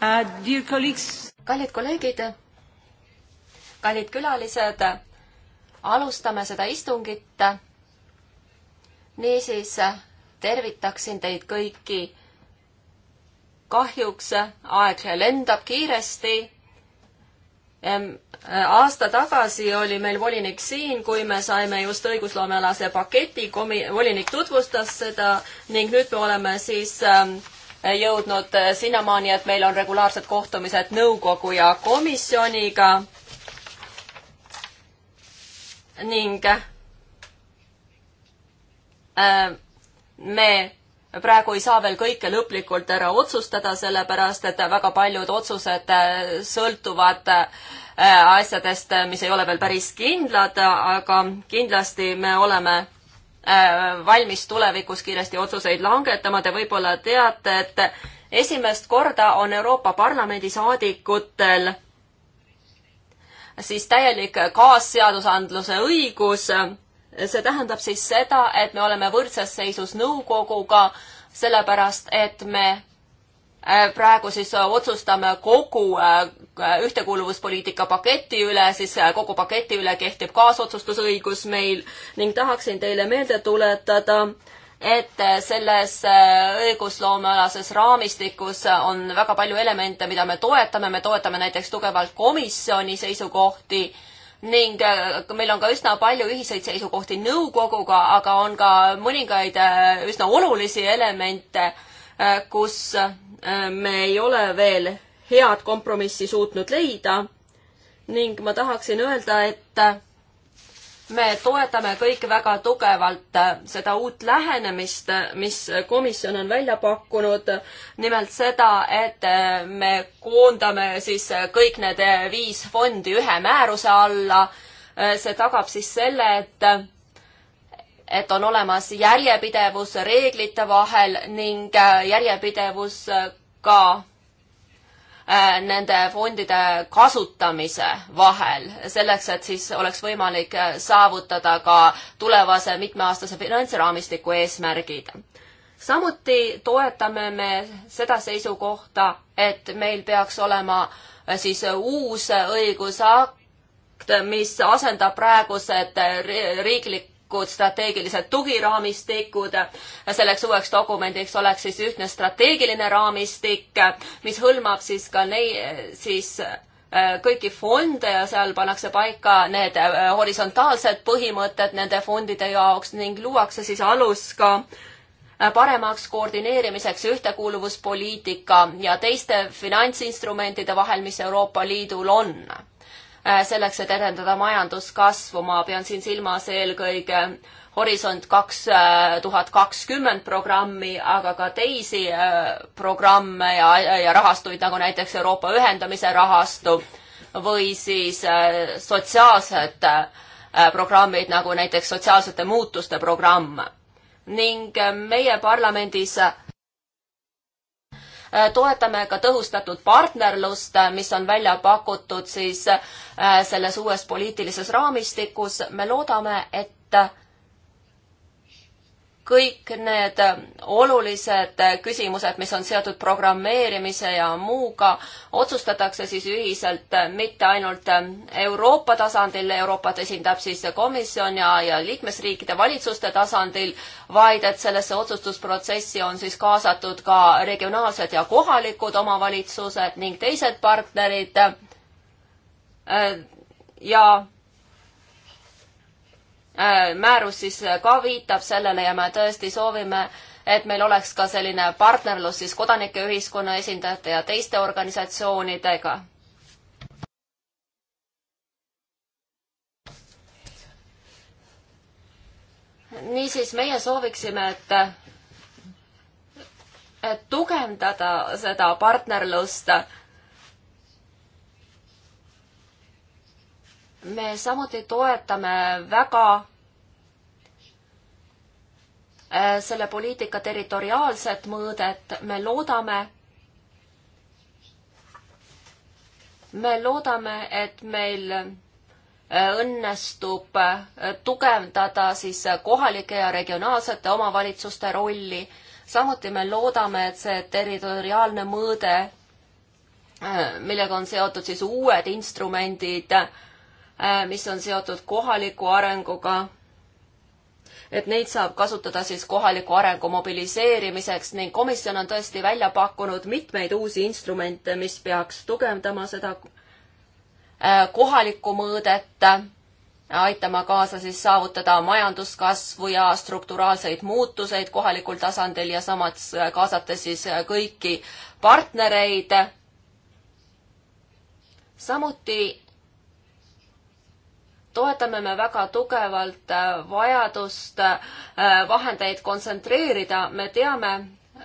Uh, kallid kolleegid, kallid külalised, alustame seda istungit. niisiis tervitaksin teid kõiki. kahjuks aeg lendab kiiresti. aasta tagasi oli meil volinik siin, kui me saime just õigusloomealase paketi, komi-, volinik tutvustas seda ning nüüd me oleme siis äh, Äh, jõudnud äh, sinnamaani, et meil on regulaarsed kohtumised nõukogu ja komisjoniga ning äh, me praegu ei saa veel kõike lõplikult ära otsustada, sellepärast et väga paljud otsused sõltuvad asjadest, mis ei ole veel päris kindlad, aga kindlasti me oleme Äh, valmis tulevikus kiiresti otsuseid langetama, te võib-olla teate, et esimest korda on Euroopa Parlamendi saadikutel siis täielik kaasseadusandluse õigus. see tähendab siis seda, et me oleme võrdses seisus nõukoguga, sellepärast et me Äh, praegu siis äh, otsustame kogu äh, ühtekuuluvuspoliitika paketi üle, siis kogu paketi üle kehtib kaasotsustusõigus meil ning tahaksin teile meelde tuletada, et selles õigusloomealases raamistikus on väga palju elemente, mida me toetame, me toetame näiteks tugevalt komisjoni seisukohti ning meil on ka üsna palju ühiseid seisukohti nõukoguga, aga on ka mõningaid üsna olulisi elemente, kus Äh, me ei ole veel head kompromissi suutnud leida ning ma tahaksin öelda, et me toetame kõik väga tugevalt seda uut lähenemist, mis komisjon on välja pakkunud. nimelt seda, et me koondame siis kõik need viis fondi ühe määruse alla. see tagab siis selle, et et on olemas järjepidevus reeglite vahel ning järjepidevus ka äh, nende fondide kasutamise vahel, selleks et siis oleks võimalik äh, saavutada ka tulevase mitmeaastase finantsraamistiku eesmärgid. samuti toetame me seda seisukohta, et meil peaks olema äh, siis uus õigusakt, mis asendab praegused riiklik, raamistikud, strateegilised tugiraamistikud. selleks uueks dokumendiks oleks siis ühtne strateegiline raamistik, mis hõlmab siis ka nei-, siis äh, kõiki fonde ja seal pannakse paika need äh, horisontaalsed põhimõtted nende fondide jaoks ning luuakse siis alus ka äh, paremaks koordineerimiseks ühtekuuluvuspoliitika ja teiste finantsinstrumentide vahel, mis Euroopa Liidul on Äh, selleks, et edendada majanduskasvu, ma pean siin silmas eelkõige Horisont kaks tuhat kakskümmend programmi, aga ka teisi äh, programme ja, ja rahastuid, nagu näiteks Euroopa ühendamise rahastu või siis äh, sotsiaalsed programmid, nagu näiteks sotsiaalsete muutuste programm. ning meie parlamendis Äh, toetame ka tõhustatud partnerlust, äh, mis on välja pakutud siis äh, selles uues poliitilises raamistikus. me loodame, et kõik need äh, olulised äh, küsimused, mis on seotud programmeerimise ja muuga, otsustatakse siis ühiselt äh, mitte ainult Euroopa tasandil, Euroopat esindab siis komisjon ja, ja liikmesriikide valitsuste tasandil, vaid et sellesse otsustusprotsessi on siis kaasatud ka regionaalsed ja kohalikud omavalitsused ning teised partnerid ja Äh, määrus siis ka viitab sellele ja me tõesti soovime, et meil oleks ka selline partnerlus siis kodanike ühiskonna esindajate ja teiste organisatsioonidega. niisiis, meie sooviksime, et, et tugevdada seda partnerlust me samuti toetame väga Äh, selle poliitika territoriaalset mõõdet, me loodame, me loodame, et meil äh, õnnestub äh, tugevdada siis kohalike ja regionaalsete omavalitsuste rolli. samuti me loodame, et see territoriaalne mõõde, millega on seotud siis uued instrumendid, mis on seotud kohaliku arenguga et neid saab kasutada siis kohaliku arengu mobiliseerimiseks ning komisjon on tõesti välja pakkunud mitmeid uusi instrumente, mis peaks tugevdama seda äh, kohalikku mõõdet, aitama kaasa siis saavutada majanduskasvu ja strukturaalseid muutuseid kohalikul tasandil ja samas äh, kaasata siis äh, kõiki partnereid. samuti toetame me väga tugevalt äh, vajadust äh, vahendeid kontsentreerida, me teame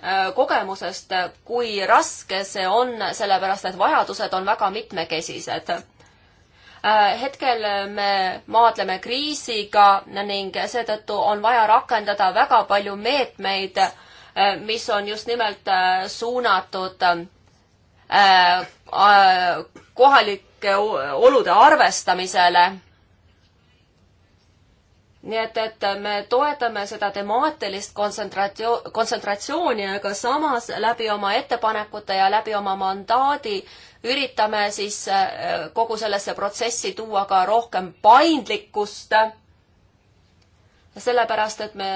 äh, kogemusest, kui raske see on, sellepärast et vajadused on väga mitmekesised. hetkel me maadleme kriisiga ning seetõttu on vaja rakendada väga palju meetmeid, mis on just nimelt suunatud kohalike olude arvestamisele nii et, et me toetame seda temaatilist kontsentratsioon, kontsentratsiooni, aga samas läbi oma ettepanekute ja läbi oma mandaadi üritame siis äh, kogu sellesse protsessi tuua ka rohkem paindlikkust. sellepärast, et me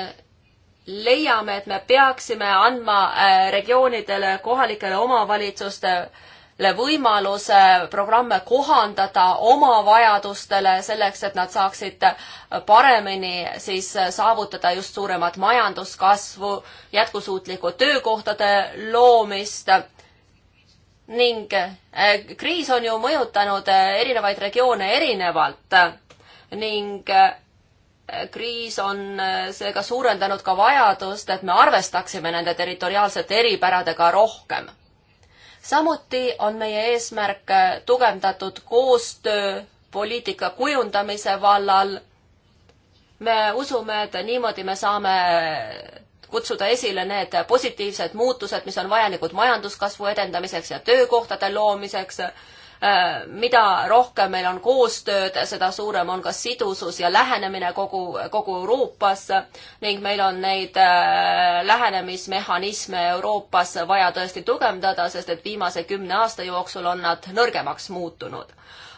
leiame, et me peaksime andma äh, regioonidele, kohalikele omavalitsuste äh, võimaluse programme kohandada oma vajadustele selleks, et nad saaksid paremini siis saavutada just suuremat majanduskasvu, jätkusuutlikku töökohtade loomist ning eh, kriis on ju mõjutanud eh, erinevaid regioone erinevalt ning eh, kriis on seega suurendanud ka vajadust, et me arvestaksime nende territoriaalsete eripäradega rohkem samuti on meie eesmärk äh, tugevdatud koostöö poliitika kujundamise vallal. me usume, et niimoodi me saame kutsuda esile need positiivsed muutused, mis on vajalikud majanduskasvu edendamiseks ja töökohtade loomiseks Äh, mida rohkem meil on koostööd, seda suurem on ka sidusus ja lähenemine kogu, kogu Euroopas ning meil on neid äh, lähenemismehhanisme Euroopas vaja tõesti tugevdada, sest et viimase kümne aasta jooksul on nad nõrgemaks muutunud.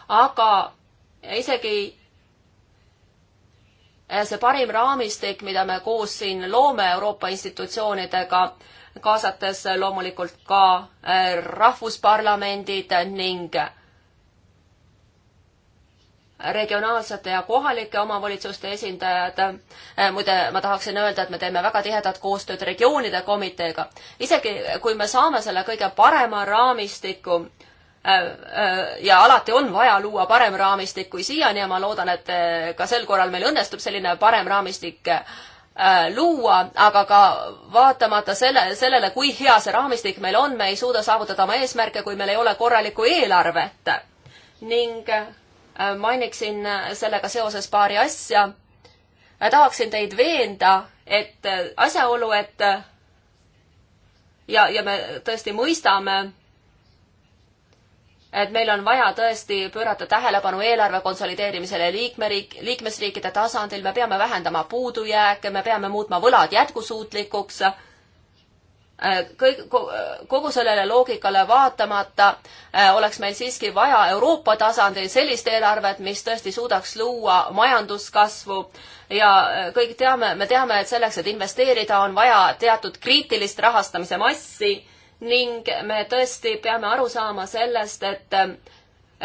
aga isegi äh, see parim raamistik, mida me koos siin loome Euroopa institutsioonidega, kaasates loomulikult ka äh, rahvusparlamendid ning regionaalsete ja kohalike omavalitsuste esindajad. Äh, muide, ma tahaksin öelda, et me teeme väga tihedat koostööd regioonide komiteega. isegi kui me saame selle kõige parema raamistiku, äh, ja alati on vaja luua parem raamistik kui siiani ja ma loodan, et ka sel korral meil õnnestub selline parem raamistik Äh, luua, aga ka vaatamata selle, sellele, kui hea see raamistik meil on, me ei suuda saavutada oma eesmärke, kui meil ei ole korralikku eelarvet. ning äh, mainiksin äh, sellega seoses paari asja. tahaksin teid veenda, et asjaolu, et ja, ja me tõesti mõistame, et meil on vaja tõesti pöörata tähelepanu eelarve konsolideerimisele liikmeriik, liikmesriikide tasandil, me peame vähendama puudujääke, me peame muutma võlad jätkusuutlikuks. Äh, kõik, kogu sellele loogikale vaatamata äh, oleks meil siiski vaja Euroopa tasandil sellist eelarvet, mis tõesti suudaks luua majanduskasvu ja äh, kõik teame, me teame, et selleks, et investeerida, on vaja teatud kriitilist rahastamise massi ning me tõesti peame aru saama sellest, et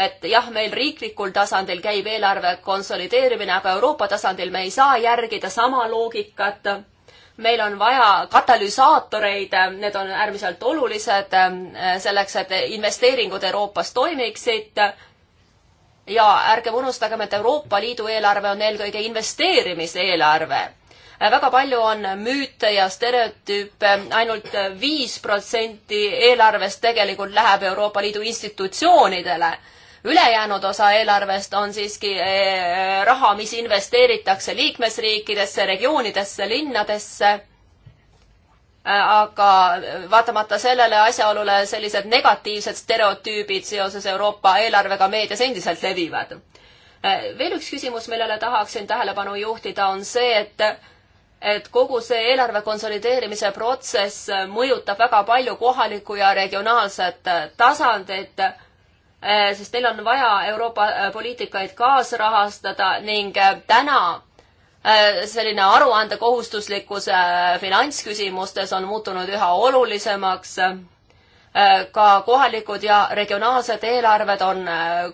et jah, meil riiklikul tasandil käib eelarve konsolideerimine, aga Euroopa tasandil me ei saa järgida sama loogikat. meil on vaja katalüsaatoreid, need on äärmiselt olulised selleks, et investeeringud Euroopas toimiksid. ja ärgem unustagem, et Euroopa Liidu eelarve on eelkõige investeerimiseelarve Äh, väga palju on müüte ja stereotüüpe ainult, ainult viis protsenti eelarvest tegelikult läheb Euroopa Liidu institutsioonidele ülejäänud osa eelarvest on siiski äh, äh, raha, mis investeeritakse liikmesriikidesse, regioonidesse, linnadesse. aga vaatamata sellele asjaolule sellised negatiivsed stereotüübid seoses Euroopa eelarvega meedias endiselt levivad. veel üks küsimus, millele tahaksin tähelepanu juhtida, on see, et et kogu see eelarve konsolideerimise protsess mõjutab väga palju kohalikku ja regionaalset tasandit, eh, sest neil on vaja Euroopa eh, poliitikaid kaasrahastada ning eh, täna selline aruandekohustuslikkuse finantsküsimustes on muutunud üha olulisemaks. ka kohalikud ja regionaalsed eelarved on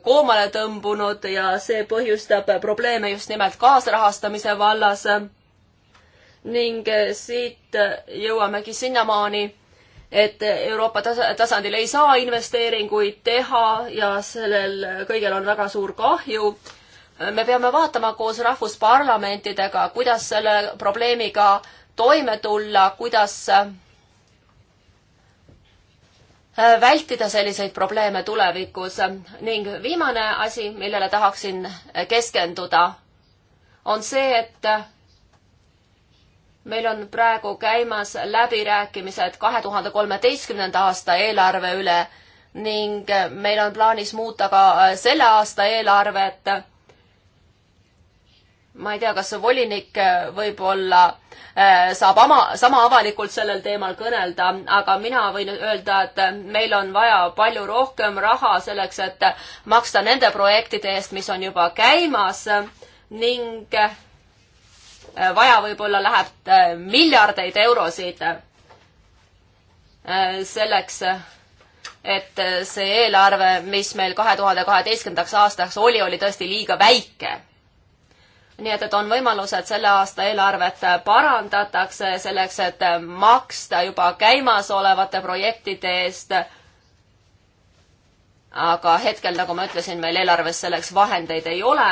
koomale tõmbunud ja see põhjustab probleeme just nimelt kaasrahastamise vallas ning eh, siit eh, jõuamegi sinnamaani, et Euroopa tasandil ei saa investeeringuid teha ja sellel kõigel on väga suur kahju. me peame vaatama koos rahvusparlamentidega, kuidas selle probleemiga toime tulla, kuidas eh, vältida selliseid probleeme tulevikus ning viimane asi, millele tahaksin keskenduda, on see, et meil on praegu käimas läbirääkimised kahe tuhande kolmeteistkümnenda aasta eelarve üle ning meil on plaanis muuta ka selle aasta eelarvet. ma ei tea, kas volinik võib-olla äh, saab ama, sama avalikult sellel teemal kõnelda, aga mina võin öelda, et meil on vaja palju rohkem raha selleks, et maksta nende projektide eest, mis on juba käimas ning Äh, vaja võib-olla läheb äh, miljardeid eurosid äh, selleks, et see eelarve, mis meil kahe tuhande kaheteistkümnendaks aastaks oli, oli tõesti liiga väike. nii et, et on võimalus, et selle aasta eelarvet parandatakse selleks, et maksta juba käimasolevate projektide eest. aga hetkel, nagu ma ütlesin, meil eelarves selleks vahendeid ei ole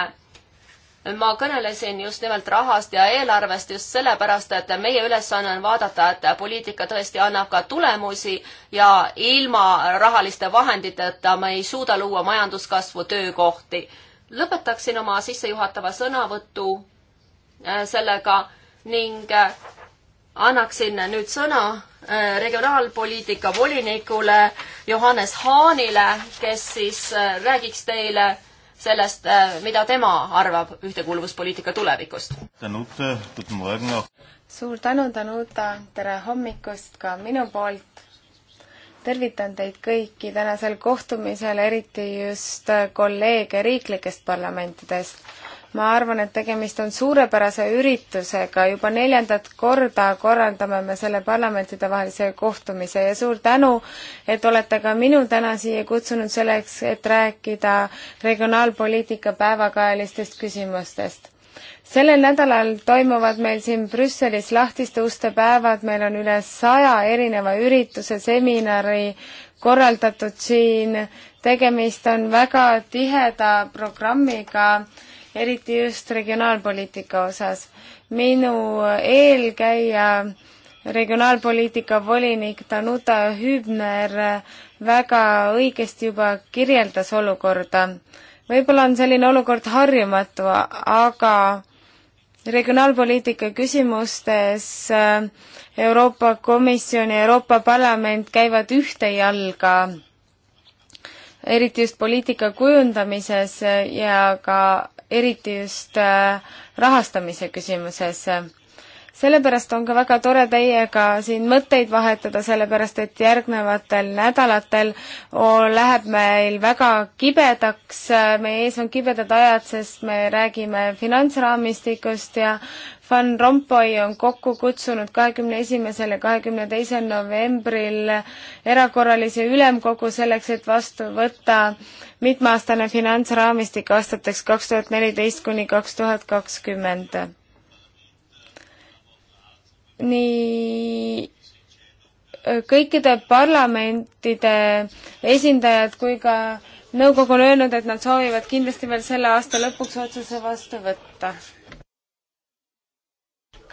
ma kõnelesin just nimelt rahast ja eelarvest just sellepärast, et meie ülesanne on vaadata, et poliitika tõesti annab ka tulemusi ja ilma rahaliste vahenditeta me ei suuda luua majanduskasvu töökohti. lõpetaksin oma sissejuhatava sõnavõtu äh, sellega ning äh, annaksin nüüd sõna äh, regionaalpoliitika volinikule Johannes Haanile, kes siis räägiks teile sellest, äh, mida tema arvab ühtekuuluvuspoliitika tulevikust. Äh, suur tänu, Danuta, äh, tere hommikust ka minu poolt. tervitan teid kõiki tänasel kohtumisel, eriti just kolleege riiklikest parlamentidest ma arvan, et tegemist on suurepärase üritusega, juba neljandat korda korraldame me selle parlamentidevahelise kohtumise ja suur tänu, et olete ka minu täna siia kutsunud selleks, et rääkida regionaalpoliitika päevakajalistest küsimustest sellel nädalal toimuvad meil siin Brüsselis lahtiste uste päevad, meil on üle saja erineva ürituse, seminari korraldatud siin, tegemist on väga tiheda programmiga äh, eriti just regionaalpoliitika osas. minu eelkäija regionaalpoliitika volinik Danuta Hübner väga õigesti juba kirjeldas olukorda. võib-olla on selline olukord harjumatu, aga regionaalpoliitika küsimustes äh, Euroopa Komisjon ja Euroopa Parlament käivad ühte jalga, eriti just poliitika kujundamises ja ka eriti just äh, rahastamise küsimuses. sellepärast on ka väga tore teiega siin mõtteid vahetada, sellepärast et järgnevatel nädalatel läheb meil väga kibedaks, äh, meie ees on kibedad ajad, sest me räägime finantsraamistikust ja Van Rompuy on kokku kutsunud kahekümne esimesel ja kahekümne teisel novembril erakorralise ülemkogu selleks, et vastu võtta mitmeaastane finantsraamistik aastateks kaks tuhat neliteist kuni kaks tuhat kakskümmend. nii kõikide parlamentide esindajad kui ka nõukogu on öelnud, et nad soovivad kindlasti veel selle aasta lõpuks otsuse vastu võtta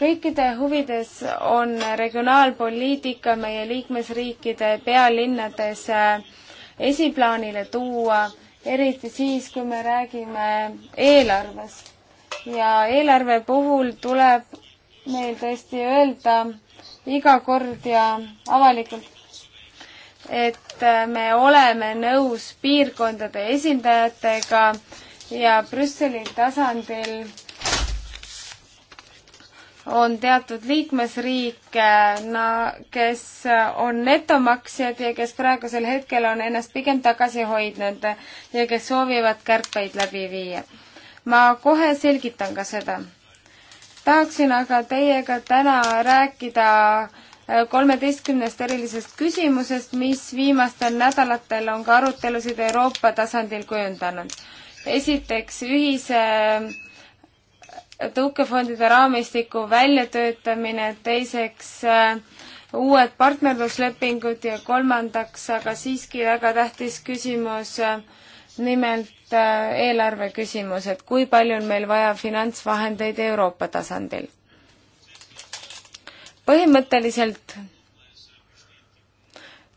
kõikide huvides on regionaalpoliitika meie liikmesriikide pealinnades äh, esiplaanile tuua, eriti siis, kui me räägime eelarvest. ja eelarve puhul tuleb meil tõesti öelda iga kord ja avalikult, et äh, me oleme nõus piirkondade esindajatega ja Brüsseli tasandil on teatud liikmesriike, na-, kes on netomaksjad ja kes praegusel hetkel on ennast pigem tagasi hoidnud ja kes soovivad kärpeid läbi viia. ma kohe selgitan ka seda. tahaksin aga teiega täna rääkida äh, kolmeteistkümnest erilisest küsimusest, mis viimastel nädalatel on ka arutelusid Euroopa tasandil kujundanud. esiteks ühise tõukefondide raamistiku väljatöötamine, teiseks äh, uued partnerluslepingud ja kolmandaks, aga siiski väga tähtis küsimus, äh, nimelt äh, eelarve küsimus, et kui palju on meil vaja finantsvahendeid Euroopa tasandil? põhimõtteliselt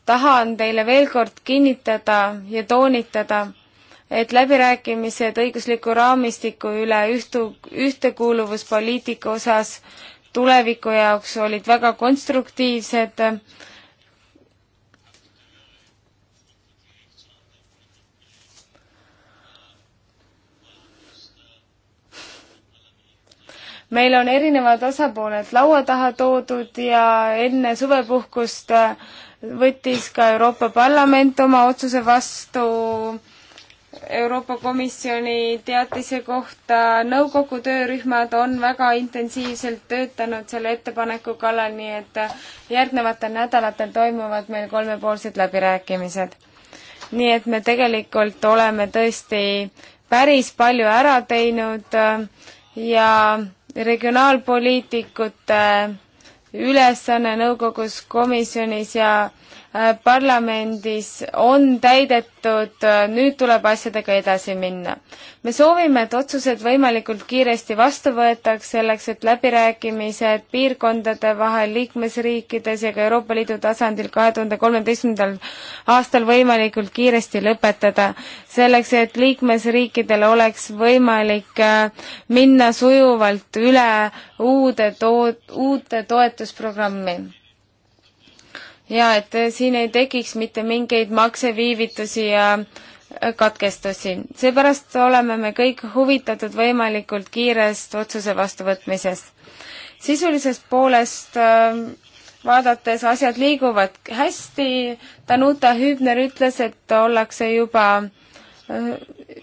tahan teile veel kord kinnitada ja toonitada, et läbirääkimised õigusliku raamistiku üle ühtu, ühtekuuluvuspoliitika osas tuleviku jaoks olid väga konstruktiivsed. meil on erinevad osapooled laua taha toodud ja enne suvepuhkust võttis ka Euroopa Parlament oma otsuse vastu Euroopa Komisjoni teatise kohta. nõukogu töörühmad on väga intensiivselt töötanud selle ettepaneku kallal, nii et järgnevatel nädalatel toimuvad meil kolmepoolsed läbirääkimised. nii et me tegelikult oleme tõesti päris palju ära teinud äh, ja regionaalpoliitikute ülesanne nõukogus, komisjonis ja Äh, parlamendis on täidetud, äh, nüüd tuleb asjadega edasi minna. me soovime, et otsused võimalikult kiiresti vastu võetaks, selleks et läbirääkimised piirkondade vahel liikmesriikides ja ka Euroopa Liidu tasandil kahe tuhande kolmeteistkümnendal aastal võimalikult kiiresti lõpetada, selleks et liikmesriikidel oleks võimalik äh, minna sujuvalt üle uude to-, uute toetusprogrammi ja et siin ei tekiks mitte mingeid makseviivitusi ja katkestusi. seepärast oleme me kõik huvitatud võimalikult kiirest otsuse vastuvõtmisest. sisulisest poolest ähm, vaadates asjad liiguvad hästi, Danuta Hübner ütles, et ollakse juba äh,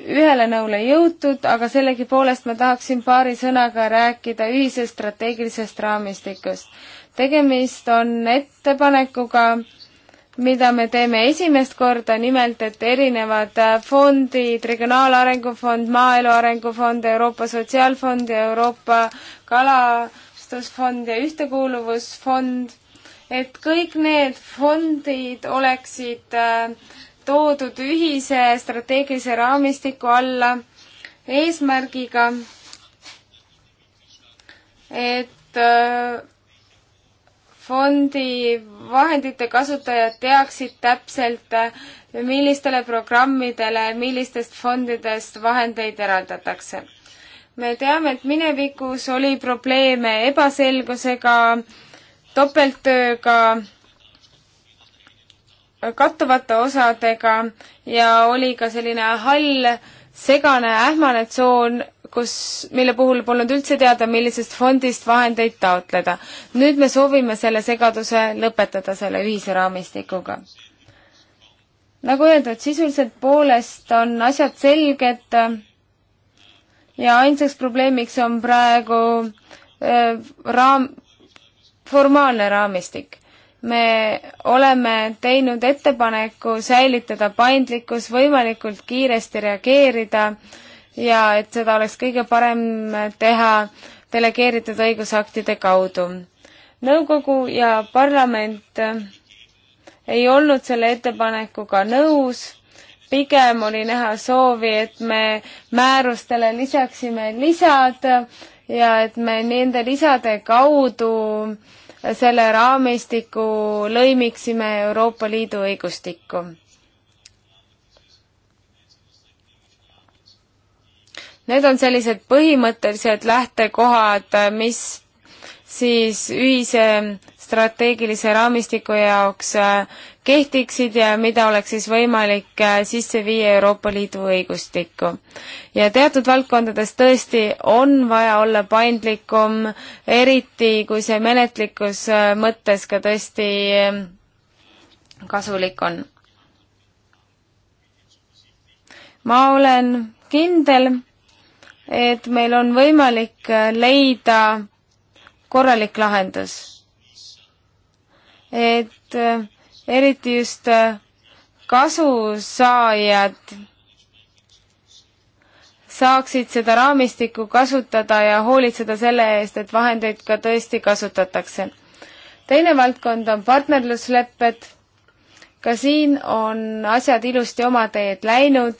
ühele nõule jõutud, aga sellegipoolest ma tahaksin paari sõnaga rääkida ühisest strateegilisest raamistikust tegemist on ettepanekuga, mida me teeme esimest korda, nimelt et erinevad fondid, Regionaalarengu Fond, Maaelu Arengu Fond, Euroopa Sotsiaalfond ja Euroopa Kalastusfond ja Ühtekuuluvusfond, et kõik need fondid oleksid äh, toodud ühise strateegilise raamistiku alla eesmärgiga, et äh, fondi vahendite kasutajad teaksid täpselt, millistele programmidele, millistest fondidest vahendeid eraldatakse. me teame, et minevikus oli probleeme ebaselgusega, topelttööga, kattuvate osadega ja oli ka selline hall segane ähmane tsoon kus, mille puhul polnud üldse teada, millisest fondist vahendeid taotleda. nüüd me soovime selle segaduse lõpetada selle ühise raamistikuga. nagu öeldud, sisuliselt poolest on asjad selged äh, ja ainsaks probleemiks on praegu äh, raam, formaalne raamistik me oleme teinud ettepaneku säilitada paindlikkus, võimalikult kiiresti reageerida äh, ja et seda oleks kõige parem teha delegeeritud õigusaktide kaudu. nõukogu ja parlament äh, ei olnud selle ettepanekuga nõus, pigem oli näha soovi, et me määrustele lisaksime lisad ja et me nende lisade kaudu selle raamistiku lõimiksime Euroopa Liidu õigustikku Need on sellised põhimõttelised lähtekohad, mis siis ühise strateegilise raamistiku jaoks äh, kehtiksid ja mida oleks siis võimalik äh, sisse viia Euroopa Liidu õigustikku. ja teatud valdkondades tõesti on vaja olla paindlikum, eriti kui see menetlikus äh, mõttes ka tõesti kasulik on. ma olen kindel, et meil on võimalik leida korralik lahendus. et eh, eriti just eh, kasusaajad saaksid seda raamistikku kasutada ja hoolitseda selle eest, et vahendeid ka tõesti kasutatakse. teine valdkond on partnerluslepped. ka siin on asjad ilusti oma teed läinud.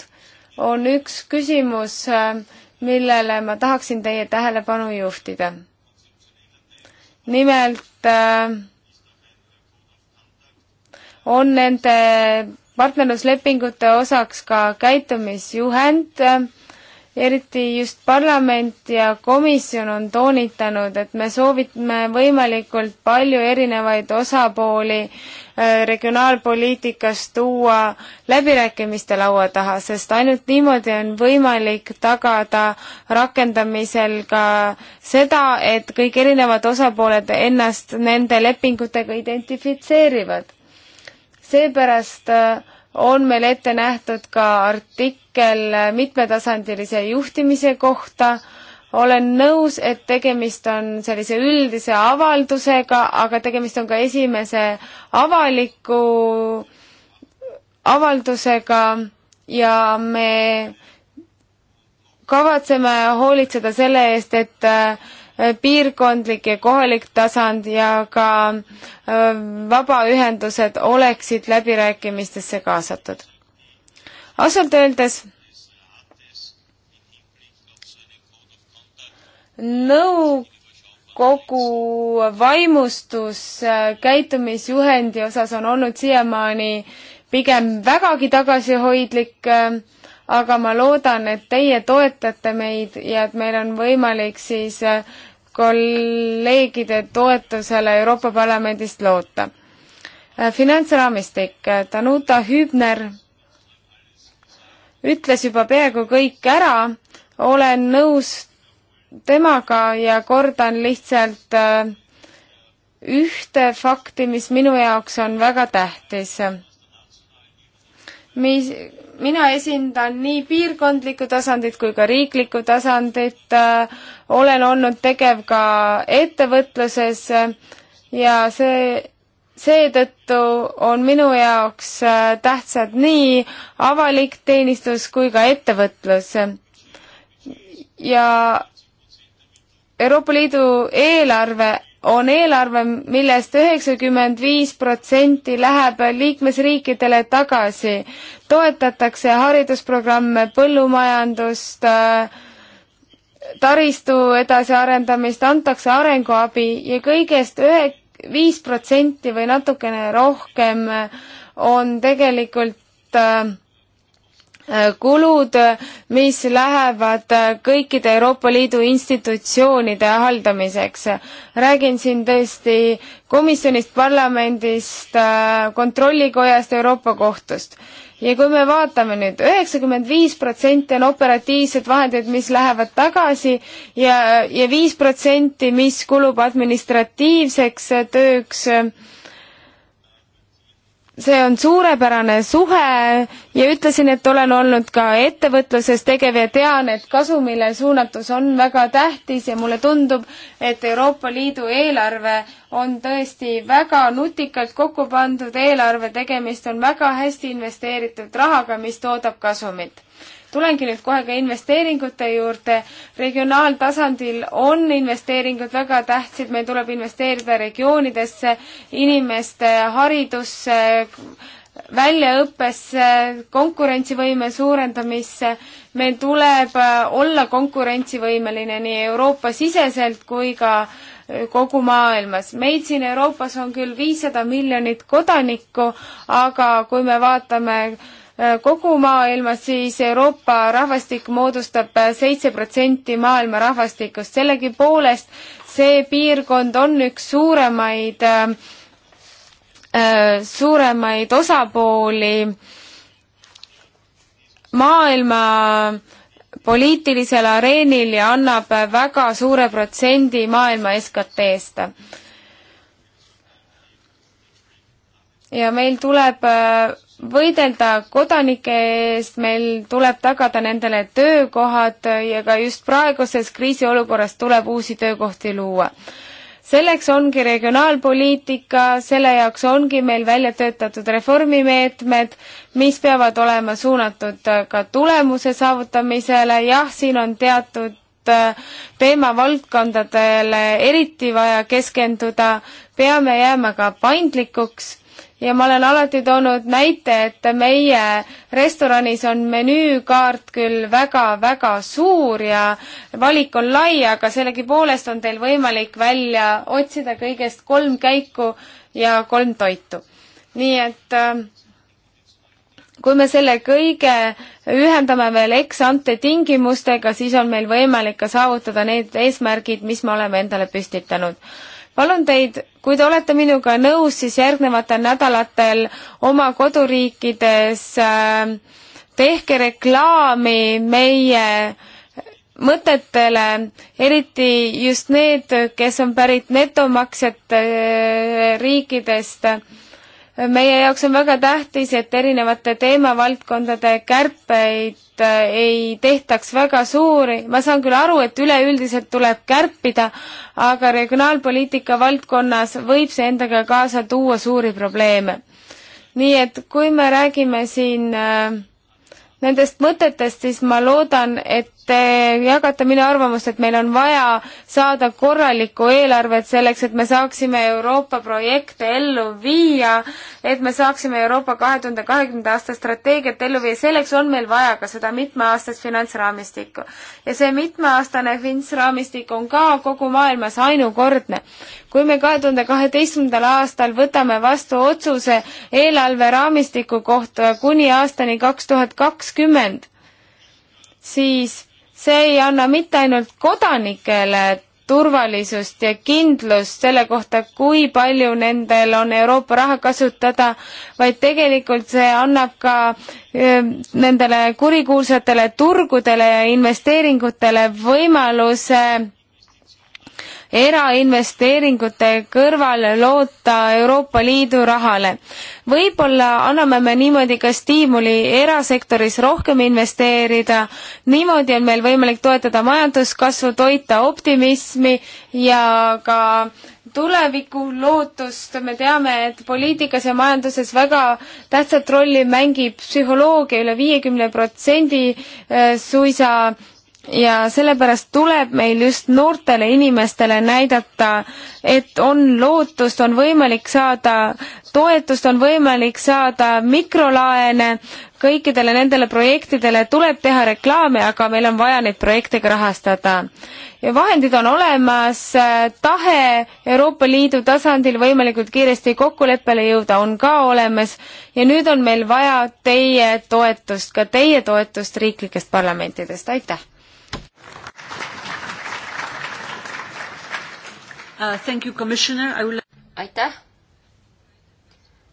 on üks küsimus äh, millele ma tahaksin teie tähelepanu juhtida. nimelt äh, on nende partnerluslepingute osaks ka käitumisjuhend äh,, eriti just parlament ja komisjon on toonitanud, et me soovime võimalikult palju erinevaid osapooli äh, regionaalpoliitikas tuua läbirääkimiste laua taha, sest ainult niimoodi on võimalik tagada rakendamisel ka seda, et kõik erinevad osapooled ennast nende lepingutega identifitseerivad. seepärast äh, on meil ette nähtud ka artikkel mitmetasandilise juhtimise kohta. olen nõus, et tegemist on sellise üldise avaldusega, aga tegemist on ka esimese avaliku avaldusega ja me kavatseme hoolitseda selle eest, et Äh, piirkondlik ja kohalik tasand ja ka äh, vabaühendused oleksid läbirääkimistesse kaasatud. ausalt öeldes nõukogu vaimustus äh, käitumisjuhendi osas on olnud siiamaani pigem vägagi tagasihoidlik äh, aga ma loodan, et teie toetate meid ja et meil on võimalik siis kolleegide toetusele Euroopa Parlamendist loota. Äh, finantsraamistik, äh, Danuta Hübner ütles juba peaaegu kõik ära, olen nõus temaga ja kordan lihtsalt äh, ühte fakti, mis minu jaoks on väga tähtis. mis, mina esindan nii piirkondlikku tasandit kui ka riiklikku tasandit, äh, olen olnud tegev ka ettevõtluses äh, ja see, seetõttu on minu jaoks äh, tähtsad nii avalik teenistus kui ka ettevõtlus. ja Euroopa Liidu eelarve on eelarve millest, millest üheksakümmend viis protsenti läheb liikmesriikidele tagasi. toetatakse haridusprogramme, põllumajandust, äh, taristu edasiarendamist, antakse arenguabi ja kõigest ühe, viis protsenti või natukene rohkem on tegelikult äh, Äh, kulud, äh, mis lähevad äh, kõikide Euroopa Liidu institutsioonide haldamiseks. räägin siin tõesti komisjonist, parlamendist, kontrollikojast, Euroopa Kohtust. ja kui me vaatame nüüd, üheksakümmend viis protsenti on operatiivsed vahendid, mis lähevad tagasi ja, ja viis protsenti, mis kulub administratiivseks tööks äh, see on suurepärane suhe ja ütlesin, et olen olnud ka ettevõtluses tegev ja tean, et kasumile suunatus on väga tähtis ja mulle tundub, et Euroopa Liidu eelarve on tõesti väga nutikalt kokku pandud eelarve, tegemist on väga hästi investeeritud rahaga, mis toodab kasumit tulengi nüüd kohe ka investeeringute juurde. regionaaltasandil on investeeringud väga tähtsad, meil tuleb investeerida regioonidesse, inimeste haridusse, väljaõppesse, konkurentsivõime suurendamisse. meil tuleb äh, olla konkurentsivõimeline nii Euroopa-siseselt kui ka äh, kogu maailmas. meid siin Euroopas on küll viissada miljonit kodanikku, aga kui me vaatame Äh, kogu maailmas, siis Euroopa rahvastik moodustab äh, seitse protsenti maailma rahvastikust, sellegipoolest see piirkond on üks suuremaid, äh, suuremaid osapooli maailma poliitilisel areenil ja annab väga suure protsendi maailma SKT-st ja meil tuleb võidelda kodanike eest, meil tuleb tagada nendele töökohad ja ka just praeguses kriisiolukorras tuleb uusi töökohti luua. selleks ongi regionaalpoliitika, selle jaoks ongi meil välja töötatud reformimeetmed, mis peavad olema suunatud ka tulemuse saavutamisele, jah, siin on teatud äh, teemavaldkondadele eriti vaja keskenduda, peame jääma ka paindlikuks ja ma olen alati toonud näite, et meie restoranis on menüükaart küll väga-väga suur ja valik on lai, aga sellegipoolest on teil võimalik välja otsida kõigest kolm käiku ja kolm toitu. nii et äh, kui me selle kõige ühendame veel ex-ante tingimustega, siis on meil võimalik ka saavutada need eesmärgid, mis me oleme endale püstitanud. palun teid kui te olete minuga nõus, siis järgnevatel nädalatel oma koduriikides äh, tehke reklaami meie mõtetele, eriti just need, kes on pärit netomaksjate äh, riikidest meie jaoks on väga tähtis, et erinevate teemavaldkondade kärpeid äh, ei tehtaks väga suuri, ma saan küll aru, et üleüldiselt tuleb kärpida, aga regionaalpoliitika valdkonnas võib see endaga kaasa tuua suuri probleeme. nii et kui me räägime siin äh, nendest mõtetest, siis ma loodan, et te jagate minu arvamust, et meil on vaja saada korralikku eelarvet selleks, et me saaksime Euroopa projekte ellu viia, et me saaksime Euroopa kahe tuhande kahekümnenda aasta strateegiat ellu viia, selleks on meil vaja ka seda mitmeaastast finantsraamistikku. ja see mitmeaastane finantsraamistik on ka kogu maailmas ainukordne. kui me kahe tuhande kaheteistkümnendal aastal võtame vastu otsuse eelarveraamistiku kohta kuni aastani kaks tuhat kakskümmend, siis see ei anna mitte ainult kodanikele turvalisust ja kindlust selle kohta, kui palju nendel on Euroopa raha kasutada, vaid tegelikult see annab ka eh, nendele kurikuulsatele turgudele ja investeeringutele võimaluse erainvesteeringute kõrval loota Euroopa Liidu rahale. võib-olla anname me niimoodi ka stiimuli erasektoris rohkem investeerida, niimoodi on meil võimalik toetada majanduskasvu, toita optimismi ja ka tuleviku lootust, me teame, et poliitikas ja majanduses väga tähtsat rolli mängib psühholoogia üle viiekümne protsendi eh, suisa ja sellepärast tuleb meil just noortele inimestele näidata, et on lootust, on võimalik saada toetust, on võimalik saada mikrolaene, kõikidele nendele projektidele tuleb teha reklaame, aga meil on vaja neid projekte ka rahastada. ja vahendid on olemas, tahe Euroopa Liidu tasandil võimalikult kiiresti kokkuleppele jõuda on ka olemas ja nüüd on meil vaja teie toetust, ka teie toetust riiklikest parlamentidest, aitäh! Uh, will... aitäh!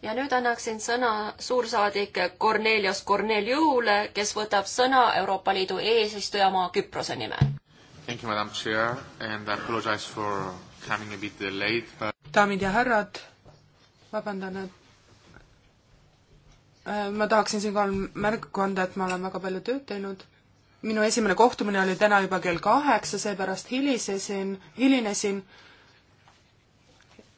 ja nüüd annaksin sõna suursaadik Cornelius Corneliule, kes võtab sõna Euroopa Liidu eesistujamaa Küprose nimel. Thank you, madam chair and I apologize for coming a bit late but.... daamid ja härrad, vabandan, et äh, ma tahaksin siinkohal märku anda, et ma olen väga palju tööd teinud. minu esimene kohtumine oli täna juba kell kaheksa, seepärast hilisesin, hilinesin, hilinesin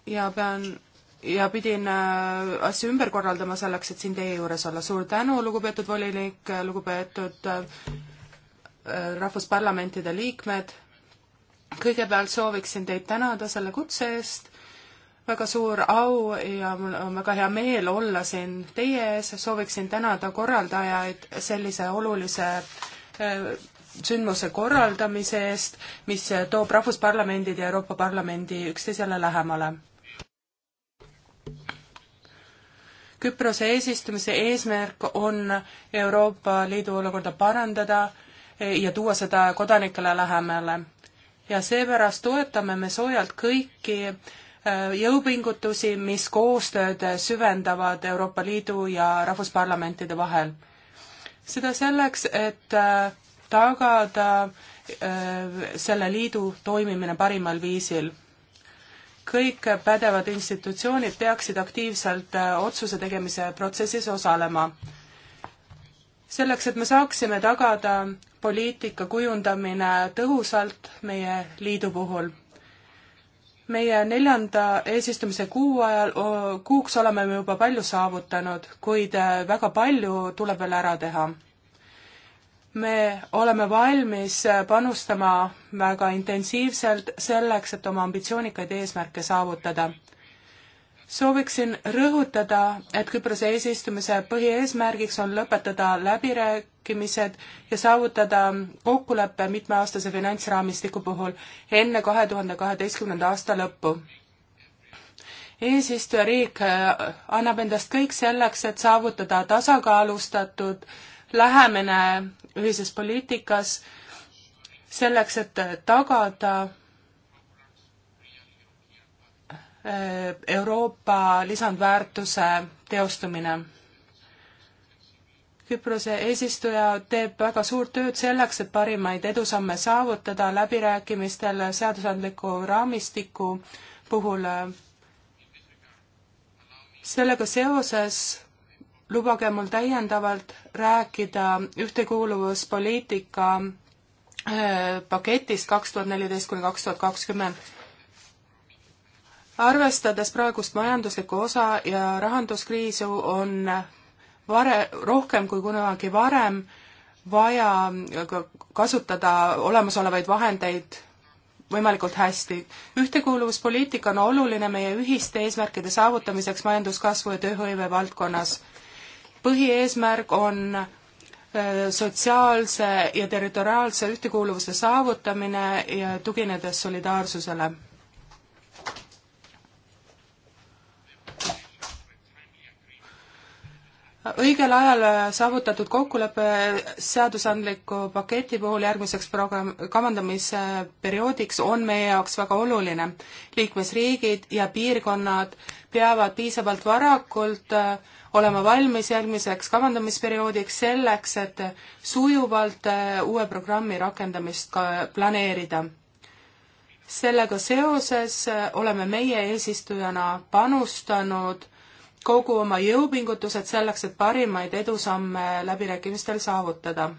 ja pean ja pidin äh, asju ümber korraldama selleks, et siin teie juures olla. suur tänu, lugupeetud volinik, äh, lugupeetud äh, rahvusparlamentide liikmed. kõigepealt sooviksin teid tänada selle kutse eest. väga suur au ja mul on väga hea meel olla siin teie ees. sooviksin tänada korraldajaid sellise olulise sündmuse korraldamise eest, mis toob Rahvusparlamendid ja Euroopa Parlamendi üksteisele lähemale Küprose eesistumise eesmärk on Euroopa Liidu olukorda parandada ja tuua seda kodanikele lähemale. ja seepärast toetame me soojalt kõiki äh, jõupingutusi, mis koostööd süvendavad Euroopa Liidu ja rahvusparlamentide vahel. seda selleks, et äh, tagada äh, selle liidu toimimine parimal viisil kõik pädevad institutsioonid peaksid aktiivselt äh, otsuse tegemise protsessis osalema. selleks, et me saaksime tagada poliitika kujundamine tõhusalt meie liidu puhul. meie neljanda eesistumise kuu ajal, kuuks oleme me juba palju saavutanud, kuid äh, väga palju tuleb veel ära teha me oleme valmis äh, panustama väga intensiivselt selleks, et oma ambitsioonikaid eesmärke saavutada. sooviksin rõhutada, et Küprose eesistumise põhieesmärgiks on lõpetada läbirääkimised ja saavutada kokkulepe mitmeaastase finantsraamistiku puhul enne kahe tuhande kaheteistkümnenda aasta lõppu eesistujariik äh, annab endast kõik selleks, et saavutada tasakaalustatud lähemine ühises poliitikas selleks, et tagada äh, Euroopa lisandväärtuse teostumine. Küprose eesistuja teeb väga suurt tööd selleks, et parimaid edusamme saavutada läbirääkimistel seadusandliku raamistiku puhul. sellega seoses lubage mul täiendavalt rääkida ühtekuuluvuspoliitika äh, paketist kaks tuhat neliteist kuni kaks tuhat kakskümmend. arvestades praegust majanduslikku osa ja rahanduskriisu, on vare, rohkem kui kunagi varem vaja kasutada olemasolevaid vahendeid võimalikult hästi. ühtekuuluvuspoliitika on oluline meie ühiste eesmärkide saavutamiseks majanduskasvu ja tööhõive valdkonnas põhieesmärk on äh, sotsiaalse ja territoriaalse ühtekuuluvuse saavutamine ja tuginedes solidaarsusele. õigel ajal äh, saavutatud kokkulepe seadusandliku paketi puhul järgmiseks programm, kavandamise perioodiks on meie jaoks väga oluline. liikmesriigid ja piirkonnad peavad piisavalt varakult äh, olema valmis järgmiseks kavandamisperioodiks selleks, et sujuvalt äh, uue programmi rakendamist ka planeerida. sellega seoses äh, oleme meie eesistujana panustanud kogu oma jõupingutused selleks, et parimaid edusamme läbirääkimistel saavutada.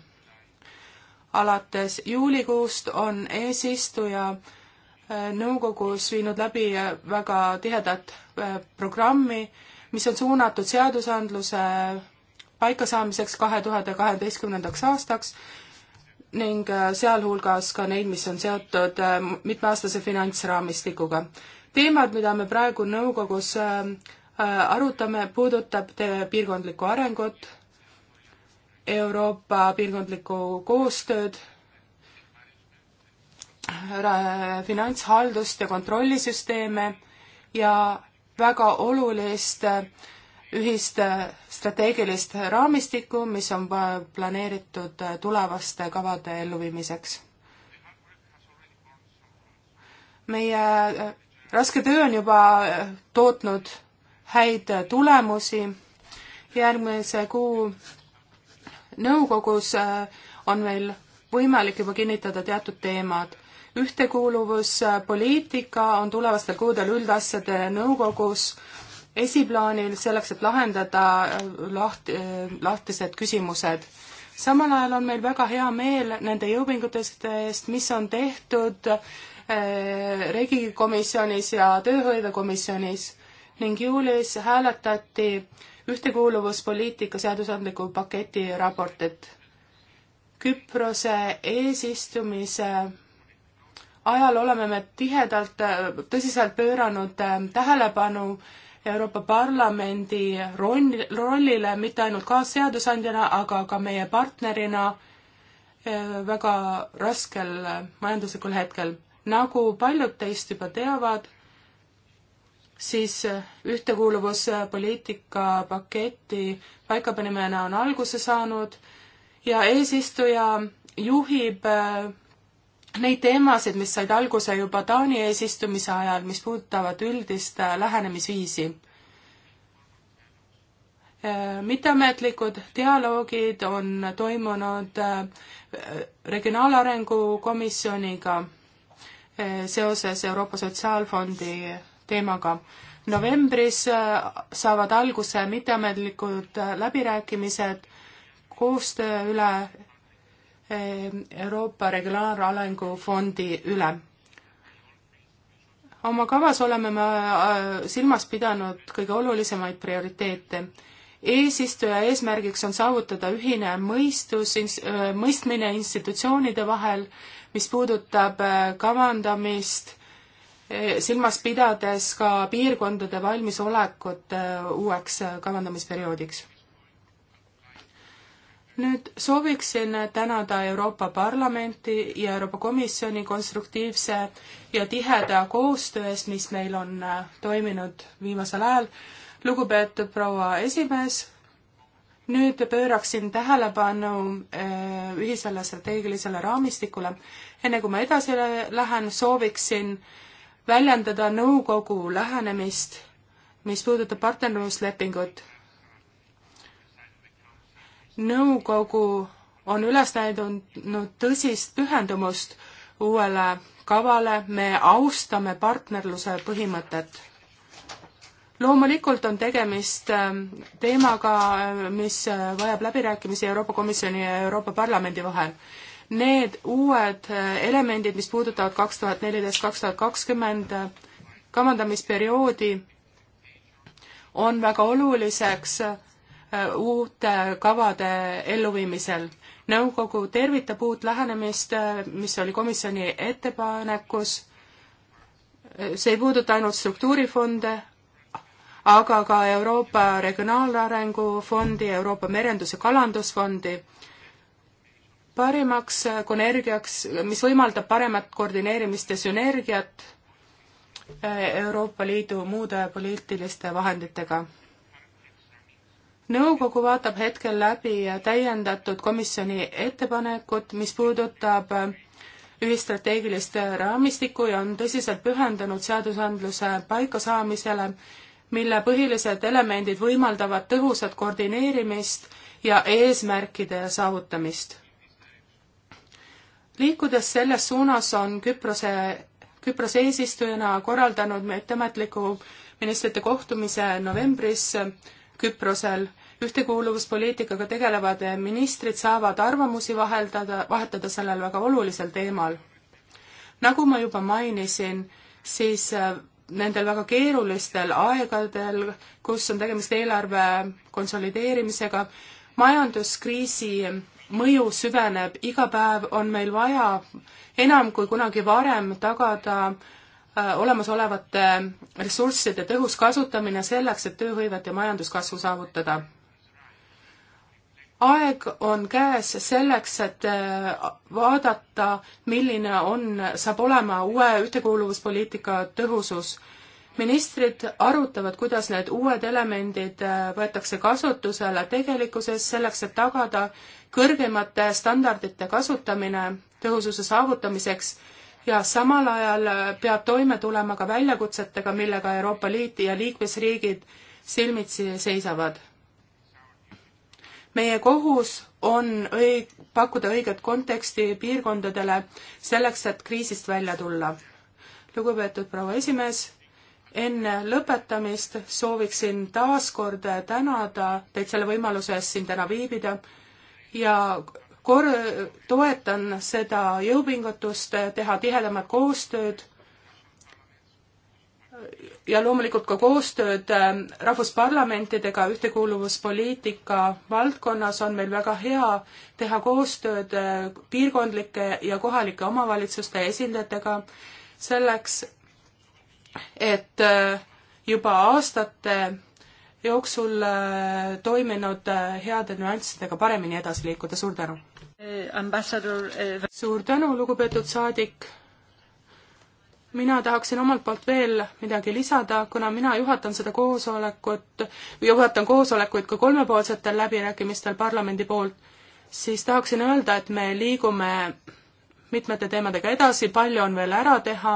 alates juulikuust on eesistuja äh, nõukogus viinud läbi väga tihedat programmi, mis on suunatud seadusandluse paikasaamiseks kahe tuhande kaheteistkümnendaks aastaks ning äh, sealhulgas ka neid, mis on seotud äh, mitmeaastase finantsraamistikuga. teemad, mida me praegu nõukogus äh, arutame, puudutab piirkondlikku arengut, Euroopa piirkondlikku koostööd, finantshaldust ja kontrollisüsteeme ja väga olulist äh, ühist äh, strateegilist raamistikku, mis on planeeritud äh, tulevaste kavade elluviimiseks. meie raske töö on juba tootnud häid tulemusi, järgmise kuu nõukogus on meil võimalik juba kinnitada teatud teemad ühtekuuluvuspoliitika on tulevastel kuudel üldasjade nõukogus esiplaanil selleks, et lahendada laht-, lahtised küsimused. samal ajal on meil väga hea meel nende jõupingutuste eest, mis on tehtud eh, regikomisjonis ja tööhõivekomisjonis ning juulis hääletati ühtekuuluvuspoliitika seadusandliku paketi raportit. Küprose eesistumise ajal oleme me tihedalt, tõsiselt pööranud äh, tähelepanu Euroopa Parlamendi rollile mitte ainult kaasseadusandjana, aga ka meie partnerina äh, väga raskel äh, majanduslikul hetkel. nagu paljud teist juba teavad, siis ühtekuuluvuspoliitika paketi paikapanemine on alguse saanud ja eesistuja juhib neid teemasid, mis said alguse juba Taani eesistumise ajal, mis puudutavad üldist äh, lähenemisviisi. Äh, mitteametlikud dialoogid on toimunud äh, Regionaalarengu Komisjoniga seoses Euroopa Sotsiaalfondi teemaga. novembris saavad alguse mitteametlikud läbirääkimised koostöö üle Euroopa Regulaararengu Fondi üle. oma kavas oleme me äh, silmas pidanud kõige olulisemaid prioriteete. eesistuja eesmärgiks on saavutada ühine mõistus, äh, mõistmine institutsioonide vahel, mis puudutab äh, kavandamist, silmas pidades ka piirkondade valmisolekut uueks kavandamisperioodiks nüüd sooviksin tänada Euroopa Parlamenti ja Euroopa Komisjoni konstruktiivse ja tiheda koostöö eest, mis meil on äh, toiminud viimasel ajal. lugupeetud proua esimees, nüüd pööraksin tähelepanu äh, ühisele strateegilisele raamistikule. enne kui ma edasi lähen, sooviksin väljendada nõukogu lähenemist, mis puudutab partnerluslepingut nõukogu on üles näidanud tõsist pühendumust uuele kavale, me austame partnerluse põhimõtet. loomulikult on tegemist ähm, teemaga, äh, mis äh, vajab läbirääkimisi Euroopa Komisjoni ja Euroopa Parlamendi vahel. Need uued äh, elemendid, mis puudutavad kaks tuhat neliteist, kaks tuhat kakskümmend kavandamisperioodi, on väga oluliseks Äh, uute kavade elluviimisel. nõukogu tervitab uut lähenemist, äh, mis oli komisjoni ettepanekus. Äh, see ei puuduta ainult struktuurifonde, aga ka Euroopa Regionaalarengu Fondi, Euroopa Merendus- ja Kalandusfondi parimaks konergiaks, mis võimaldab paremat koordineerimist ja sünergiat Euroopa Liidu muude poliitiliste vahenditega nõukogu vaatab hetkel läbi täiendatud komisjoni ettepanekut, mis puudutab äh, ühistrateegilist raamistikku ja on tõsiselt pühendunud seadusandluse paikasaamisele, mille põhilised elemendid võimaldavad tõhusat koordineerimist ja eesmärkide saavutamist. liikudes selles suunas, on Küprose, Küprose eesistujana korraldanud ettemetliku ministrite kohtumise novembris Küprosel ühtekuuluvuspoliitikaga tegelevad ministrid saavad arvamusi vaheldada, vahetada sellel väga olulisel teemal. nagu ma juba mainisin, siis äh, nendel väga keerulistel aegadel, kus on tegemist eelarve konsolideerimisega, majanduskriisi mõju süveneb, iga päev on meil vaja enam kui kunagi varem tagada äh, olemasolevate ressursside tõhus kasutamine selleks, et tööhõivet ja majanduskasvu saavutada aeg on käes selleks, et äh, vaadata, milline on, saab olema uue ühtekuuluvuspoliitika tõhusus. ministrid arutavad, kuidas need uued elemendid äh, võetakse kasutusele tegelikkuses selleks, et tagada kõrgemate standardite kasutamine tõhususe saavutamiseks ja samal ajal äh, peab toime tulema ka väljakutsetega, millega Euroopa Liit ja liikmesriigid silmitsi seisavad meie kohus on õig-, pakkuda õiget konteksti piirkondadele selleks, et kriisist välja tulla. lugupeetud proua esimees, enne lõpetamist sooviksin taas kord tänada teid selle võimaluse eest siin täna viibida ja kor-, toetan seda jõupingutust teha tihedamat koostööd ja loomulikult ka koostööd ähm, rahvusparlamentidega ühtekuuluvuspoliitika valdkonnas on meil väga hea teha koostööd äh, piirkondlike ja kohalike omavalitsuste esindajatega selleks, et äh, juba aastate jooksul äh, toiminud heade nüanssidega paremini edasi liikuda, suur tänu! Eh, ambassador eh, suur tänu, lugupeetud saadik! mina tahaksin omalt poolt veel midagi lisada, kuna mina juhatan seda koosolekut, juhatan koosolekuid ka kolmepoolsetel läbirääkimistel parlamendi poolt, siis tahaksin öelda, et me liigume mitmete teemadega edasi, palju on veel ära teha,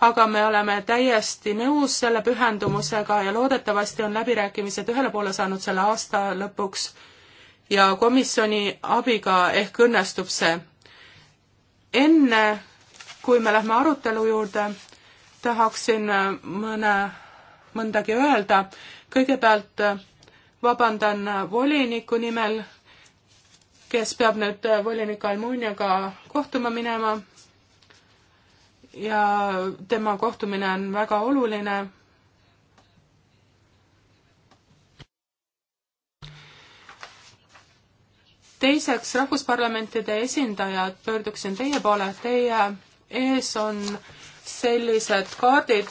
aga me oleme täiesti nõus selle pühendumusega ja loodetavasti on läbirääkimised ühele poole saanud selle aasta lõpuks ja komisjoni abiga ehk õnnestub see. enne kui me lähme arutelu juurde, tahaksin äh, mõne, mõndagi öelda. kõigepealt äh, vabandan äh, voliniku nimel, kes peab nüüd volinik Almuniaga kohtuma minema. ja tema kohtumine on väga oluline. teiseks, rahvusparlamentide esindajad, pöörduksin teie poole, teie ees on sellised kaardid.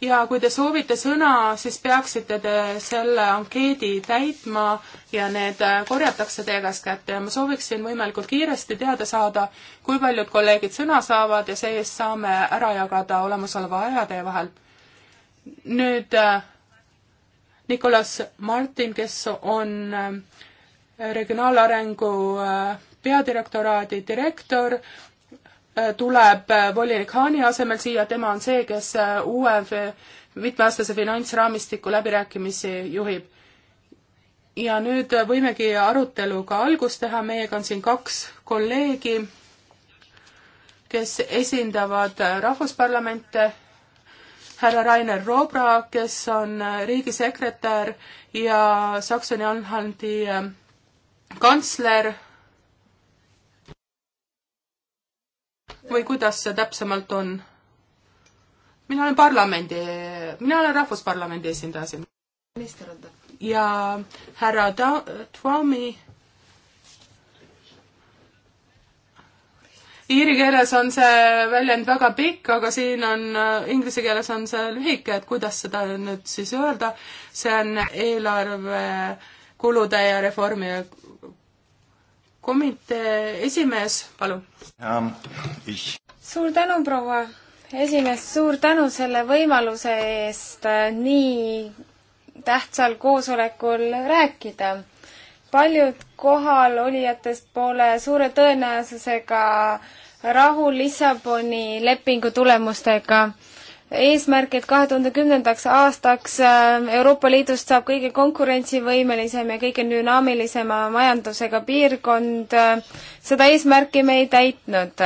ja kui te soovite sõna, siis peaksite te selle ankeedi täitma ja need korjatakse teie käest kätte ja ma sooviksin võimalikult kiiresti teada saada, kui paljud kolleegid sõna saavad ja see-eest saame ära jagada olemasoleva aja teie vahel. nüüd äh, Nikolas Martin, kes on äh, regionaalarengu äh, peadirektoraadi direktor äh, tuleb äh, volinik Haani asemel siia, tema on see, kes äh, uue mitmeaastase finantsraamistiku läbirääkimisi juhib. ja nüüd võimegi aruteluga algust teha, meiega on siin kaks kolleegi, kes esindavad rahvusparlamente, härra Rainer Robra, kes on riigisekretär ja Saksoni-Anhalti kantsler või kuidas see täpsemalt on? mina olen parlamendi, mina olen Rahvusparlamendi esindaja siin. minister on ta. ja härra Tuomi iiri keeles on see väljend väga pikk, aga siin on, äh, inglise keeles on see lühike, et kuidas seda nüüd siis öelda, see on eelarve kulude ja reformi komitee esimees, palun um,. suur tänu, proua esimees, suur tänu selle võimaluse eest äh, nii tähtsal koosolekul rääkida. paljud kohalolijatest pole suure tõenäosusega rahul Lissaboni lepingu tulemustega eesmärk, et kahe tuhande kümnendaks aastaks äh, Euroopa Liidust saab kõige konkurentsivõimelisem ja kõige dünaamilisema majandusega piirkond, äh, seda eesmärki me ei täitnud.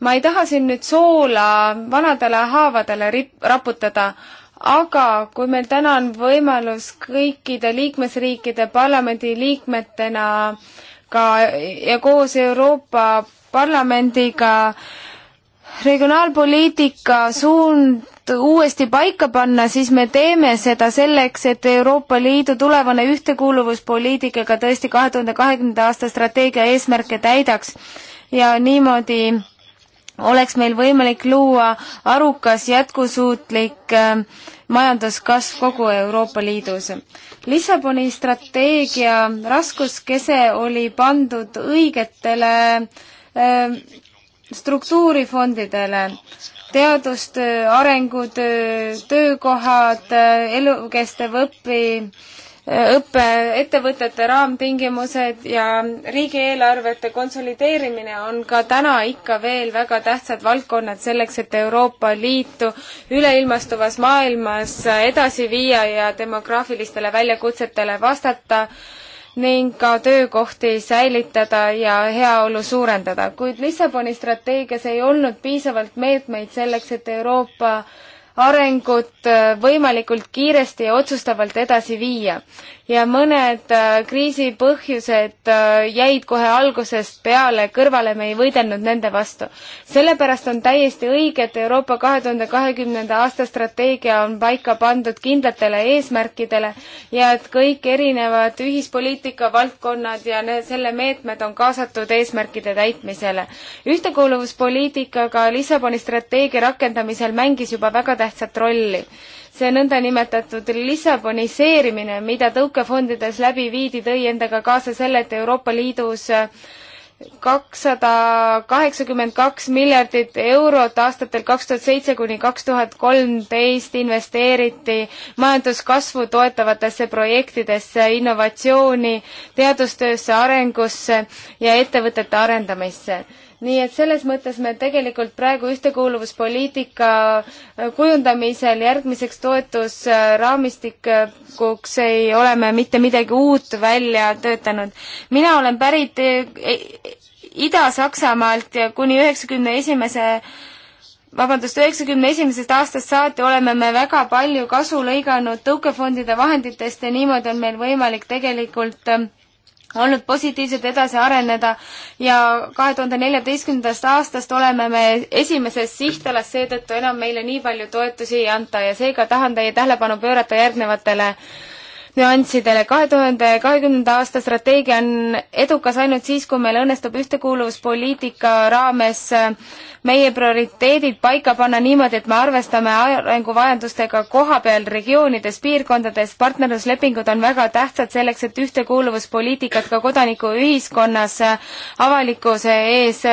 ma ei taha siin nüüd soola vanadele haavadele rip-, raputada, aga kui meil täna on võimalus kõikide liikmesriikide parlamendi liikmetena ka ja koos Euroopa Parlamendiga äh, regionaalpoliitika suund uuesti paika panna, siis me teeme seda selleks, et Euroopa Liidu tulevane ühtekuuluvuspoliitikaga tõesti kahe tuhande kahekümnenda aasta strateegia eesmärke täidaks ja niimoodi oleks meil võimalik luua arukas jätkusuutlik äh, majanduskasv kogu Euroopa Liidus. Lissaboni strateegia raskuskese oli pandud õigetele äh, struktuurifondidele. teadustöö, arengutöö, töökohad, elukestev õpi, õpe, ettevõtete raamtingimused ja riigieelarvete konsolideerimine on ka täna ikka veel väga tähtsad valdkonnad selleks, et Euroopa Liitu üleilmastuvas maailmas edasi viia ja demograafilistele väljakutsetele vastata ning ka töökohti säilitada ja heaolu suurendada, kuid Lissaboni strateegias ei olnud piisavalt meetmeid selleks, et Euroopa arengut äh, võimalikult kiiresti ja otsustavalt edasi viia. ja mõned äh, kriisi põhjused äh, jäid kohe algusest peale kõrvale, me ei võidelnud nende vastu. sellepärast on täiesti õige, et Euroopa kahe tuhande kahekümnenda aasta strateegia on paika pandud kindlatele eesmärkidele ja et kõik erinevad ühispoliitika valdkonnad ja selle meetmed on kaasatud eesmärkide täitmisele. ühtekuuluvuspoliitikaga Lissaboni strateegia rakendamisel mängis juba väga tähtsat tähtsat rolli. see nõndanimetatud Lissaboniseerimine, mida tõukefondides läbi viidi, tõi endaga kaasa selle, et Euroopa Liidus kakssada kaheksakümmend kaks miljardit eurot aastatel kaks tuhat seitse kuni kaks tuhat kolmteist investeeriti majanduskasvu toetavatesse projektidesse, innovatsiooni, teadustöösse, arengusse ja ettevõtete arendamisse nii et selles mõttes me tegelikult praegu ühtekuuluvuspoliitika äh, kujundamisel järgmiseks toetusraamistikuks ei ole me mitte midagi uut välja töötanud. mina olen pärit äh, äh, Ida-Saksamaalt ja kuni üheksakümne esimese vabandust, üheksakümne esimesest aastast saati oleme me väga palju kasu lõiganud tõukefondide vahenditest ja niimoodi on meil võimalik tegelikult äh, olnud positiivselt edasi areneda ja kahe tuhande neljateistkümnendast aastast oleme me esimeses sihtalas, seetõttu enam meile nii palju toetusi ei anta ja seega tahan teie tähelepanu pöörata järgnevatele äh, nüanssidele. kahe tuhande kahekümnenda aasta strateegia on edukas ainult siis, kui meil õnnestub ühtekuuluvuspoliitika raames meie prioriteedid paika panna niimoodi, et me arvestame arenguvajadustega kohapeal, regioonides, piirkondades. partnerluslepingud on väga tähtsad selleks, et ühtekuuluvuspoliitikat ka kodanikuühiskonnas avalikkuse ees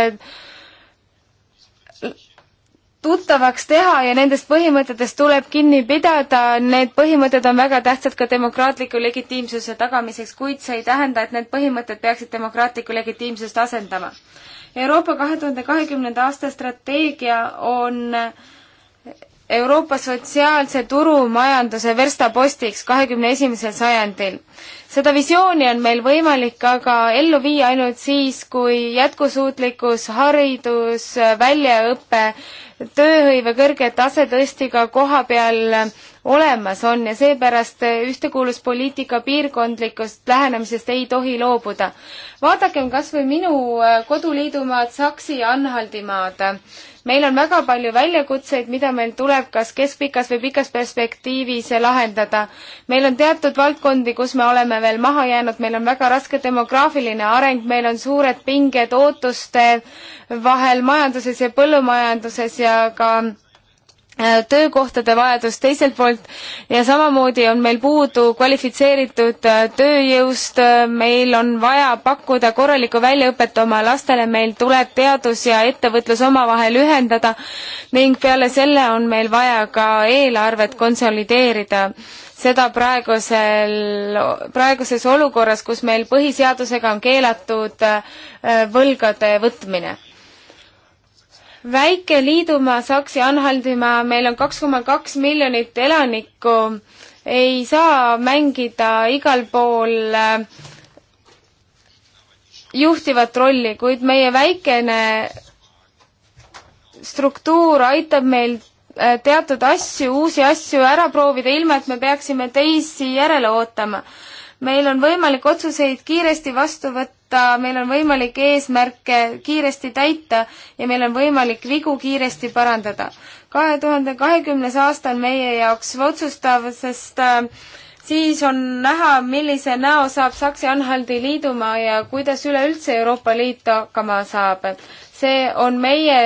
tuttavaks teha ja nendest põhimõtetest tuleb kinni pidada, need põhimõtted on väga tähtsad ka demokraatliku legitiimsuse tagamiseks, kuid see ei tähenda, et need põhimõtted peaksid demokraatlikku legitiimsust asendama. Euroopa kahe tuhande kahekümnenda aasta strateegia on Euroopa sotsiaalse turumajanduse verstapostiks kahekümne esimesel sajandil. seda visiooni on meil võimalik aga ellu viia ainult siis, kui jätkusuutlikkus, haridus, väljaõpe tööhõive kõrge tase tõesti ka koha peal olemas on ja seepärast ühtekuuluspoliitika piirkondlikust lähenemisest ei tohi loobuda. vaadakem kas või minu äh, koduliidumaad Saksi ja Anhaldimaad. meil on väga palju väljakutseid, mida meil tuleb kas keskpikas või pikas perspektiivis lahendada. meil on teatud valdkondi, kus me oleme veel maha jäänud, meil on väga raske demograafiline areng, meil on suured pinged ootuste vahel majanduses ja põllumajanduses ja ka Äh, töökohtade vajadus teiselt poolt ja samamoodi on meil puudu kvalifitseeritud äh, tööjõust, äh, meil on vaja pakkuda korralikku väljaõpet oma lastele, meil tuleb teadus ja ettevõtlus omavahel ühendada ning peale selle on meil vaja ka eelarvet konsolideerida seda praegusel, praeguses olukorras, kus meil põhiseadusega on keelatud võlgade võtmine väike liidumaa Saksi-Anhaldimaa, meil on kaks koma kaks miljonit elanikku, ei saa mängida igal pool äh, juhtivat rolli, kuid meie väikene struktuur aitab meil äh, teatud asju, uusi asju ära proovida, ilma et me peaksime teisi järele ootama. meil on võimalik otsuseid kiiresti vastu võtta, võtta, meil on võimalik eesmärke kiiresti täita ja meil on võimalik vigu kiiresti parandada. kahe tuhande kahekümnes aasta on meie jaoks otsustav, sest äh, siis on näha, millise näo saab Saksa-Anhaldi liidumaa ja kuidas üleüldse Euroopa Liit hakkama saab. see on meie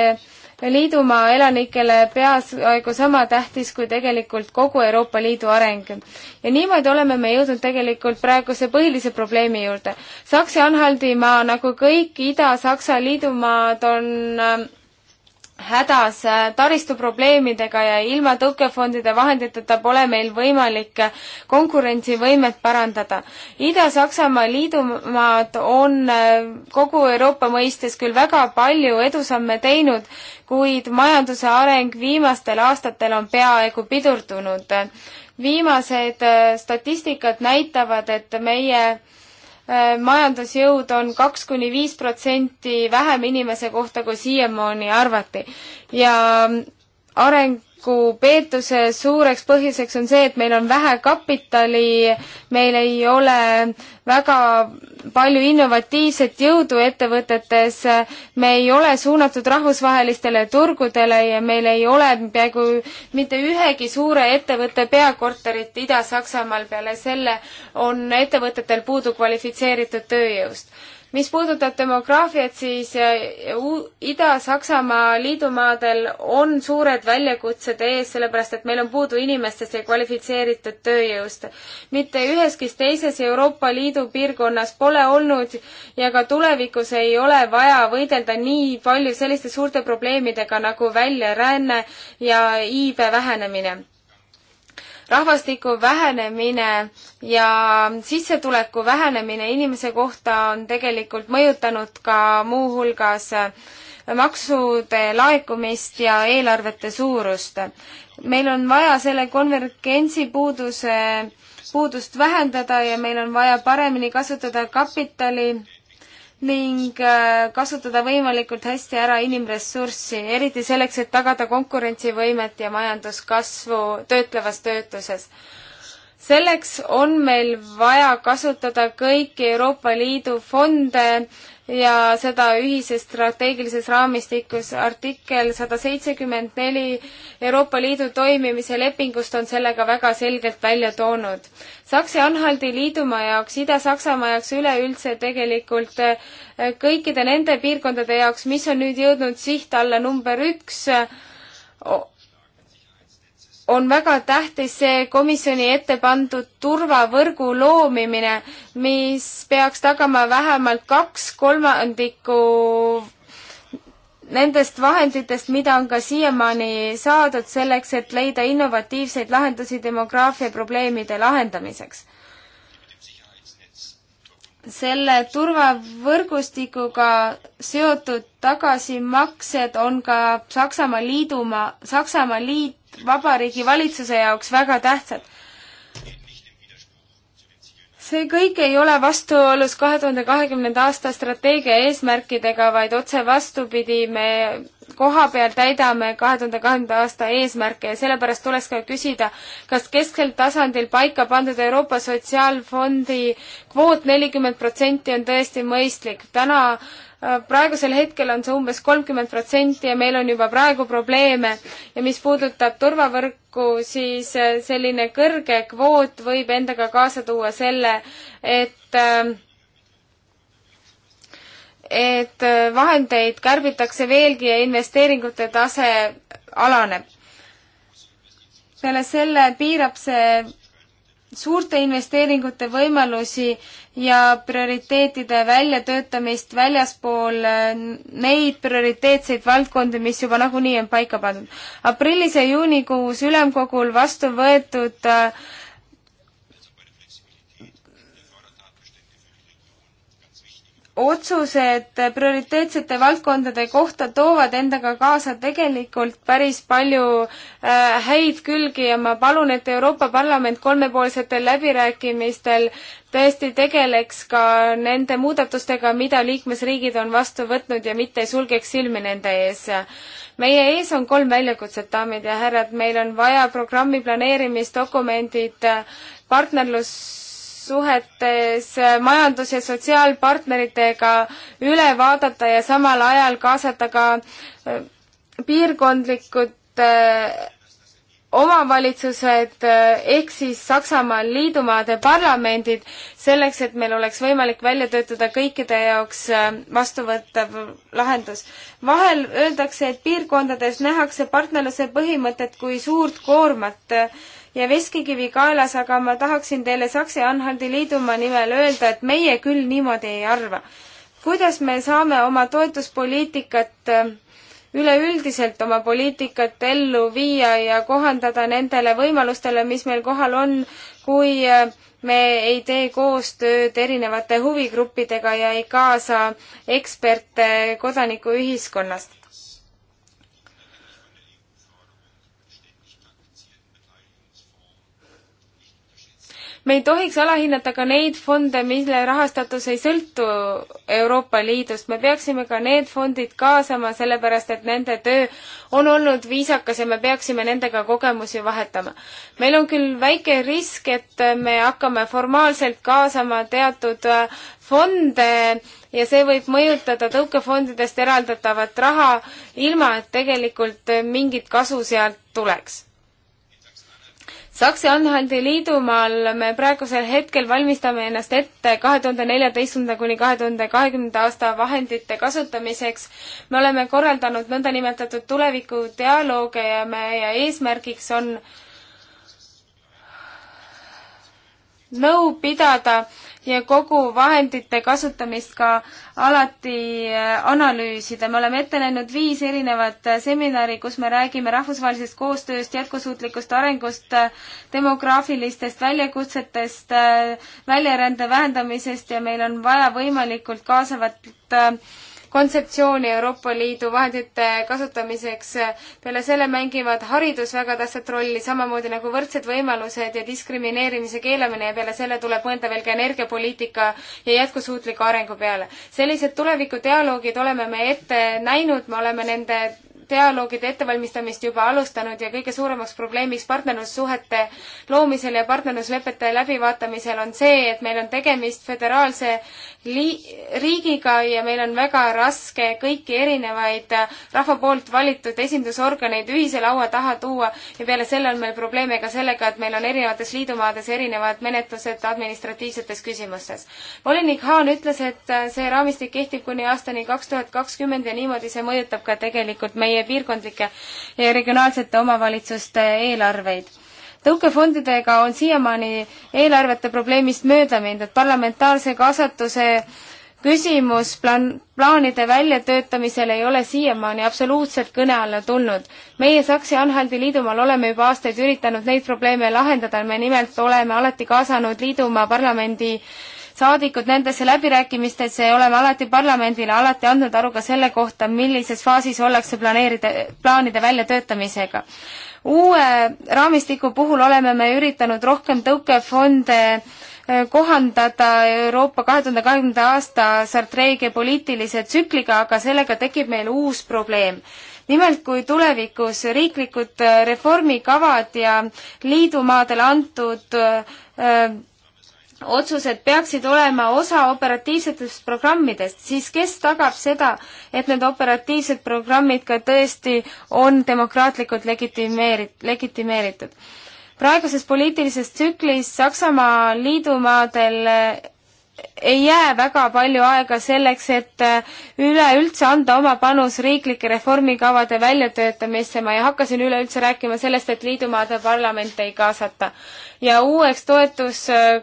liidumaa elanikele peaaegu sama tähtis kui tegelikult kogu Euroopa Liidu areng. ja niimoodi oleme me jõudnud tegelikult praeguse põhilise probleemi juurde. Saksa-Anhaldimaa, nagu kõik Ida-Saksa liidumaad, on ähm, hädas äh, taristuprobleemidega ja ilma tõukefondide vahenditeta pole meil võimalik äh, konkurentsivõimet parandada. Ida-Saksamaa liidumaad on äh, kogu Euroopa mõistes küll väga palju edusamme teinud, kuid majanduse areng viimastel aastatel on peaaegu pidurdunud. viimased statistikad näitavad, et meie Äh, majandusjõud on kaks kuni viis protsenti vähem inimese kohta, kui siiamaani arvati. ja areng paraku peetuse suureks põhjuseks on see, et meil on vähe kapitali, meil ei ole väga palju innovatiivset jõudu ettevõtetes, me ei ole suunatud rahvusvahelistele turgudele ja meil ei ole peaaegu mitte ühegi suure ettevõtte peakorterit Ida-Saksamaal, peale selle on ettevõtetel puudu kvalifitseeritud tööjõust mis puudutab demograafiat, siis äh, Ida-Saksamaa liidumaadel on suured väljakutsed ees, sellepärast et meil on puudu inimestest ja kvalifitseeritud tööjõust. mitte üheski teises Euroopa Liidu piirkonnas pole olnud ja ka tulevikus ei ole vaja võidelda nii palju selliste suurte probleemidega nagu väljaränne ja iibe vähenemine rahvastiku vähenemine ja sissetuleku vähenemine inimese kohta on tegelikult mõjutanud ka muuhulgas maksude laekumist ja eelarvete suurust. meil on vaja selle konvergentsi puuduse, puudust vähendada ja meil on vaja paremini kasutada kapitali ning äh, kasutada võimalikult hästi ära inimressurssi, eriti selleks, et tagada konkurentsivõimet ja majanduskasvu töötlevas töötuses. selleks on meil vaja kasutada kõiki Euroopa Liidu fonde, ja seda ühises strateegilises raamistikus. artikkel sada seitsekümmend neli Euroopa Liidu toimimise lepingust on sellega väga selgelt välja toonud. Saksa-Anhaldi liidumaa jaoks, Ida-Saksamaa jaoks üleüldse tegelikult eh, kõikide nende piirkondade jaoks, mis on nüüd jõudnud siht alla number üks, on väga tähtis see komisjoni ette pandud turvavõrgu loomimine, mis peaks tagama vähemalt kaks kolmandikku nendest vahenditest, mida on ka siiamaani saadud selleks, et leida innovatiivseid lahendusi demograafia probleemide lahendamiseks selle turvavõrgustikuga seotud tagasimaksed on ka Saksamaa liidumaa, Saksamaa liit, vabariigi valitsuse jaoks väga tähtsad see kõik ei ole vastuolus kahe tuhande kahekümnenda aasta strateegia eesmärkidega, vaid otse vastupidi, me koha peal täidame kahe tuhande kahekümnenda aasta eesmärke ja sellepärast tuleks ka küsida, kas kesksel tasandil paika pandud Euroopa Sotsiaalfondi kvoot nelikümmend protsenti on tõesti mõistlik. täna äh, Äh, praegusel hetkel on see umbes kolmkümmend protsenti ja meil on juba praegu probleeme ja mis puudutab turvavõrku, siis äh, selline kõrge kvoot võib endaga kaasa tuua selle, et äh, et vahendeid kärbitakse veelgi ja investeeringute tase alaneb. peale selle piirab see suurte investeeringute võimalusi ja prioriteetide väljatöötamist väljaspool äh, neid prioriteetseid valdkondi, mis juba nagunii on paika pandud. aprillis ja juunikuus ülemkogul vastu võetud äh, otsused prioriteetsete valdkondade kohta toovad endaga kaasa tegelikult päris palju äh, häid külgi ja ma palun, et Euroopa Parlament kolmepoolsetel läbirääkimistel tõesti tegeleks ka nende muudatustega, mida liikmesriigid on vastu võtnud ja mitte ei sulgeks silmi nende ees. meie ees on kolm väljakutset, daamid ja härrad, meil on vaja programmi planeerimisdokumendid, partnerlus suhetes majandus- ja sotsiaalpartneritega üle vaadata ja samal ajal kaasata ka äh, piirkondlikud äh, omavalitsused äh, ehk siis Saksamaal liidumaade parlamendid selleks, et meil oleks võimalik välja töötada kõikide jaoks vastuvõttav lahendus. vahel öeldakse, et piirkondades nähakse partnerluse põhimõtet kui suurt koormat ja veskikivi kaelas, aga ma tahaksin teile Saksa-Anhaldi liidumaa nimel öelda, et meie küll niimoodi ei arva. kuidas me saame oma toetuspoliitikat äh, üleüldiselt oma poliitikat ellu viia ja kohandada nendele võimalustele, mis meil kohal on, kui äh, me ei tee koostööd erinevate huvigruppidega ja ei kaasa eksperte kodanikuühiskonnast. me ei tohiks alahinnata ka neid fonde, mille rahastatus ei sõltu Euroopa Liidust. me peaksime ka need fondid kaasama, sellepärast et nende töö on olnud viisakas ja me peaksime nendega kogemusi vahetama. meil on küll väike risk, et me hakkame formaalselt kaasama teatud äh, fonde ja see võib mõjutada tõukefondidest eraldatavat raha, ilma et tegelikult mingit kasu sealt tuleks Saksa-Anhaldi liidumaal me praegusel hetkel valmistame ennast ette kahe tuhande neljateistkümnenda kuni kahe tuhande kahekümnenda aasta vahendite kasutamiseks. me oleme korraldanud nõndanimetatud tulevikudialoogi ja meie eesmärgiks on nõu pidada ja kogu vahendite kasutamist ka alati äh, analüüsida. me oleme ette näinud viis erinevat äh, seminari, kus me räägime rahvusvahelisest koostööst, jätkusuutlikust arengust, äh, demograafilistest väljakutsetest, väljarände vähendamisest ja meil on vaja võimalikult kaasavat kontseptsiooni Euroopa Liidu vahendite kasutamiseks. peale selle mängivad haridus väga tähtsat rolli, samamoodi nagu võrdsed võimalused ja diskrimineerimise keelamine ja peale selle tuleb mõelda veel ka energiapoliitika ja jätkusuutliku arengu peale. sellised tulevikudialoogid oleme me ette näinud, me oleme nende dialoogide ettevalmistamist juba alustanud ja kõige suuremaks probleemiks partnerlussuhete loomisel ja partnerluslepete läbivaatamisel on see, et meil on tegemist föderaalse li-, riigiga ja meil on väga raske kõiki erinevaid rahva poolt valitud esindusorganeid ühise laua taha tuua ja peale selle on meil probleeme ka sellega, et meil on erinevates liidumaades erinevad menetlused administratiivsetes küsimustes. volinik Haan ütles, et see raamistik kehtib kuni aastani kaks tuhat kakskümmend ja niimoodi see mõjutab ka tegelikult meie meie piirkondlike ja regionaalsete omavalitsuste eelarveid tõukefondidega on siiamaani eelarvete probleemist mööda mind, et parlamentaarse kaasatuse küsimus plaan, plaanide väljatöötamisel ei ole siiamaani absoluutselt kõne alla tulnud. meie Saksa-Anhaldi liidumaal oleme juba aastaid üritanud neid probleeme lahendada, me nimelt oleme alati kaasanud liidumaa parlamendi äh, saadikud nendesse läbirääkimistesse ja oleme alati parlamendile alati andnud aru ka selle kohta, millises faasis ollakse planeerida, plaanide väljatöötamisega. uue raamistiku puhul oleme me üritanud rohkem tõukefonde eh, kohandada Euroopa kahe tuhande kahekümnenda aasta strateegia poliitilise tsükliga, aga sellega tekib meil uus probleem nimelt kui tulevikus riiklikud eh, reformikavad ja liidumaadele antud eh, otsused peaksid olema osa operatiivsetest programmidest, siis kes tagab seda, et need operatiivsed programmid ka tõesti on demokraatlikult legitimeerit-, legitimeeritud? praeguses poliitilises tsüklis Saksamaa liidumaadel eh, ei jää väga palju aega selleks, et eh, üleüldse anda oma panus riiklike reformikavade väljatöötamisse, ma ei hakka siin üleüldse rääkima sellest, et liidumaade parlamente ei kaasata. ja uueks toetus eh,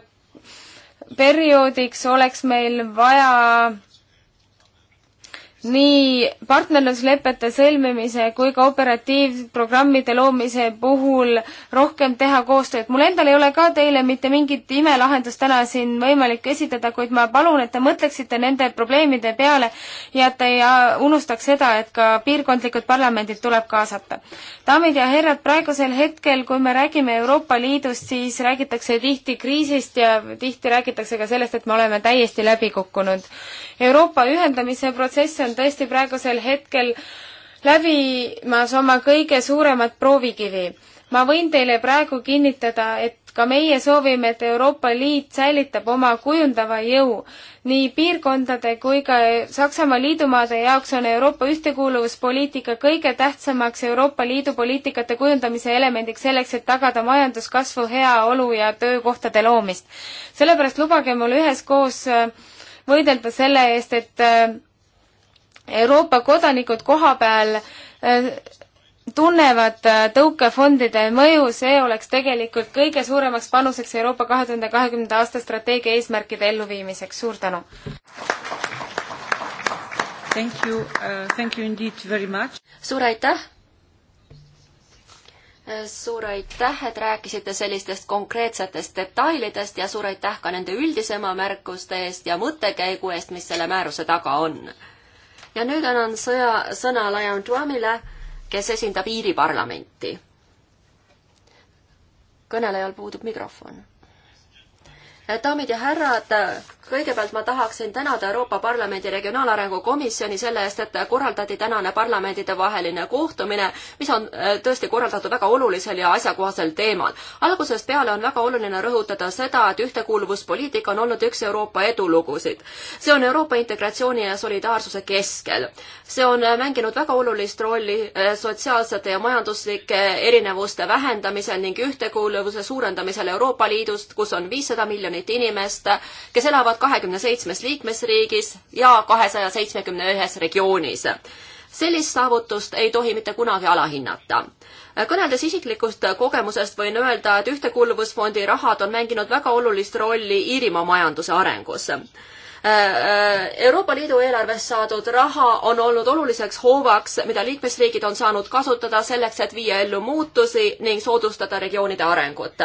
perioodiks oleks meil vaja nii partnerluslepete sõlmimise kui ka operatiivprogrammide loomise puhul rohkem teha koostööd. mul endal ei ole ka teile mitte mingit imelahendust täna siin võimalik esitada, kuid ma palun, et te mõtleksite nende probleemide peale ja et te ei unustaks seda, et ka piirkondlikud parlamendid tuleb kaasata. daamid ja härrad, praegusel hetkel, kui me räägime Euroopa Liidust, siis räägitakse tihti kriisist ja tihti räägitakse ka sellest, et me oleme täiesti läbi kukkunud. Euroopa ühendamise protsess on on tõesti praegusel hetkel läbimas oma kõige suuremat proovikivi. ma võin teile praegu kinnitada, et ka meie soovime, et Euroopa Liit säilitab oma kujundava jõu. nii piirkondade kui ka Saksamaa liidumaade jaoks on Euroopa ühtekuuluvuspoliitika kõige tähtsamaks Euroopa Liidu poliitikate kujundamise elemendiks selleks, et tagada majanduskasvu, heaolu ja töökohtade loomist. sellepärast lubage mul üheskoos äh, võidelda selle eest, et äh, Euroopa kodanikud koha peal äh, tunnevad äh, tõukefondide mõju, see oleks tegelikult kõige suuremaks panuseks Euroopa kahe tuhande kahekümnenda aasta strateegia eesmärkide elluviimiseks, suur tänu! Thank you uh,, thank you indeed very much! suur aitäh! suur aitäh, et rääkisite sellistest konkreetsetest detailidest ja suur aitäh ka nende üldisema märkuste eest ja mõttekäigu eest, mis selle määruse taga on ja nüüd annan sõja, sõna Lion Tuamile, kes esindab Iiri parlamenti. kõnelejal puudub mikrofon. daamid ja härrad, kõigepealt ma tahaksin tänada Euroopa Parlamendi Regionaalarengu Komisjoni selle eest, et korraldati tänane parlamendidevaheline kohtumine, mis on äh, tõesti korraldatud väga olulisel ja asjakohasel teemal. algusest peale on väga oluline rõhutada seda, et ühtekuuluvuspoliitika on olnud üks Euroopa edulugusid. see on Euroopa integratsiooni ja solidaarsuse keskel. see on äh, mänginud väga olulist rolli äh, sotsiaalsete ja majanduslike erinevuste vähendamisel ning ühtekuuluvuse suurendamisel Euroopa Liidust, kus on viissada miljonit inimest, kes elavad tegutsevad kahekümne seitsmes liikmesriigis ja kahesaja seitsmekümne ühes regioonis. sellist saavutust ei tohi mitte kunagi alahinnata. kõneldes isiklikust kogemusest, võin öelda, et Ühtekuuluvusfondi rahad on mänginud väga olulist rolli Iirimaa majanduse arengus Euroopa Liidu eelarvest saadud raha on olnud oluliseks hoovaks, mida liikmesriigid on saanud kasutada selleks, et viia ellu muutusi ning soodustada regioonide arengut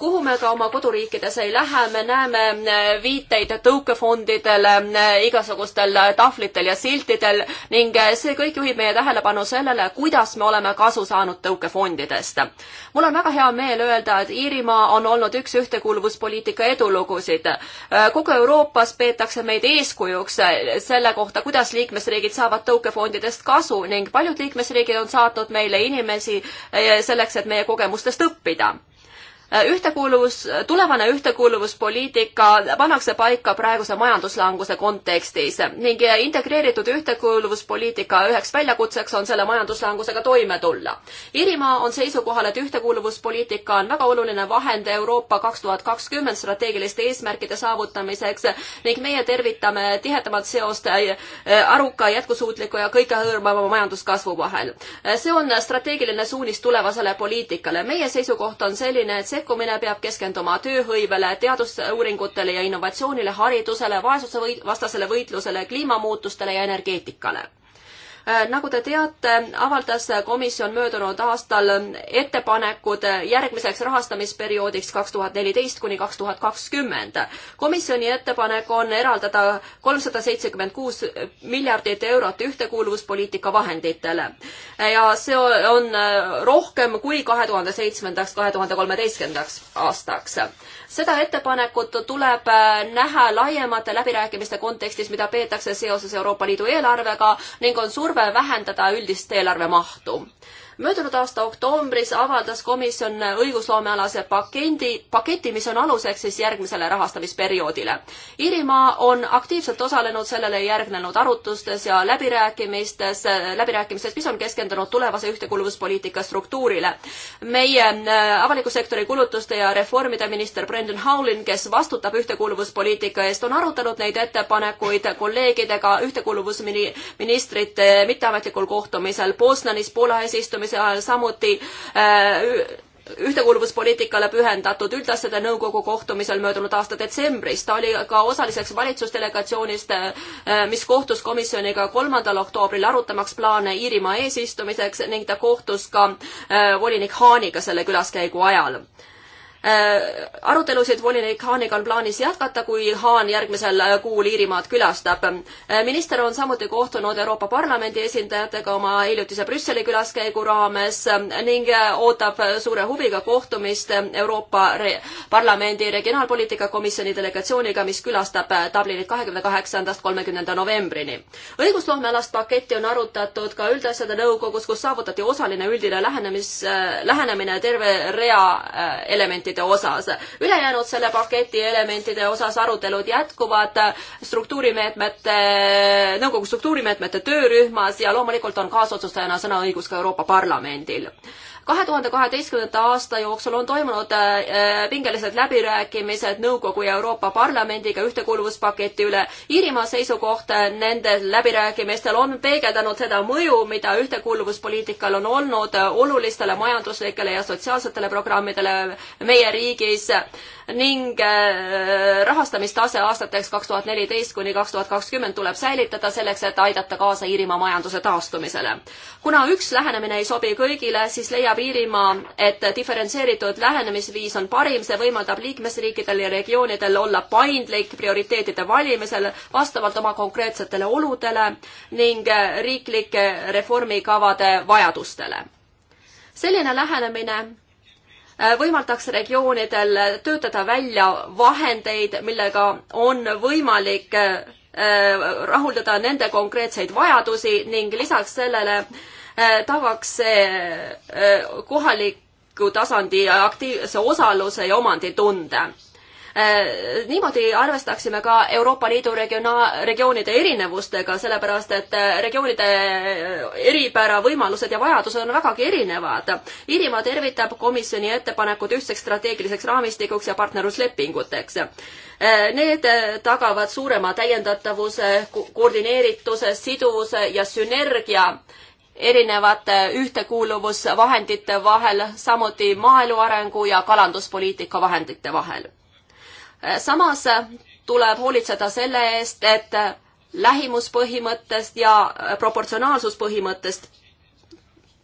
kuhu me ka oma koduriikides ei lähe, me näeme äh, viiteid tõukefondidele äh, igasugustel äh, tahvlitel ja siltidel ning see kõik juhib meie tähelepanu sellele, kuidas me oleme kasu saanud tõukefondidest. mul on väga hea meel öelda, et Iirimaa on olnud üks ühtekuuluvuspoliitika edulugusid. kogu Euroopas peetakse meid eeskujuks selle kohta, kuidas liikmesriigid saavad tõukefondidest kasu ning paljud liikmesriigid on saatnud meile inimesi selleks, et meie kogemustest õppida Äh, ühtekuuluvus, tulevane ühtekuuluvuspoliitika pannakse paika praeguse majanduslanguse kontekstis ning äh, integreeritud ühtekuuluvuspoliitika üheks väljakutseks on selle majanduslangusega toime tulla. Iirimaa on seisukohal, et ühtekuuluvuspoliitika on väga oluline vahend Euroopa kaks tuhat kakskümmend strateegiliste eesmärkide saavutamiseks ning meie tervitame tihedamat seost äh, aruka, jätkusuutliku ja kõikehõõrmava majanduskasvu vahel. see on strateegiline suunis tulevasele poliitikale. meie seisukoht on selline, et see sekkumine peab keskenduma tööhõivele, teadusuuringutele ja innovatsioonile, haridusele, vaesuse või vastasele võitlusele, kliimamuutustele ja energeetikale. Äh, nagu te teate, avaldas komisjon möödunud aastal ettepanekud järgmiseks rahastamisperioodiks kaks tuhat neliteist kuni kaks tuhat kakskümmend. komisjoni ettepanek on eraldada kolmsada seitsekümmend kuus miljardit eurot ühtekuuluvuspoliitika vahenditele ja see on rohkem kui kahe tuhande seitsmendaks, kahe tuhande kolmeteistkümnendaks aastaks seda ettepanekut tuleb äh, näha laiemate läbirääkimiste kontekstis, mida peetakse seoses Euroopa Liidu eelarvega ning on surve vähendada üldist eelarve mahtu möödunud aasta oktoobris avaldas komisjon õigusloomealase pakendi, paketi, mis on aluseks siis järgmisele rahastamisperioodile. Iirimaa on aktiivselt osalenud sellele järgnenud arutustes ja läbirääkimistes, läbirääkimistes, mis on keskendunud tulevase ühtekuuluvuspoliitika struktuurile. meie äh, avaliku sektori kulutuste ja reformide minister Brendan Howlin, kes vastutab ühtekuuluvuspoliitika eest, on arutanud neid ettepanekuid kolleegidega ühtekuuluvusministrite mitteametlikul kohtumisel Poznanis Poola eesistumisel, eesistumise ajal samuti äh, ühtekuuluvuspoliitikale pühendatud üldasjade nõukogu kohtumisel möödunud aasta detsembris. ta oli ka osaliseks valitsusdelegatsioonist, äh, mis kohtus komisjoniga kolmandal oktoobril, arutamaks plaane Iirimaa eesistumiseks ning ta kohtus ka äh, volinik Haaniga selle külaskäigu ajal. Äh, arutelusid volinik Haaniga on plaanis jätkata, kui Haan järgmisel äh, kuul Iirimaad külastab. Äh, minister on samuti kohtunud Euroopa Parlamendi esindajatega oma hiljutise Brüsseli külaskäigu raames ning ootab suure huviga kohtumist Euroopa Re Parlamendi regionaalpoliitika komisjoni delegatsiooniga, mis külastab Dublinit kahekümne kaheksandast kolmekümnenda novembrini. õigusloomealast paketti on arutatud ka üldasjade nõukogus, kus saavutati osaline üldine lähenemis, lähenemine terve rea elemente elementide osas. ülejäänud selle paketi elementide osas arutelud jätkuvad struktuurimeetmete, nõukogu struktuurimeetmete töörühmas ja loomulikult on kaasotsustajana sõnaõigus ka Euroopa Parlamendil kahe tuhande kaheteistkümnenda aasta jooksul on toimunud äh, pingelised läbirääkimised Nõukogu ja Euroopa Parlamendiga ühtekuuluvuspaketi üle. Iirimaa seisukoht äh, nendel läbirääkimistel on peegeldanud seda mõju, mida ühtekuuluvuspoliitikal on olnud äh, olulistele majanduslikele ja sotsiaalsetele programmidele meie riigis ning äh, rahastamistase aastateks kaks tuhat neliteist kuni kaks tuhat kakskümmend tuleb säilitada selleks, et aidata kaasa Iirimaa majanduse taastumisele. kuna üks lähenemine ei sobi kõigile, siis leiab Iirimaa, et diferentseeritud lähenemisviis on parim, see võimaldab liikmesriikidel ja regioonidel olla paindlik prioriteetide valimisel vastavalt oma konkreetsetele oludele ning äh, riiklike reformikavade vajadustele. selline lähenemine Äh, võimaldaks regioonidel töötada välja vahendeid, millega on võimalik äh, rahuldada nende konkreetseid vajadusi ning lisaks sellele äh, tagaks see kohaliku tasandi aktiivse osaluse ja omanditunde Äh, niimoodi arvestaksime ka Euroopa Liidu regiona-, regioonide erinevustega, sellepärast et äh, regioonide äh, eripära, võimalused ja vajadused on vägagi erinevad. Iirimaa tervitab komisjoni ettepanekut ühtseks strateegiliseks raamistikuks ja partnerluslepinguteks. Need tagavad suurema täiendatavuse, koordineerituse, siduvuse ja sünergia erinevate ühtekuuluvusvahendite vahel, samuti maaelu arengu ja kalanduspoliitika vahendite vahel samas tuleb hoolitseda selle eest, et lähimuspõhimõttest ja proportsionaalsuspõhimõttest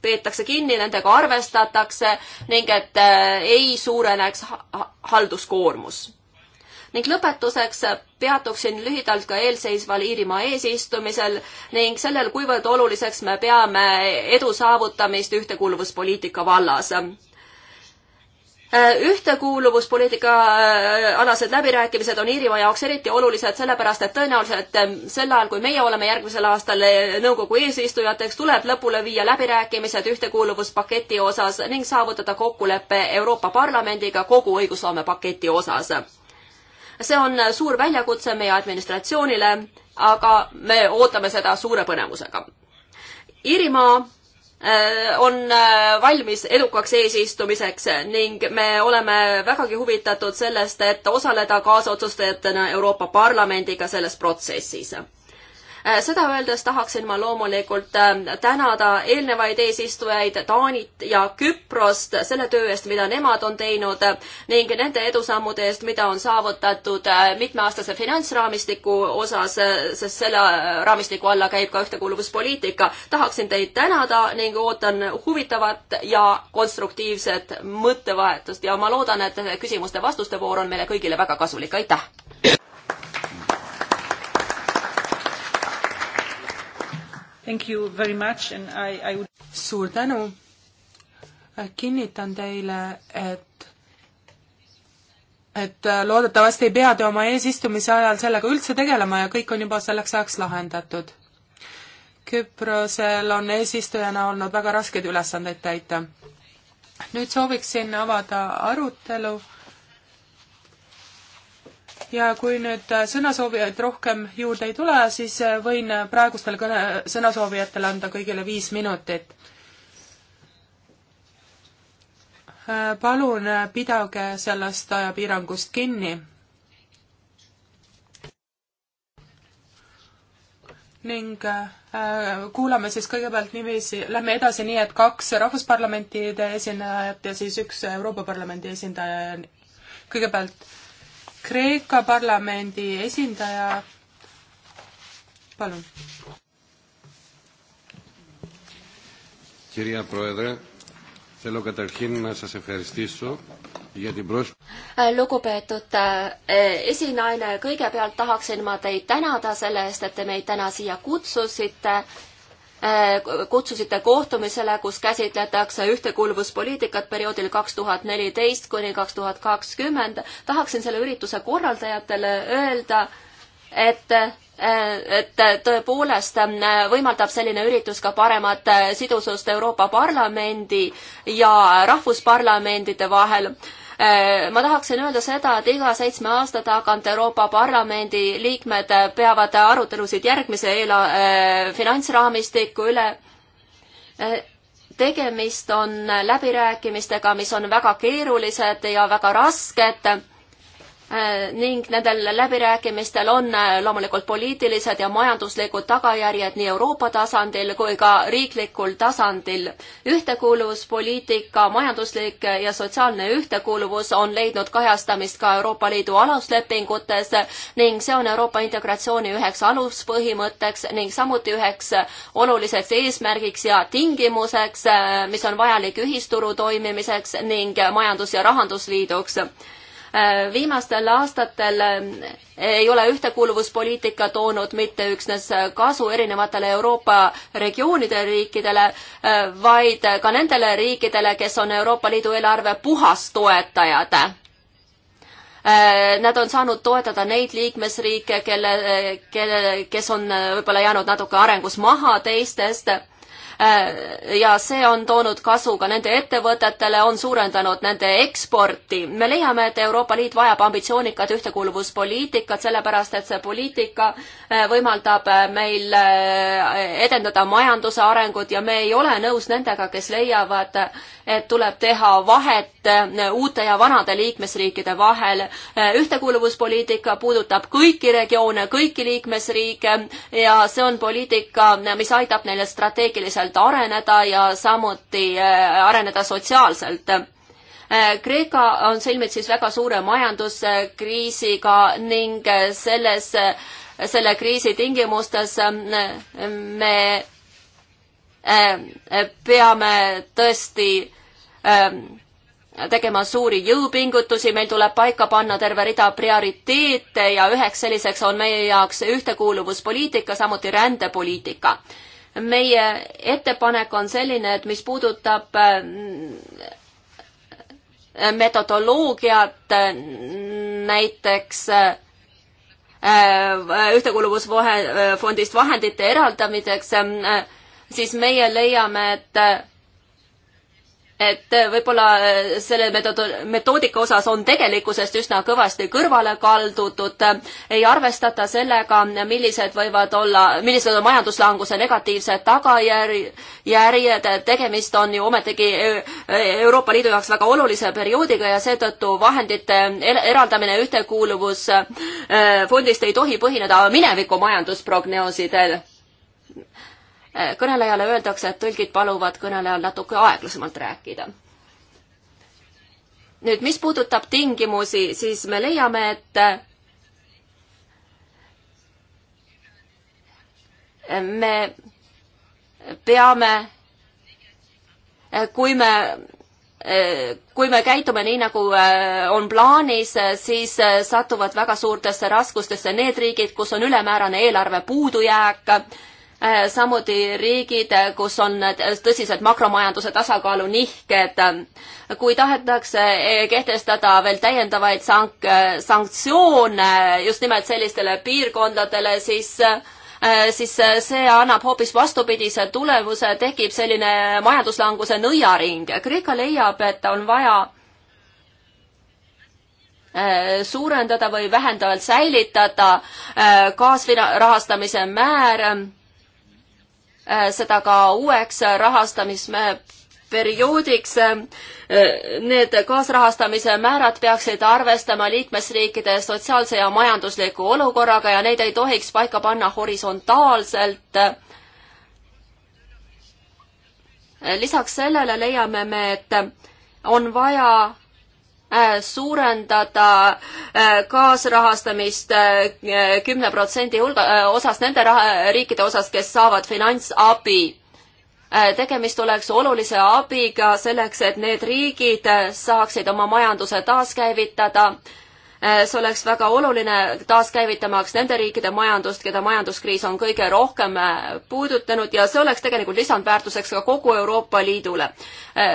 peetakse kinni, nendega arvestatakse ning et äh, ei suureneks halduskoormus. ning lõpetuseks peatuksin lühidalt ka eelseisval Iirimaa eesistumisel ning sellel, kuivõrd oluliseks me peame edu saavutamist ühtekuuluvuspoliitika vallas Äh, ühtekuuluvuspoliitika äh, alased läbirääkimised on Iirimaa jaoks eriti olulised, sellepärast et tõenäoliselt ähm, sel ajal, kui meie oleme järgmisel aastal äh, nõukogu eesistujateks, tuleb lõpule viia läbirääkimised ühtekuuluvuspaketi osas ning saavutada kokkulepe Euroopa Parlamendiga kogu õigusloome paketi osas. see on suur väljakutse meie administratsioonile, aga me ootame seda suure põnevusega. Iirimaa Äh, on äh, valmis edukaks eesistumiseks ning me oleme vägagi huvitatud sellest, et osaleda kaasotsustajatena Euroopa Parlamendiga selles protsessis Äh, seda öeldes tahaksin ma loomulikult äh, tänada eelnevaid eesistujaid Taanit ja Küprost selle töö eest, mida nemad on teinud ning nende edusammude eest, mida on saavutatud äh, mitmeaastase finantsraamistiku osas, sest selle raamistiku alla käib ka ühtekuuluvuspoliitika. tahaksin teid tänada ning ootan huvitavat ja konstruktiivset mõttevahetust ja ma loodan, et küsimuste-vastuste voor on meile kõigile väga kasulik, aitäh! Thank you very much and I, I would... suur tänu. kinnitan teile, et et äh, loodetavasti ei pea te oma eesistumise ajal sellega üldse tegelema ja kõik on juba selleks ajaks lahendatud. Küprosel on eesistujana olnud väga raskeid ülesandeid täita. nüüd sooviksin avada arutelu ja kui nüüd äh, sõnasoovijaid rohkem juurde ei tule, siis äh, võin äh, praegustele kõne, sõnasoovijatele anda kõigile viis minutit. palun pidage sellest ajapiirangust kinni. ning kuulame siis kõigepealt niiviisi, lähme edasi nii, et kaks rahvusparlamentide esindajat ja siis üks Euroopa Parlamendi esindaja. kõigepealt äh, Kreeka parlamendi esindaja, palun. Kirja Proedre, Θέλω καταρχήν να σας ευχαριστήσω για την πρόσκληση. Lugupeetud esinaine, kõigepealt tahaksin ma teid tänada selle eest, et te meid täna siia kutsusite Äh, kutsusite kohtumisele, kus käsitletakse ühtekuuluvuspoliitikat perioodil kaks tuhat neliteist kuni kaks tuhat kakskümmend. tahaksin selle ürituse korraldajatele öelda, et äh, et tõepoolest äh, võimaldab selline üritus ka paremat sidusust Euroopa Parlamendi ja rahvusparlamentide vahel Äh, ma tahaksin öelda seda, et iga seitsme aasta tagant Euroopa Parlamendi liikmed peavad arutelusid järgmise eela-, äh, finantsraamistiku üle. Äh, tegemist on läbirääkimistega, mis on väga keerulised ja väga rasked Äh, ning nendel läbirääkimistel on äh, loomulikult poliitilised ja majanduslikud tagajärjed nii Euroopa tasandil kui ka riiklikul tasandil. ühtekuuluvuspoliitika majanduslik ja sotsiaalne ühtekuuluvus on leidnud kajastamist ka Euroopa Liidu aluslepingutes ning see on Euroopa integratsiooni üheks aluspõhimõtteks ning samuti üheks oluliseks eesmärgiks ja tingimuseks, äh, mis on vajalik ühisturu toimimiseks ning majandus- ja rahandusliiduks Äh, viimastel aastatel äh, ei ole ühtekuuluvuspoliitika toonud mitte üksnes äh, kasu erinevatele Euroopa regioonide riikidele, vaid ka nendele riikidele, kes on Euroopa Liidu eelarve puhastoetajad nad on saanud toetada neid liikmesriike, kelle, kelle, kes on võib-olla jäänud natuke arengus maha teistest Äh, ja see on toonud kasu ka nende ettevõtetele, on suurendanud nende eksporti. me leiame, et Euroopa Liit vajab ambitsioonikat ühtekuuluvuspoliitikat, sellepärast et see poliitika äh, võimaldab äh, meil edendada majanduse arengut ja me ei ole nõus nendega, kes leiavad, et tuleb teha vahet uute ja vanade liikmesriikide vahel. ühtekuuluvuspoliitika puudutab kõiki regioone, kõiki liikmesriike ja see on poliitika, mis aitab neile strateegiliselt majanduslikult areneda ja samuti äh, areneda sotsiaalselt. Äh, Kreeka on silmitsi väga suure majanduskriisiga ning äh, selles, selle kriisi tingimustes me peame tõesti ähm, tegema suuri jõupingutusi, meil tuleb paika panna terve rida prioriteete ja üheks selliseks on meie jaoks ühtekuuluvuspoliitika, samuti rändepoliitika meie ettepanek on selline, et mis puudutab äh, metodoloogiat, äh, näiteks äh, ühtekuuluvusfondist vahendite eraldamiseks, siis meie leiame, et et äh, võib-olla äh, selle metoodika osas on tegelikkusest üsna kõvasti kõrvale kaldutud, ei arvestata sellega, millised võivad olla, millised on majanduslanguse negatiivsed tagajärjed, tegemist on ju ometigi äh, Euroopa Liidu jaoks väga olulise perioodiga ja seetõttu vahendite er-, eraldamine ühtekuuluvusfondist ei tohi põhineda mineviku majandusprognoosidel kõnelejale öeldakse, et tõlgid paluvad kõnelejal natuke aeglasemalt rääkida. nüüd, mis puudutab tingimusi, siis me leiame, et me peame, kui me, kui me käitume nii, nagu on plaanis, siis satuvad väga suurtesse raskustesse need riigid, kus on ülemäärane eelarve puudujääk Äh, samuti riigid, äh, kus on tõsised makromajanduse tasakaalu nihked. kui tahetakse äh, kehtestada veel täiendavaid sank-, sanktsioone just nimelt sellistele piirkondadele, siis siis see annab hoopis vastupidise tulemuse, tekib selline majanduslanguse nõiaring. Kreeka leiab, et on vaja suurendada või vähendavalt säilitada kaasrahastamise määr Äh, seda ka uueks äh, rahastamisperioodiks. Äh, need kaasrahastamise määrad peaksid arvestama liikmesriikide sotsiaalse ja majandusliku olukorraga ja neid ei tohiks paika panna horisontaalselt. lisaks sellele leiame me, et on vaja Äh, suurendada äh, kaasrahastamist äh, kümne protsendi hulga, osas nende raha, riikide osas, kes saavad finantsabi. tegemist oleks olulise abiga selleks, et need riigid saaksid oma majanduse taaskäivitada. see oleks väga oluline taaskäivitamaks nende riikide majandust, keda majanduskriis on kõige rohkem puudutanud ja see oleks tegelikult lisandväärtuseks ka kogu Euroopa Liidule.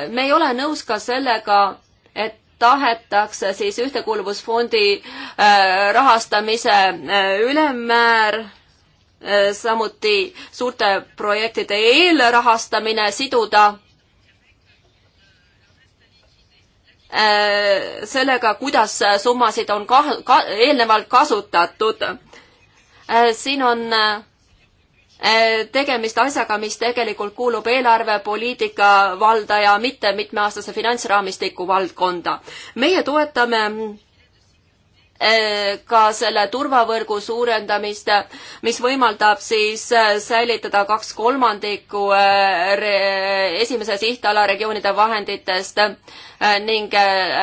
me ei ole nõus ka sellega, et tahetakse siis Ühtekuuluvusfondi äh, rahastamise äh, ülemmäär, äh, samuti suurte projektide eelrahastamine siduda sellega, kuidas summasid on ka, ka eelnevalt kasutatud. siin on äh, Äh, tegemist asjaga, mis tegelikult kuulub eelarvepoliitika valda ja mitte mitmeaastase finantsraamistiku valdkonda. meie toetame äh, ka selle turvavõrgu suurendamist, mis võimaldab siis äh, säilitada kaks kolmandikku esimese sihtala regioonide vahenditest ning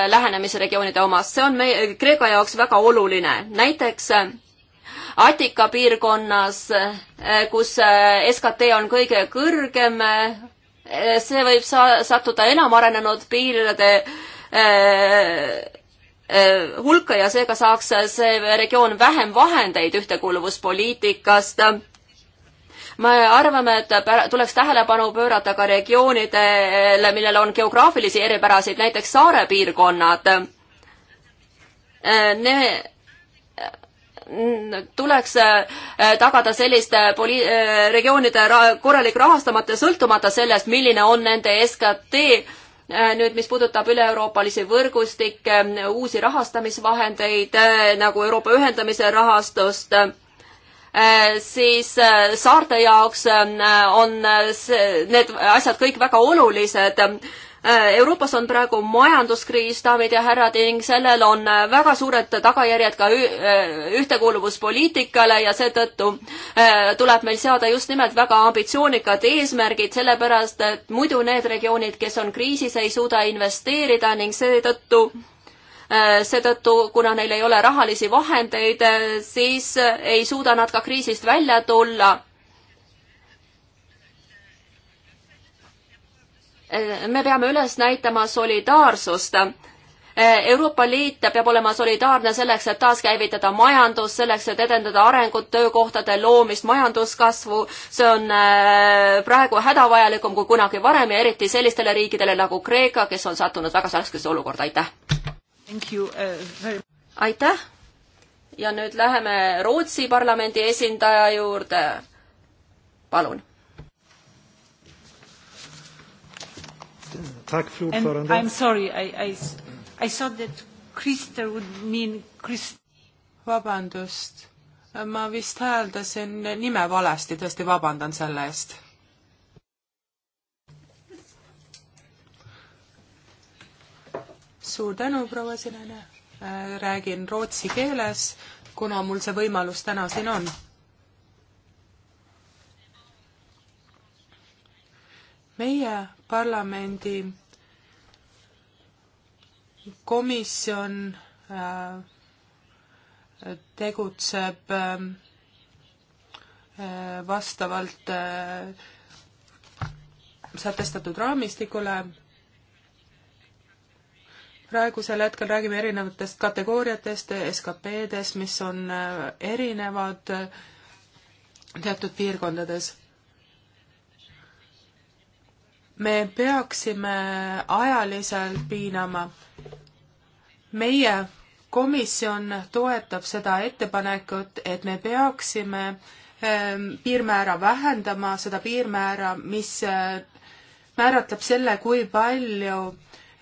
lähenemisregioonide omast. see on meie, Kreeka jaoks väga oluline. näiteks Attika piirkonnas, eh, kus eh, SKT on kõige kõrgem, eh, see võib sa-, sattuda enam arenenud piiride hulka ja seega saaks see regioon vähem vahendeid ühtekuuluvuspoliitikast. me arvame, et tuleks tähelepanu pöörata ka regioonidele, millel on geograafilisi eripärasid, näiteks saare piirkonnad ne tuleks äh, tagada selliste äh, poli-, äh, regioonide ra-, korralik rahastamata, sõltumata sellest, milline on nende SKT. nüüd, mis puudutab üle-euroopalisi võrgustikke, uusi rahastamisvahendeid nagu Euroopa ühendamise rahastust, siis saarte jaoks on see, need asjad kõik väga olulised Äh, Euroopas on praegu majanduskriis, daamid ja härrad, ning sellel on äh, väga suured tagajärjed ka äh, ühtekuuluvuspoliitikale ja seetõttu tuleb meil seada just nimelt väga ambitsioonikad eesmärgid, sellepärast et muidu need regioonid, kes on kriisis, ei suuda investeerida ning seetõttu seetõttu, kuna neil ei ole rahalisi vahendeid, siis ei suuda nad ka kriisist välja tulla Eh, me peame üles näitama solidaarsust. Eh, Euroopa Liit peab olema solidaarne selleks, et taaskäivitada majandus, selleks, et edendada arengut, töökohtade loomist, majanduskasvu. see on eh, praegu hädavajalikum kui kunagi varem ja eriti sellistele riikidele nagu Kreeka, kes on sattunud väga raskesse olukorda. aitäh! aitäh! ja nüüd läheme Rootsi parlamendi esindaja juurde. palun Tack, fru ordförande. And I'm sorry, I, I, I thought that Krister would mean Krist-. vabandust, ma vist hääldasin nime valesti, tõesti vabandan selle eest. suur tänu, proua Sinene. Äh, räägin rootsi keeles, kuna mul see võimalus täna siin on meie parlamendi komisjon äh, tegutseb äh, vastavalt äh, sätestatud raamistikule. praegusel hetkel räägime erinevatest kategooriatest, SKP-dest, mis on erinevad teatud piirkondades me peaksime ajaliselt piinama. meie komisjon toetab seda ettepanekut, et me peaksime ähm, piirmäära vähendama, seda piirmäära, mis äh, määratleb selle, kui palju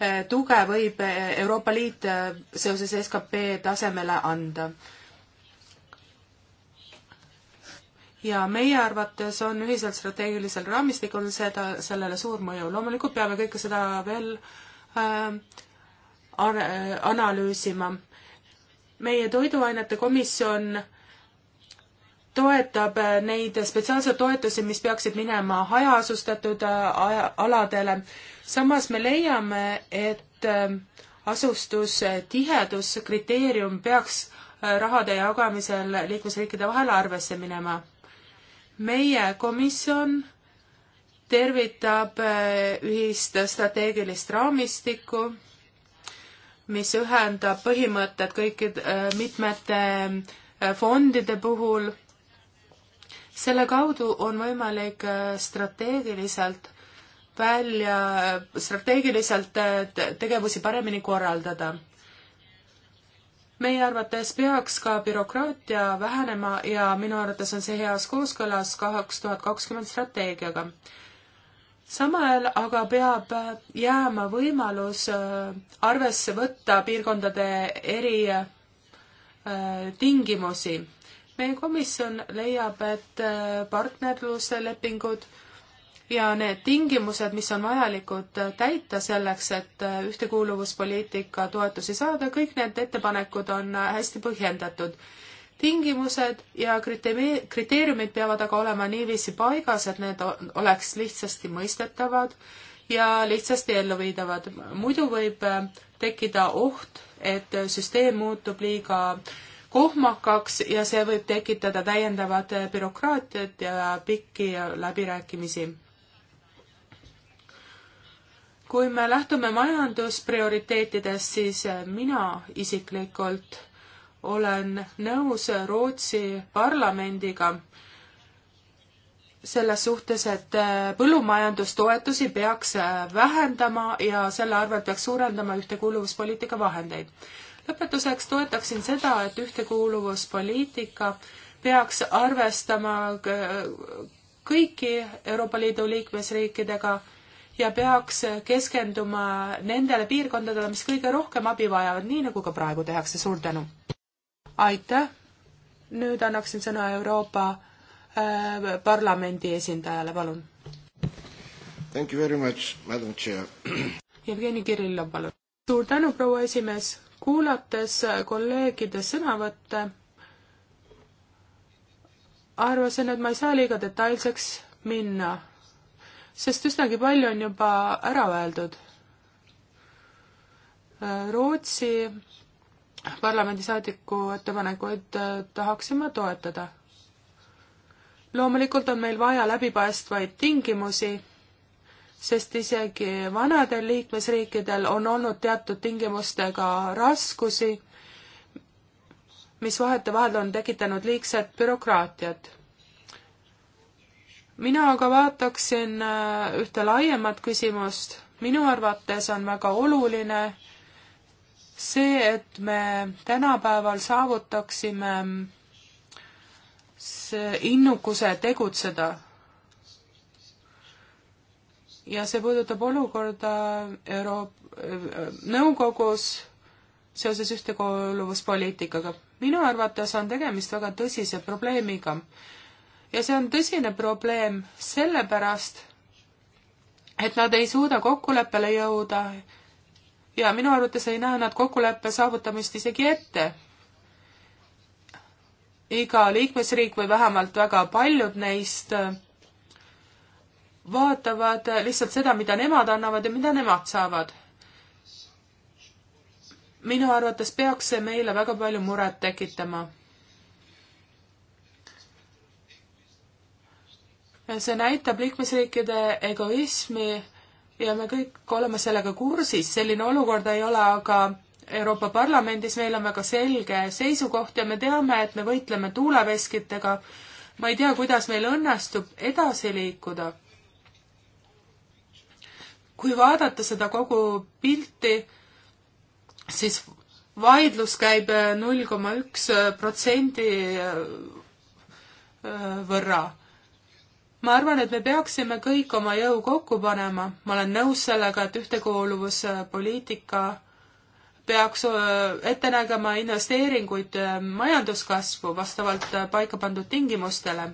äh, tuge võib äh, Euroopa Liit seoses skp tasemele anda ja meie arvates on ühisel strateegilisel raamistikul seda, sellele suur mõju. loomulikult peame kõike seda veel äh, analüüsima. meie Toiduainete Komisjon toetab äh, neid spetsiaalseid toetusi, mis peaksid minema hajaasustatud äh, aladele. samas me leiame, et äh, asustustihedus kriteerium peaks rahade jagamisel liikmesriikide vahel arvesse minema meie komisjon tervitab äh, ühist strateegilist raamistikku, mis ühendab põhimõtted kõikide äh, mitmete äh, fondide puhul. selle kaudu on võimalik strateegiliselt välja, strateegiliselt tegevusi paremini korraldada meie arvates peaks ka bürokraatia vähenema ja minu arvates on see heas kooskõlas kaks tuhat kakskümmend strateegiaga. samal ajal aga peab jääma võimalus äh, arvesse võtta piirkondade eri äh, tingimusi meie komisjon leiab, et äh, partnerluslepingud ja need tingimused, mis on vajalikud äh, täita selleks, et äh, ühtekuuluvuspoliitika toetusi saada, kõik need ettepanekud on äh, hästi põhjendatud. tingimused ja kriteeriumi, kriteeriumid peavad aga olema niiviisi paigas, et need oleks lihtsasti mõistetavad ja lihtsasti elluviidavad. muidu võib tekkida oht, et süsteem muutub liiga kohmakaks ja see võib tekitada täiendavat bürokraatiat ja pikki läbirääkimisi kui me lähtume majandusprioriteetidest, siis eh, mina isiklikult olen nõus Rootsi parlamendiga selles suhtes, et eh, põllumajandustoetusi peaks eh, vähendama ja selle arvelt peaks suurendama ühtekuuluvuspoliitika vahendeid. lõpetuseks toetaksin seda, et ühtekuuluvuspoliitika peaks arvestama kõiki Euroopa Liidu liikmesriikidega ja peaks keskenduma nendele piirkondadele, mis kõige rohkem abi vajavad, nii nagu ka praegu tehakse. suur tänu! aitäh! nüüd annaksin sõna Euroopa äh, Parlamendi esindajale, palun. Thank you very much, madam chair. Jevgeni Kirillov, palun. suur tänu, proua esimees. kuulates kolleegide sõnavõtte, arvasin, et ma ei saa liiga detailseks minna sest üsnagi palju on juba ära öeldud. Rootsi parlamendisaadiku ettepanekuid äh, tahaksime toetada. loomulikult on meil vaja läbipaistvaid tingimusi, sest isegi vanadel liikmesriikidel on olnud teatud tingimustega raskusi, mis vahetevahel on tekitanud liigset bürokraatiat mina aga vaataksin äh, ühte laiemat küsimust. minu arvates on väga oluline see, et me tänapäeval saavutaksime mm, see innukuse tegutseda. ja see puudutab olukorda Euro-, äh, nõukogus seoses ühtekuuluvuspoliitikaga. minu arvates on tegemist väga tõsise probleemiga ja see on tõsine probleem sellepärast, et nad ei suuda kokkuleppele jõuda ja minu arvates ei näe nad kokkuleppe saavutamist isegi ette. iga liikmesriik või vähemalt väga paljud neist vaatavad lihtsalt seda, mida nemad annavad ja mida nemad saavad. minu arvates peaks see meile väga palju muret tekitama see näitab liikmesriikide egoismi ja me kõik oleme sellega kursis, selline olukord ei ole aga Euroopa Parlamendis, meil on väga selge seisukoht ja me teame, et me võitleme tuuleveskitega. ma ei tea, kuidas meil õnnestub edasi liikuda. kui vaadata seda kogu pilti, siis vaidlus käib null koma üks protsendi võrra ma arvan, et me peaksime kõik oma jõu kokku panema, ma olen nõus sellega, et ühtekuuluvuspoliitika peaks äh, ette nägema investeeringuid äh, majanduskasvu vastavalt äh, paika pandud tingimustele.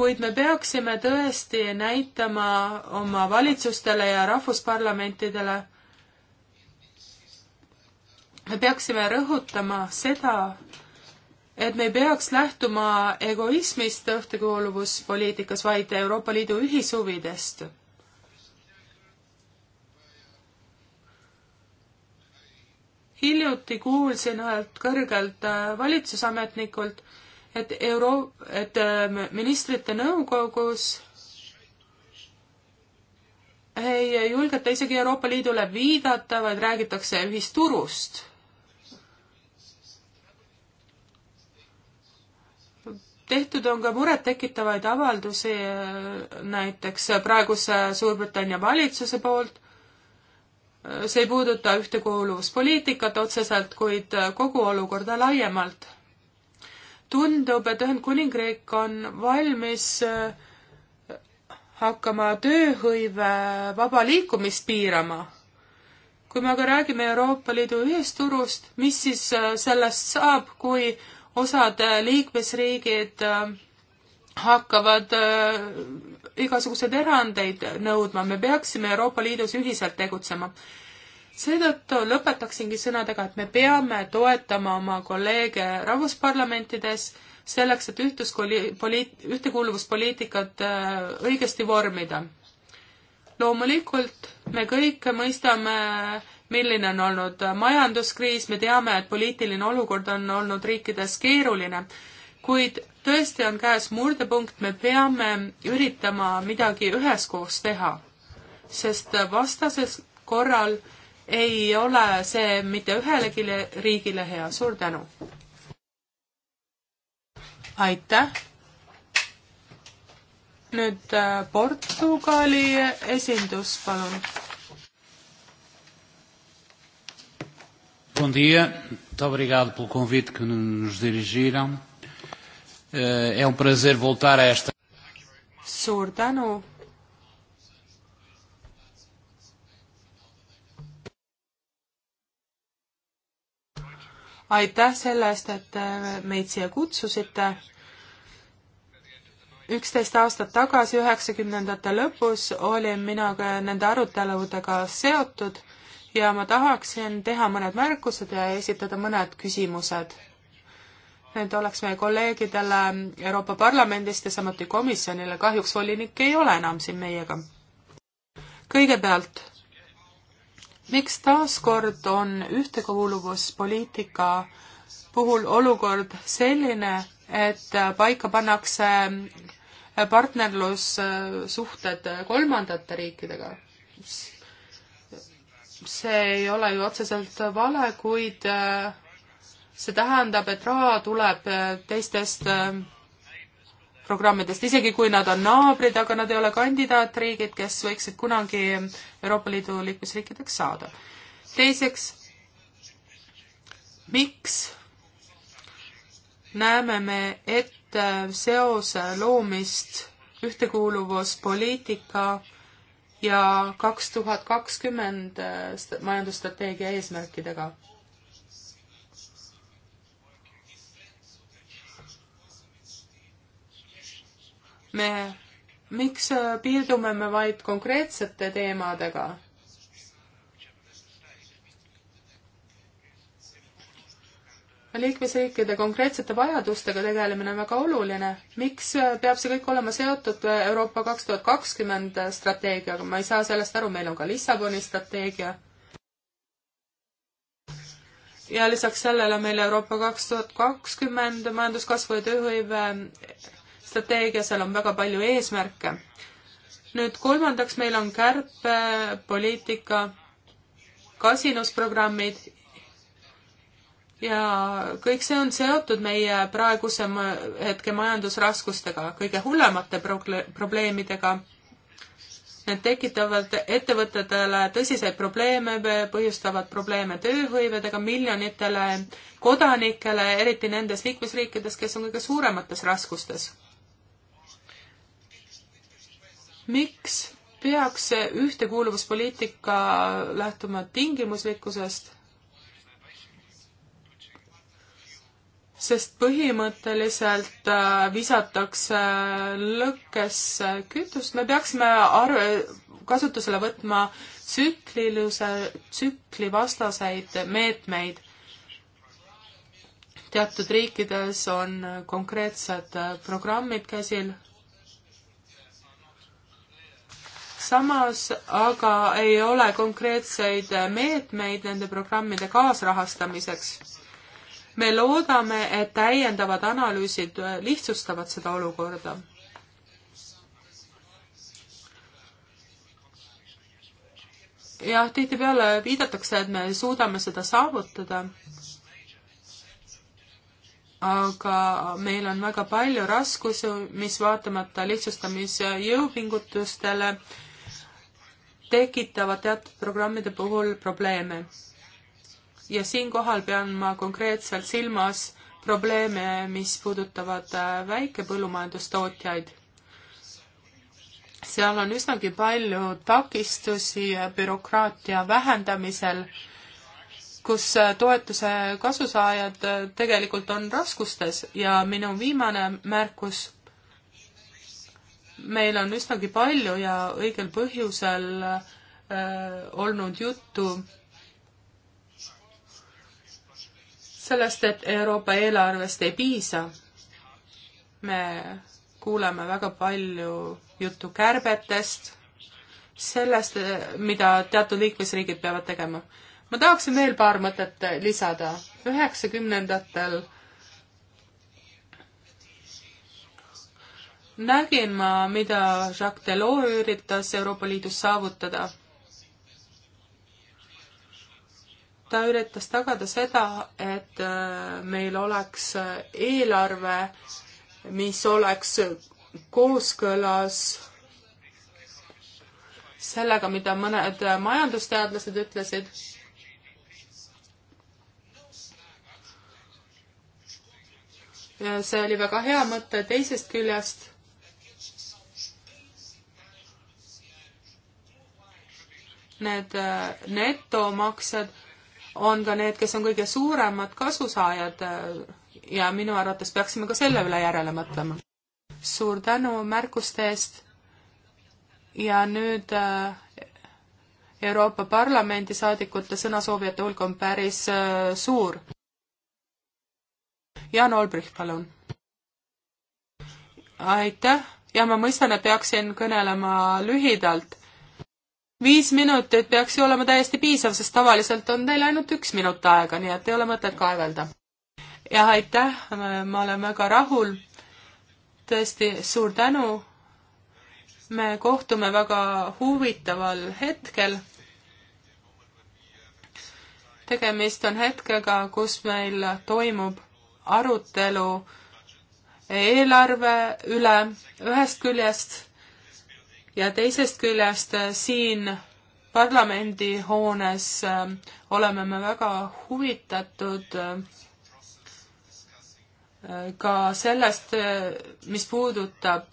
kuid me peaksime tõesti näitama oma valitsustele ja rahvusparlamentidele, me peaksime rõhutama seda, et me ei peaks lähtuma egoismist õhtekuuluvuspoliitikas, vaid Euroopa Liidu ühishuvidest. hiljuti kuulsin ühelt kõrgelt äh, valitsusametnikult, et euro-, et äh, ministrite nõukogus ei julgeta isegi Euroopa Liidule viidata, vaid räägitakse ühisturust tehtud on ka murettekitavaid avaldusi näiteks praeguse Suurbritannia valitsuse poolt. see ei puuduta ühtekuuluvuspoliitikat otseselt, kuid kogu olukorda laiemalt. tundub, et Ühendkuningriik on valmis hakkama tööhõive vaba liikumist piirama. kui me aga räägime Euroopa Liidu ühisturust, mis siis sellest saab, kui osad äh, liikmesriigid äh, hakkavad äh, igasuguseid erandeid nõudma, me peaksime Euroopa Liidus ühiselt tegutsema. seetõttu lõpetaksingi sõnadega, et me peame toetama oma kolleege rahvusparlamentides selleks, et ühtluspoliit-, ühtekuuluvuspoliitikat õigesti vormida. loomulikult me kõik mõistame milline on olnud majanduskriis, me teame, et poliitiline olukord on olnud riikides keeruline, kuid tõesti on käes murdepunkt, me peame üritama midagi üheskoos teha, sest vastases korral ei ole see mitte ühelegi riigile hea, suur tänu! aitäh! nüüd äh, Portugali esindus, palun Bom dia, muito obrigado pelo convite que nos dirigiram. Eh, é um prazer voltar a esta. Suur tänu. aitäh selle eest, et eh, meid siia kutsusite. üksteist aastat tagasi, üheksakümnendate lõpus, olin mina ka nende aruteludega seotud ja ma tahaksin teha mõned märkused ja esitada mõned küsimused. Need oleks meie kolleegidele Euroopa Parlamendist ja samuti komisjonile, kahjuks volinik ei ole enam siin meiega. kõigepealt, miks taaskord on ühtekuuluvuspoliitika puhul olukord selline, et paika pannakse partnerlussuhted kolmandate riikidega? see ei ole ju otseselt vale, kuid äh, see tähendab, et raha tuleb äh, teistest äh, programmidest, isegi kui nad on naabrid, aga nad ei ole kandidaatriigid, kes võiksid kunagi Euroopa Liidu liikmesriikideks saada. teiseks, miks näeme me ette seose loomist ühtekuuluvuspoliitika ja kaks tuhat kakskümmend äh, majandusstrateegia eesmärkidega. me, miks äh, piirdume me vaid konkreetsete teemadega? liikmesriikide konkreetsete vajadustega tegelemine on väga oluline. miks äh, peab see kõik olema seotud äh, Euroopa kaks tuhat kakskümmend strateegiaga, ma ei saa sellest aru, meil on ka Lissaboni strateegia. ja lisaks sellele meil Euroopa kaks tuhat kakskümmend majanduskasvu ja tööhõive strateegia, seal on väga palju eesmärke. nüüd kolmandaks, meil on kärpepoliitika kasinusprogrammid ja kõik see on seotud meie praeguse hetke majandusraskustega, kõige hullemate probleemidega. Need tekitavad ettevõtetele tõsiseid probleeme, põhjustavad probleeme tööhõivedega miljonitele kodanikele, eriti nendes liikmesriikides, kes on kõige suuremates raskustes. miks peaks ühtekuuluvuspoliitika lähtuma tingimuslikkusest sest põhimõtteliselt äh, visatakse lõkkesse kütust, me peaksime arve, kasutusele võtma tsükliluse, tsüklivastaseid meetmeid. teatud riikides on konkreetsed äh, programmid käsil. samas aga ei ole konkreetseid meetmeid nende programmide kaasrahastamiseks me loodame, et täiendavad analüüsid äh, lihtsustavad seda olukorda. jah, tihtipeale viidatakse, et me suudame seda saavutada, aga meil on väga palju raskusi, mis vaatamata lihtsustamise jõupingutustele tekitavad teatud programmide puhul probleeme ja siinkohal pean ma konkreetselt silmas probleeme, mis puudutavad äh, väikepõllumajandustootjaid. seal on üsnagi palju takistusi äh, bürokraatia vähendamisel, kus äh, toetuse kasusaajad tegelikult on raskustes ja minu viimane märkus, meil on üsnagi palju ja õigel põhjusel äh, olnud juttu sellest, et Euroopa eelarvest ei piisa. me kuuleme väga palju juttu kärbetest, sellest, mida teatud liikmesriigid peavad tegema. ma tahaksin veel paar mõtet lisada. üheksakümnendatel nägin ma, mida Jacques Delors üritas Euroopa Liidus saavutada ta üritas tagada seda, et äh, meil oleks äh, eelarve, mis oleks kooskõlas sellega, mida mõned äh, majandusteadlased ütlesid. ja see oli väga hea mõte teisest küljest need netomaksed on ka need, kes on kõige suuremad kasusaajad äh, ja minu arvates peaksime ka selle üle järele mõtlema. suur tänu märkuste eest ja nüüd äh, Euroopa Parlamendi saadikute sõnasoovijate hulk on päris äh, suur. Jaan Olbricht, palun. aitäh ja ma mõistan, et peaksin kõnelema lühidalt viis minutit peaks ju olema täiesti piisav, sest tavaliselt on teil ainult üks minut aega, nii et ei ole mõtet kaevelda. jah, aitäh, ma olen väga rahul. tõesti, suur tänu. me kohtume väga huvitaval hetkel. tegemist on hetkega, kus meil toimub arutelu eelarve üle ühest küljest ja teisest küljest äh, siin parlamendihoones äh, oleme me väga huvitatud äh, ka sellest, mis puudutab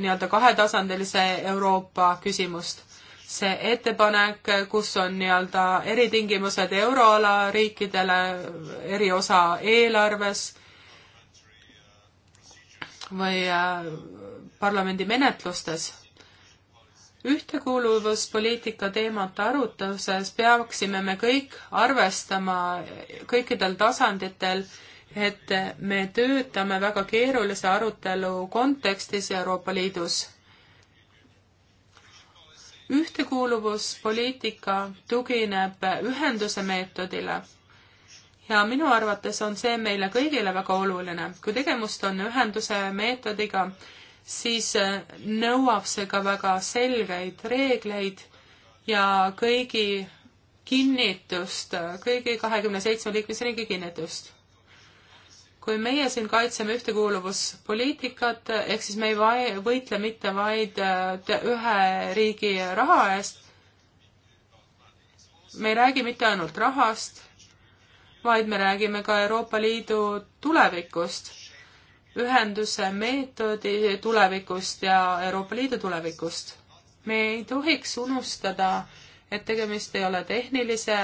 nii-öelda kahetasandilise Euroopa küsimust. see ettepanek, kus on nii-öelda eritingimused euroala riikidele, eriosa eelarves või parlamendi menetlustes ühtekuuluvuspoliitika teemat arutluses peaksime me kõik arvestama kõikidel tasanditel, et me töötame väga keerulise arutelu kontekstis Euroopa Liidus. ühtekuuluvuspoliitika tugineb ühenduse meetodile ja minu arvates on see meile kõigile väga oluline. kui tegemist on ühenduse meetodiga, siis äh, nõuab see ka väga selgeid reegleid ja kõigi kinnitust, äh, kõigi kahekümne seitsme liikmesriigi kinnitust. kui meie siin kaitseme ühtekuuluvuspoliitikat, äh, ehk siis me ei vai-, võitle mitte vaid ühe riigi raha eest, me ei räägi mitte ainult rahast, vaid me räägime ka Euroopa Liidu tulevikust ühenduse meetodi tulevikust ja Euroopa Liidu tulevikust. me ei tohiks unustada, et tegemist ei ole tehnilise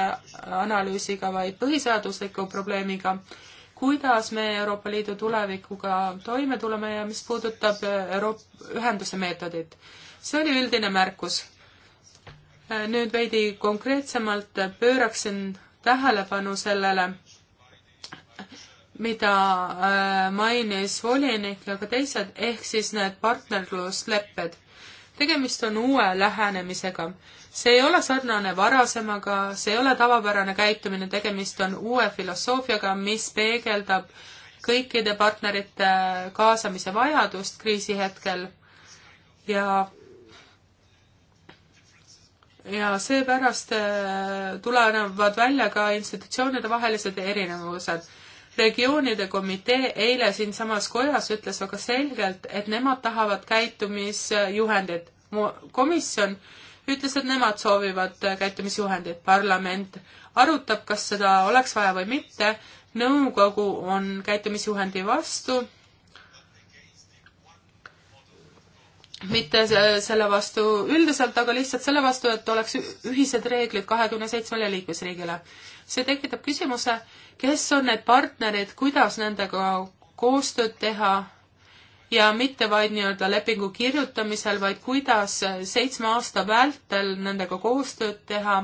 analüüsiga, vaid põhiseadusliku probleemiga, kuidas me Euroopa Liidu tulevikuga toime tuleme ja mis puudutab Euroop-, ühenduse meetodit. see oli üldine märkus. nüüd veidi konkreetsemalt pööraksin tähelepanu sellele mida äh, mainis volinik ja ka teised, ehk siis need partnerluslepped. tegemist on uue lähenemisega. see ei ole sarnane varasemaga, see ei ole tavapärane käitumine, tegemist on uue filosoofiaga, mis peegeldab kõikide partnerite kaasamise vajadust kriisi hetkel ja ja seepärast äh, tulenevad välja ka institutsioonide vahelised erinevused regioonide komitee eile siinsamas kojas ütles väga selgelt, et nemad tahavad käitumisjuhendit. komisjon ütles, et nemad soovivad käitumisjuhendit. parlament arutab, kas seda oleks vaja või mitte. nõukogu on käitumisjuhendi vastu mitte selle vastu üldiselt, aga lihtsalt selle vastu, et oleks ühised reeglid kahekümne seitsmele liikmesriigile. see tekitab küsimuse, kes on need partnerid, kuidas nendega koostööd teha ja mitte vaid nii-öelda lepingu kirjutamisel, vaid kuidas seitsme aasta vältel nendega koostööd teha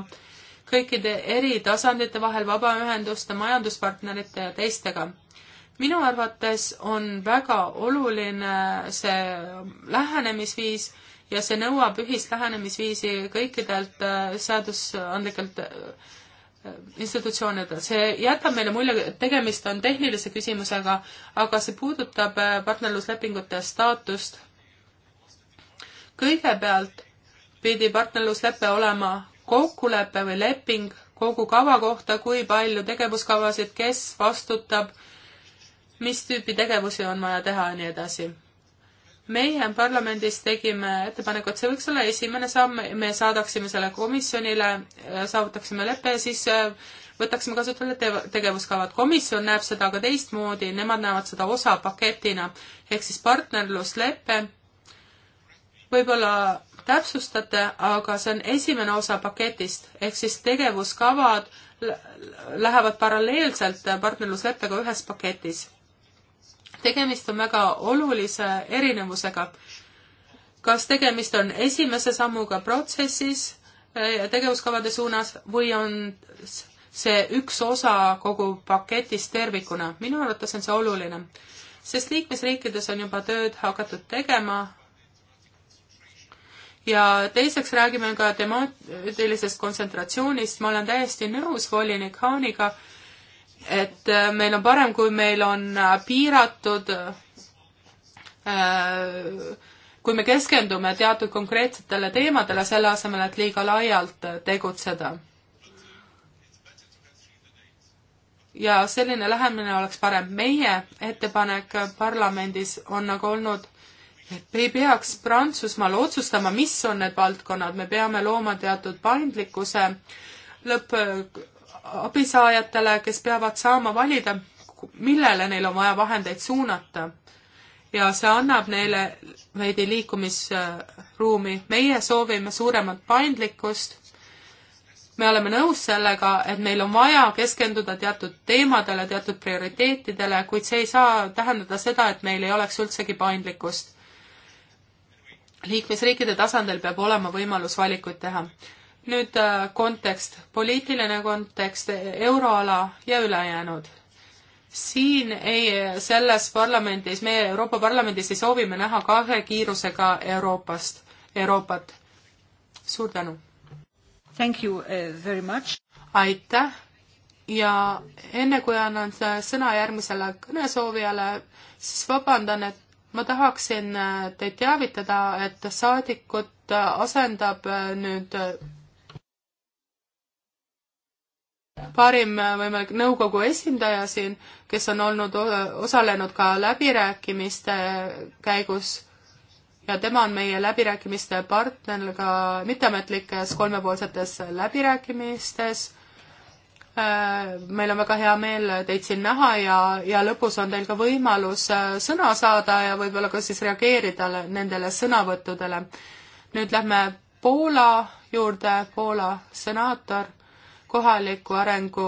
kõikide eri tasandite vahel, vabaühenduste, majanduspartnerite ja teistega minu arvates on väga oluline see lähenemisviis ja see nõuab ühist lähenemisviisi kõikidelt äh, seadusandlikelt äh, institutsioonidel. see jätab meile mulje, et tegemist on tehnilise küsimusega, aga see puudutab äh, partnerluslepingute staatust. kõigepealt pidi partnerluslepe olema kokkulepe või leping kogu kava kohta, kui palju tegevuskavasid, kes vastutab äh, mis tüüpi tegevusi on vaja teha ja nii edasi. meie parlamendis tegime ettepaneku, et see võiks olla esimene samm, me saadaksime selle komisjonile, saavutaksime leppe ja siis äh, võtaksime kasutusele te-, tegevuskavad. komisjon näeb seda aga teistmoodi, nemad näevad seda osapaketina, ehk siis partnerluslepe, võib-olla täpsustate, aga see on esimene osa paketist, ehk siis tegevuskavad lähevad paralleelselt partnerlusleppega ühes paketis tegemist on väga olulise erinevusega. kas tegemist on esimese sammuga protsessis eh, tegevuskavade suunas või on see üks osa kogu paketist tervikuna. minu arvates on see oluline, sest liikmesriikides on juba tööd hakatud tegema. ja teiseks räägime ka temaatilisest kontsentratsioonist, ma olen täiesti nõus volinik Haaniga, et äh, meil on parem, kui meil on äh, piiratud äh, kui me keskendume teatud konkreetsetele teemadele, selle asemel, et liiga laialt tegutseda. ja selline lähenemine oleks parem. meie ettepanek parlamendis on nagu olnud, et ei peaks Prantsusmaal otsustama, mis on need valdkonnad, me peame looma teatud paindlikkuse lõpp abisaajatele, kes peavad saama valida, millele neil on vaja vahendeid suunata. ja see annab neile veidi liikumisruumi. meie soovime suuremat paindlikkust. me oleme nõus sellega, et meil on vaja keskenduda teatud teemadele, teatud prioriteetidele, kuid see ei saa tähendada seda, et meil ei oleks üldsegi paindlikkust liikmesriikide tasandil peab olema võimalus valikuid teha nüüd äh, kontekst, poliitiline kontekst, euroala ja ülejäänud. siin ei, selles parlamendis, meie Euroopa Parlamendis ei soovi me näha kahe kiirusega Euroopast, Euroopat. suur tänu! Thank you uh, very much! aitäh! ja enne, kui annan sõna järgmisele kõnesoovijale, siis vabandan, et ma tahaksin äh, teid teavitada, et saadikut äh, asendab nüüd parim äh, võimalik nõukogu esindaja siin, kes on olnud, osalenud ka läbirääkimiste käigus ja tema on meie läbirääkimiste partner ka mitteametlikes kolmepoolsetes läbirääkimistes. Äh, meil on väga hea meel teid siin näha ja, ja lõpus on teil ka võimalus äh, sõna saada ja võib-olla ka siis reageerida nendele sõnavõttudele. nüüd lähme Poola juurde, Poola senaator kohaliku arengu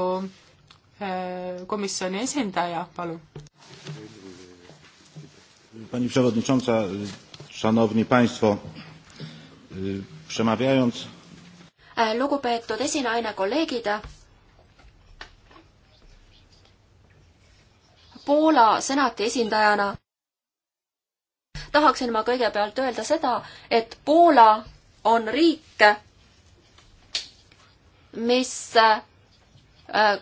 eh, komisjoni esindaja, palun. Pani przewodnicząca, szanowni państwo, przemawiając. Eh, lugupeetud esinaine, kolleegid. Poola senati esindajana tahaksin ma kõigepealt öelda seda, et Poola on riik, mis äh,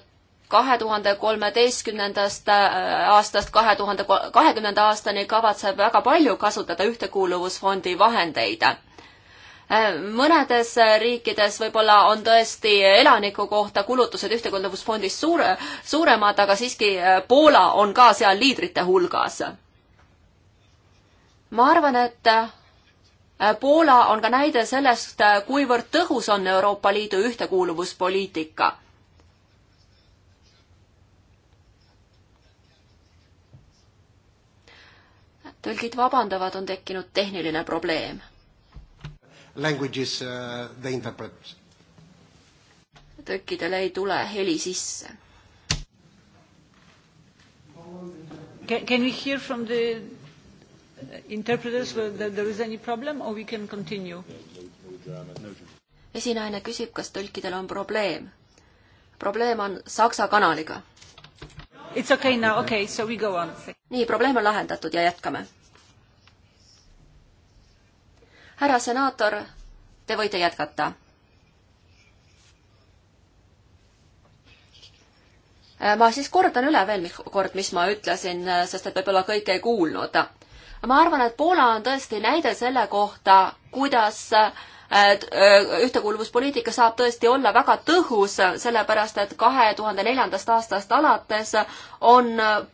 kahe tuhande kolmeteistkümnendast äh, aastast kahe tuhande kahekümnenda aastani kavatseb väga palju kasutada Ühtekuuluvusfondi vahendeid. Äh, mõnedes riikides võib-olla on tõesti elaniku kohta kulutused Ühtekuuluvusfondis suure, suuremad, aga siiski Poola on ka seal liidrite hulgas. ma arvan, et Äh, Poola on ka näide sellest, äh, kuivõrd tõhus on Euroopa Liidu ühtekuuluvuspoliitika. tõlgid vabandavad, on tekkinud tehniline probleem. Languages uh, äh, the interpret. tõlkidel ei tule heli sisse. Can we hear from the Uh, interpreters, whether there is any problem or we can continue? esinaine küsib, kas tõlkidel on probleem. probleem on Saksa kanaliga. It's okay now, okay, so we go on. nii, probleem on lahendatud ja jätkame. härra senaator, te võite jätkata. Äh, ma siis kordan üle veel kord, mis ma ütlesin, äh, sest et võib-olla kõik ei kuulnud ma arvan, et Poola on tõesti näide selle kohta, kuidas äh, äh, ühtekuuluvuspoliitika saab tõesti olla väga tõhus, sellepärast et kahe tuhande neljandast aastast alates on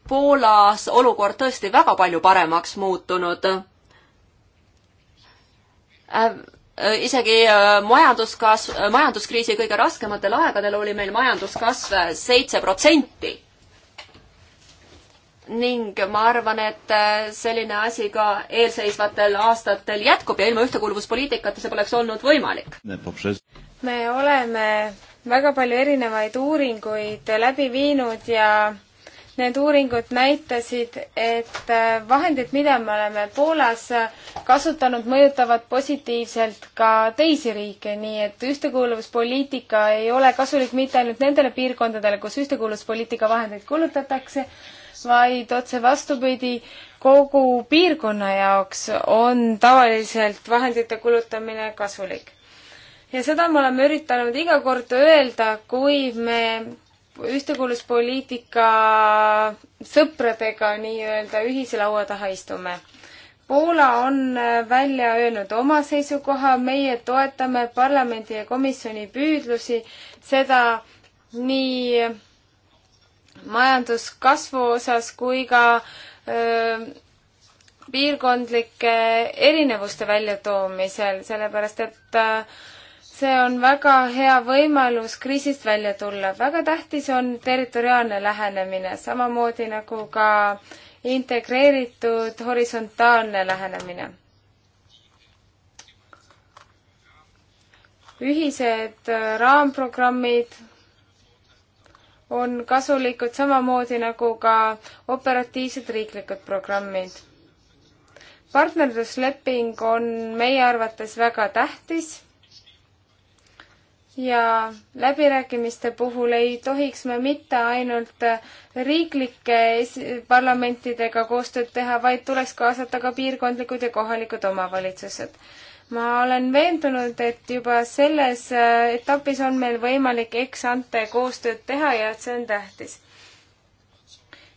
Poolas olukord tõesti väga palju paremaks muutunud äh, isegi majanduskasv, majanduskriisi kõige raskematel aegadel oli meil majanduskasv seitse protsenti ning ma arvan, et äh, selline asi ka eelseisvatel aastatel jätkub ja ilma ühtekuuluvuspoliitikata see poleks olnud võimalik. me oleme väga palju erinevaid uuringuid läbi viinud ja need uuringud näitasid, et äh, vahendid, mida me oleme Poolas kasutanud, mõjutavad positiivselt ka teisi riike, nii et ühtekuuluvuspoliitika ei ole kasulik mitte ainult nendele piirkondadele, kus ühtekuuluvuspoliitika vahendeid kulutatakse, vaid otse vastupidi, kogu piirkonna jaoks on tavaliselt vahendite kulutamine kasulik. ja seda me oleme üritanud iga kord öelda, kui me ühtekuuluvuspoliitika sõpradega nii-öelda ühise laua taha istume. Poola on välja öelnud oma seisukoha, meie toetame parlamendi ja komisjoni püüdlusi seda nii majanduskasvu osas kui ka öö, piirkondlike erinevuste väljatoomisel, sellepärast et äh, see on väga hea võimalus kriisist välja tulla. väga tähtis on territoriaalne lähenemine, samamoodi nagu ka integreeritud horisontaalne lähenemine. ühised äh, raamprogrammid on kasulikud samamoodi nagu ka operatiivsed riiklikud programmid. partnerlusleping on meie arvates väga tähtis ja läbirääkimiste puhul ei tohiks me mitte ainult riiklike parlamentidega koostööd teha, vaid tuleks kaasata ka piirkondlikud ja kohalikud omavalitsused ma olen veendunud, et juba selles äh, etapis on meil võimalik eksante koostööd teha ja et see on tähtis.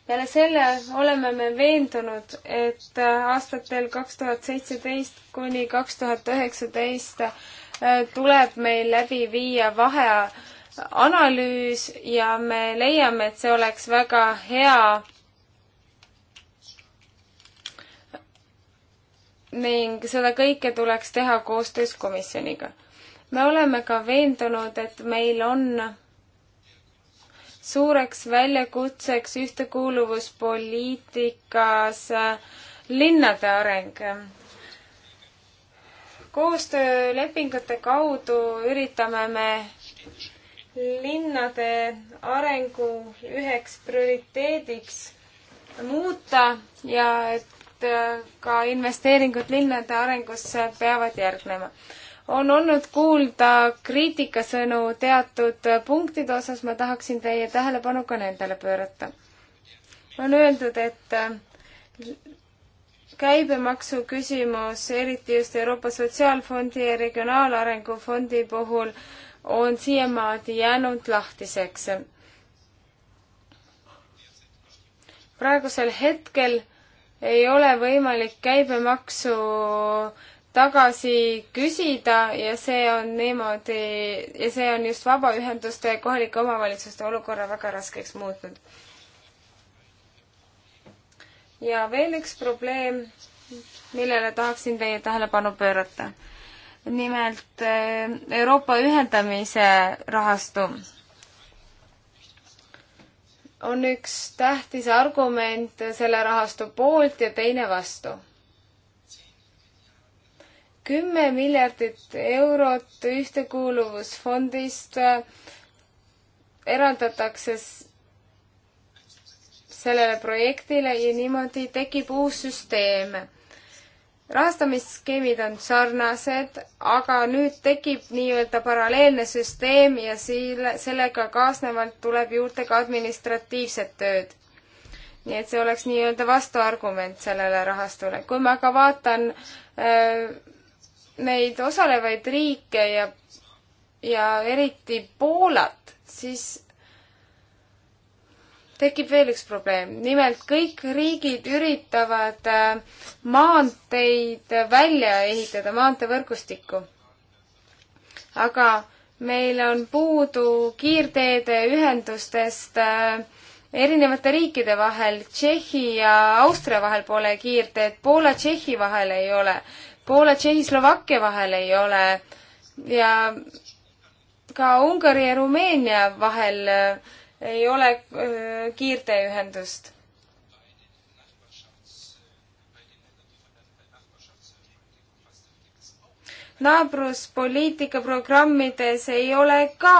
peale selle oleme me veendunud, et äh, aastatel kaks tuhat seitseteist kuni kaks tuhat üheksateist äh, tuleb meil läbi viia vaheanalüüs ja me leiame, et see oleks väga hea ning seda kõike tuleks teha koostöös komisjoniga. me oleme ka veendunud, et meil on suureks väljakutseks ühtekuuluvuspoliitikas äh, linnade areng. koostöölepingute kaudu üritame me linnade arengu üheks prioriteediks muuta ja et Äh, ka investeeringud linnade arengusse peavad järgnema. on olnud kuulda kriitikasõnu teatud punktide osas, ma tahaksin teie tähelepanu ka nendele pöörata. on öeldud, et äh, käibemaksu küsimus, eriti just Euroopa Sotsiaalfondi ja Regionaalarengu Fondi puhul, on siiamaani jäänud lahtiseks. praegusel hetkel ei ole võimalik käibemaksu tagasi küsida ja see on niimoodi ja see on just vabaühenduste ja kohalike omavalitsuste olukorra väga raskeks muutnud. ja veel üks probleem, millele tahaksin teie tähelepanu pöörata. nimelt äh, Euroopa ühendamise rahastu on üks tähtis argument selle rahastu poolt ja teine vastu. kümme miljardit eurot ühtekuuluvusfondist äh, eraldatakse sellele projektile ja niimoodi tekib uus süsteem rahastamisskeemid on sarnased, aga nüüd tekib nii-öelda paralleelne süsteem ja siile, sellega kaasnevalt tuleb juurde ka administratiivset tööd. nii et see oleks nii-öelda vastuargument sellele rahastule. kui ma aga vaatan äh, neid osalevaid riike ja, ja eriti Poolat, siis tekib veel üks probleem. nimelt kõik riigid üritavad äh, maanteid välja ehitada, maanteevõrgustikku. aga meil on puudu kiirteede ühendustest äh, erinevate riikide vahel. Tšehhi ja Austria vahel pole kiirteed, Poola-Tšehhi vahel ei ole, Poola-Tšehhi-Slovakkia vahel ei ole ja ka Ungari ja Rumeenia vahel äh, ei ole äh, kiirteeühendust naabruspoliitika programmides ei ole ka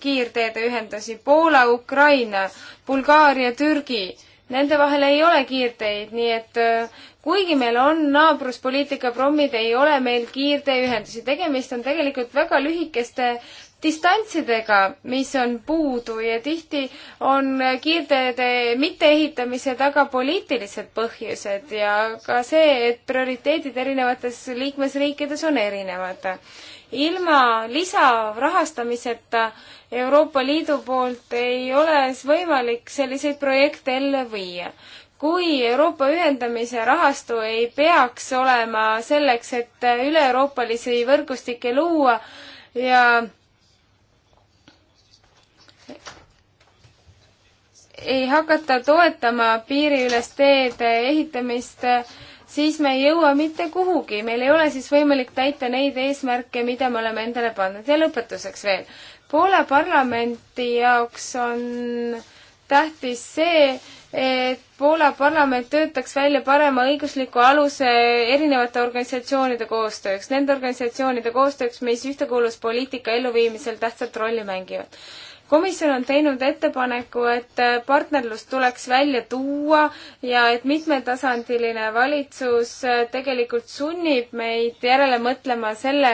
kiirteede ühendusi. Poola, Ukraina, Bulgaaria, Türgi, nende vahel ei ole kiirteid, nii et äh, kuigi meil on naabruspoliitika prommid, ei ole meil kiirteeühendusi. tegemist on tegelikult väga lühikeste distantsidega, mis on puudu ja tihti on kiirteede mitteehitamise taga poliitilised põhjused ja ka see, et prioriteedid erinevates liikmesriikides on erinevad. ilma lisarahastamiseta Euroopa Liidu poolt ei ole võimalik selliseid projekte ellu viia kui Euroopa ühendamise rahastu ei peaks olema selleks, et üle-euroopalisi võrgustikke luua ja ei hakata toetama piiriülest teede ehitamist, siis me ei jõua mitte kuhugi, meil ei ole siis võimalik täita neid eesmärke, mida me oleme endale pannud. ja lõpetuseks veel. Poola parlamenti jaoks on tähtis see, et Poola parlament töötaks välja parema õigusliku aluse erinevate organisatsioonide koostööks, nende organisatsioonide koostööks, mis ühtekuuluvuspoliitika elluviimisel tähtsat rolli mängivad komisjon on teinud ettepaneku, et partnerlus tuleks välja tuua ja et mitmetasandiline valitsus tegelikult sunnib meid järele mõtlema selle,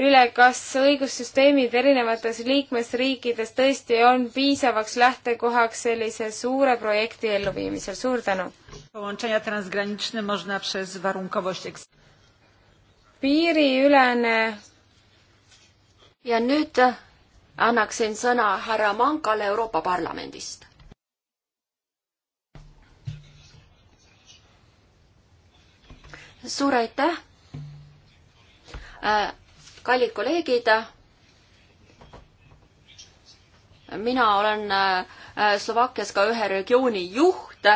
üle, kas õigussüsteemid erinevates liikmesriikides tõesti on piisavaks lähtekohaks sellise suure projekti elluviimisel. suur tänu! piiriülene ja nüüd annaksin sõna härra Mankale Euroopa Parlamendist. suur aitäh, äh, kallid kolleegid. mina olen äh, Slovakkias ka ühe regiooni juht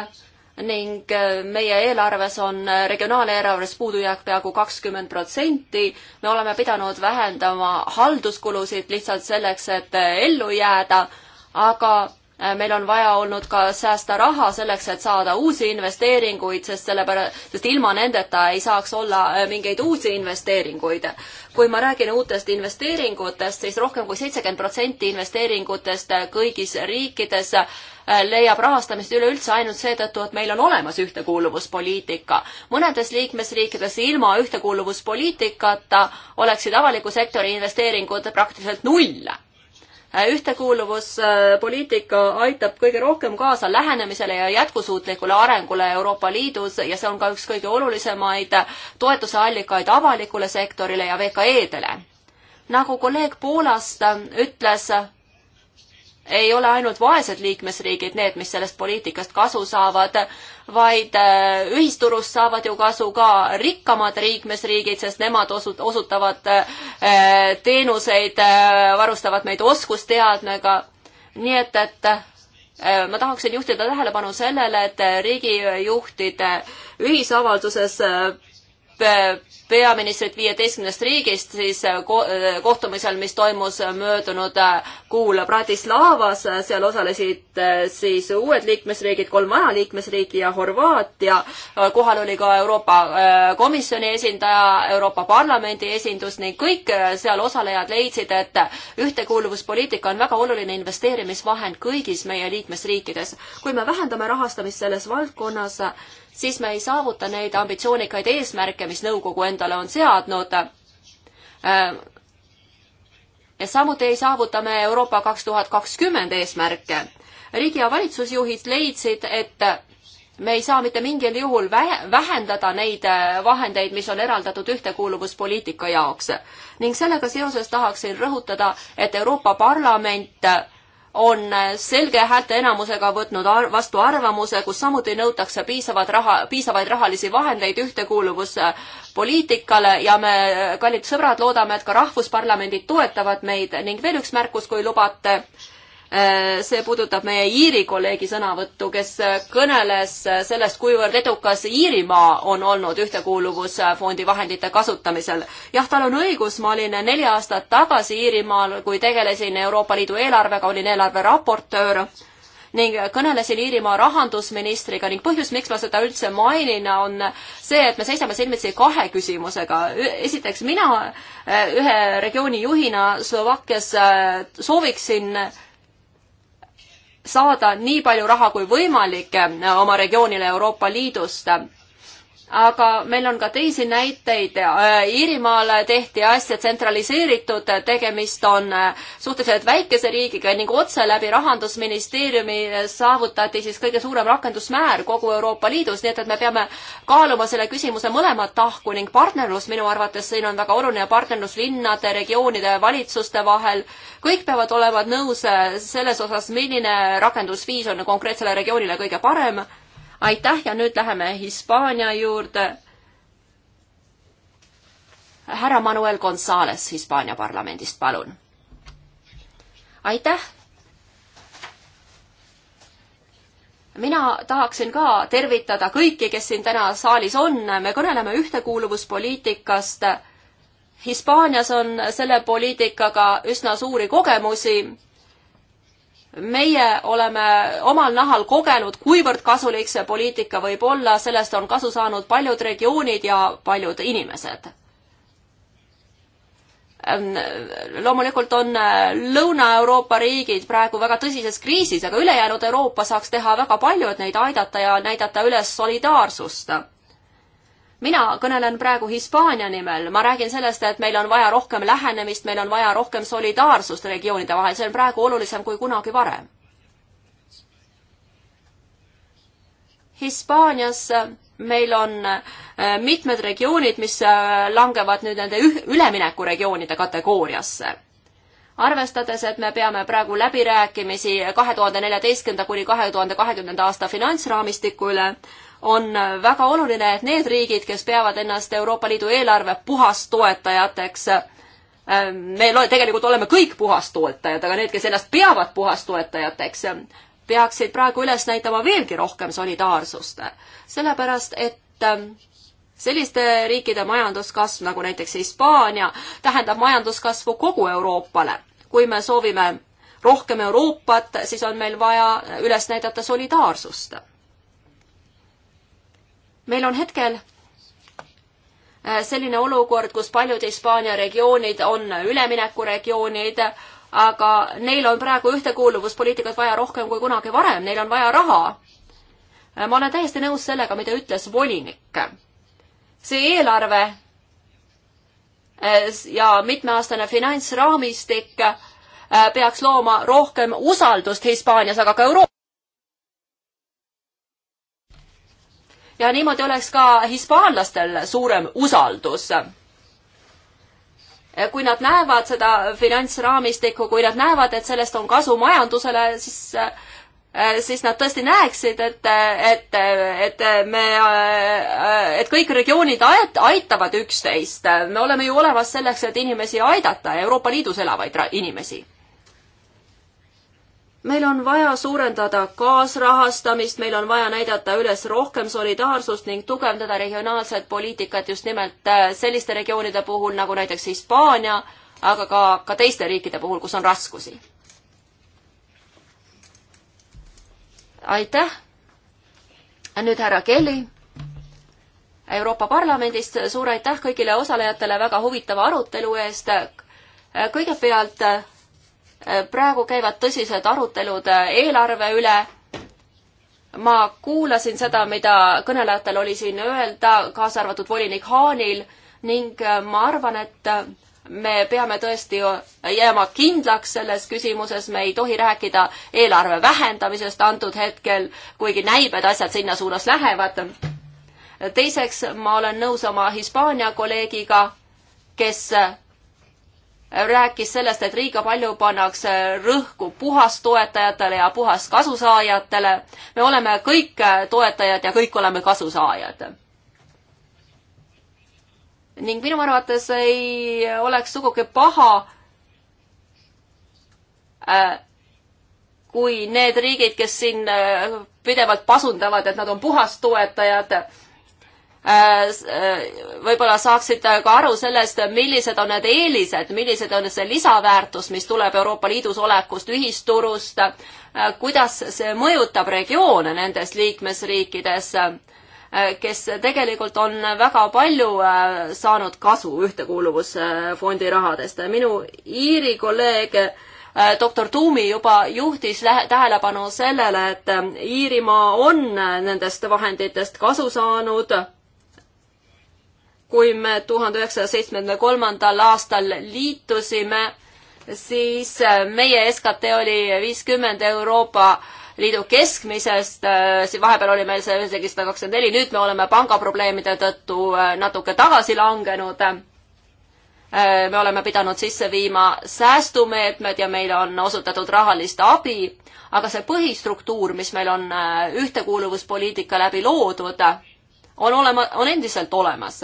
ning äh, meie eelarves on äh, regionaaleelarves puudujääk peaaegu kakskümmend protsenti. me oleme pidanud vähendama halduskulusid lihtsalt selleks, et äh, ellu jääda, aga meil on vaja olnud ka säästa raha selleks, et saada uusi investeeringuid, sest sellepärast, sest ilma nendeta ei saaks olla mingeid uusi investeeringuid. kui ma räägin uutest investeeringutest siis, siis rohkem kui seitsekümmend protsenti investeeringutest kõigis riikides äh, Äh, leiab rahastamist üleüldse ainult seetõttu, et meil on olemas ühtekuuluvuspoliitika. mõnedes liikmesriikides ilma ühtekuuluvuspoliitikata oleksid avaliku sektori investeeringud praktiliselt null äh, ühtekuuluvuspoliitika aitab kõige rohkem kaasa lähenemisele ja jätkusuutlikule arengule Euroopa Liidus ja see on ka üks kõige olulisemaid toetuse allikaid avalikule sektorile ja VKE-dele. nagu kolleeg Poolast ütles, ei ole ainult vaesed liikmesriigid need, mis sellest poliitikast kasu saavad, vaid äh, ühisturust saavad ju kasu ka rikkamad liikmesriigid, sest nemad osu-, osutavad äh, teenuseid, äh, varustavad meid oskusteadmega. nii et, et ma tahaksin juhtida tähelepanu sellele, et riigijuhtide ühisavalduses peaministrit viieteistkümnest riigist siis äh, äh, kohtumisel, mis toimus äh, möödunud kuul Bratislavas, seal osalesid siis uued liikmesriigid, kolm vana liikmesriiki ja Horvaatia. kohal oli ka Euroopa Komisjoni esindaja, Euroopa Parlamendi esindus ning kõik seal osalejad leidsid, et ühtekuuluvuspoliitika on väga oluline investeerimisvahend kõigis meie liikmesriikides. kui me vähendame rahastamist selles valdkonnas, siis me ei saavuta neid ambitsioonikaid eesmärke, mis nõukogu endale on seadnud. Äh, ja samuti ei saavuta me Euroopa kaks tuhat kakskümmend eesmärke. riigi- ja valitsusjuhid leidsid, et me ei saa mitte mingil juhul vähendada neid äh, vahendeid, mis on eraldatud ühtekuuluvuspoliitika jaoks. ning sellega seoses tahaksin rõhutada, et Euroopa Parlament äh, on selge häälteenamusega võtnud ar vastu arvamuse, kus samuti nõutakse piisavat raha, piisavaid rahalisi vahendeid ühtekuuluvuspoliitikale ja me, kallid sõbrad, loodame, et ka rahvusparlamendid toetavad meid ning veel üks märkus, kui lubate Äh, see puudutab meie Iiri kolleegi sõnavõttu, kes äh, kõneles äh, sellest, kuivõrd edukas Iirimaa on olnud Ühtekuuluvusfondi vahendite kasutamisel. jah, tal on õigus, ma olin neli aastat tagasi Iirimaal, kui tegelesin Euroopa Liidu eelarvega, olin eelarve raportöör ning kõnelesin Iirimaa rahandusministriga ning põhjus, miks ma seda üldse mainin, on see, et me seisame silmitsi kahe küsimusega. esiteks, mina ühe regiooni juhina Slovakkias sooviksin saada nii palju raha kui võimalik eh, oma regioonile Euroopa Liidust aga meil on ka teisi näiteid. Äh, Iirimaal tehti asja tsentraliseeritud, tegemist on äh, suhteliselt väikese riigiga ning otse läbi rahandusministeeriumi äh, saavutati siis kõige suurem rakendusmäär kogu Euroopa Liidus, nii et, et me peame kaaluma selle küsimuse mõlemat tahku ning partnerlus minu arvates siin on väga oluline, partnerlus linnade, regioonide, valitsuste vahel. kõik peavad olema nõus selles osas, milline rakendusviis on konkreetsele regioonile kõige parem aitäh ja nüüd läheme Hispaania juurde. härra Manuel Gonzalez Hispaania parlamendist, palun. aitäh. mina tahaksin ka tervitada kõiki, kes siin täna saalis on, me kõneleme ühtekuuluvuspoliitikast Hispaanias on selle poliitikaga üsna suuri kogemusi meie oleme omal nahal kogenud, kuivõrd kasulik see poliitika võib olla, sellest on kasu saanud paljud regioonid ja paljud inimesed. Ehm, loomulikult on äh, Lõuna-Euroopa riigid praegu väga tõsises kriisis, aga ülejäänud Euroopa saaks teha väga palju, et neid aidata ja näidata üles solidaarsust mina kõnelen praegu Hispaania nimel, ma räägin sellest, et meil on vaja rohkem lähenemist, meil on vaja rohkem solidaarsust regioonide vahel, see on praegu olulisem kui kunagi varem. Hispaanias meil on äh, mitmed regioonid, mis äh, langevad nüüd nende üleminekuregioonide kategooriasse arvestades, et me peame praegu läbirääkimisi kahe tuhande neljateistkümnenda kuni kahe tuhande kahekümnenda aasta finantsraamistiku üle, on väga oluline, et need riigid, kes peavad ennast Euroopa Liidu eelarve puhastoetajateks, ähm, me tegelikult oleme kõik puhastoetajad, aga need, kes ennast peavad puhastoetajateks, peaksid praegu üles näitama veelgi rohkem solidaarsust. sellepärast, et ähm, selliste riikide majanduskasv nagu näiteks Hispaania tähendab majanduskasvu kogu Euroopale. kui me soovime rohkem Euroopat, siis on meil vaja üles näidata solidaarsust meil on hetkel äh, selline olukord, kus paljud Hispaania regioonid on üleminekuregioonid, aga neil on praegu ühtekuuluvuspoliitikat vaja rohkem kui kunagi varem, neil on vaja raha. Äh, ma olen täiesti nõus sellega, mida ütles volinik. see eelarve äh, ja mitmeaastane finantsraamistik peaks looma rohkem usaldust Hispaanias, aga ka Euroopas. ja niimoodi oleks ka hispaanlastel suurem usaldus. kui nad näevad seda finantsraamistikku, kui nad näevad, et sellest on kasu majandusele, siis eh, siis nad tõesti näeksid, et, et, et me, eh, et kõik regioonid aitavad üksteist. me oleme ju olemas selleks, et inimesi aidata, Euroopa Liidus elavaid inimesi meil on vaja suurendada kaasrahastamist, meil on vaja näidata üles rohkem solidaarsust ning tugevdada regionaalset poliitikat just nimelt äh, selliste regioonide puhul nagu näiteks Hispaania, aga ka, ka teiste riikide puhul, kus on raskusi. aitäh. nüüd härra Kelly Euroopa Parlamendist, suur aitäh kõigile osalejatele väga huvitava arutelu eest. kõigepealt praegu käivad tõsised arutelud äh, eelarve üle. ma kuulasin seda, mida kõnelejatel oli siin öelda, kaasa arvatud volinik Haanil ning äh, ma arvan, et äh, me peame tõesti jääma kindlaks selles küsimuses, me ei tohi rääkida eelarve vähendamisest antud hetkel, kuigi näib, et asjad sinna suunas lähevad. teiseks, ma olen nõus oma Hispaania kolleegiga, kes rääkis sellest, et liiga palju pannakse rõhku puhastoetajatele ja puhaskasusaajatele. me oleme kõik toetajad ja kõik oleme kasusaajad. ning minu arvates ei oleks sugugi paha äh, kui need riigid, kes siin äh, pidevalt pasundavad, et nad on puhastoetajad, Äh, äh, võib-olla saaksite ka aru sellest, millised on need eelised, millised on see lisaväärtus, mis tuleb Euroopa Liidus olekust, ühisturust, äh, kuidas see mõjutab regioone nendes liikmesriikides, kes tegelikult on väga palju saanud kasu Ühtekuuluvusfondi rahadest. minu Iiri kolleeg doktor Tuumi juba juhtis tähelepanu sellele, et Iirimaa on nendest vahenditest kasu saanud kui me tuhande üheksasaja seitsmekümne kolmandal aastal liitusime, siis äh, meie SKT oli viiskümmend Euroopa Liidu keskmisest, äh, siin vahepeal oli meil see isegi sada kakskümmend neli, nüüd me oleme pangaprobleemide tõttu äh, natuke tagasi langenud. me oleme pidanud sisse viima säästumeetmed ja meile on osutatud rahalist abi, aga see põhistruktuur, mis meil on ühtekuuluvuspoliitika läbi loodud, on olema, on endiselt olemas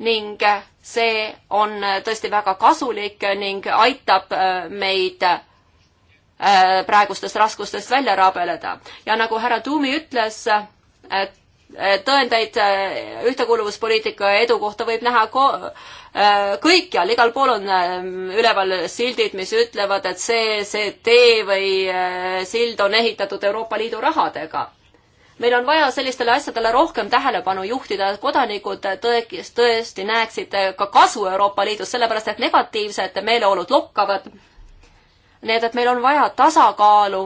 ning see on tõesti väga kasulik ning aitab äh, meid äh, praegustest raskustest välja rabeleda. ja nagu härra Tuumi ütles, tõendeid äh, ühtekuuluvuspoliitika edu kohta võib näha ko-, kõikjal, igal pool on üleval sildid, mis ütlevad, et see, see tee või sild on ehitatud Euroopa Liidu rahadega meil on vaja sellistele asjadele rohkem tähelepanu juhtida, et kodanikud tõekis, tõesti näeksid ka kasu Euroopa Liidus, sellepärast et negatiivsed meeleolud lokkavad. nii et, et meil on vaja tasakaalu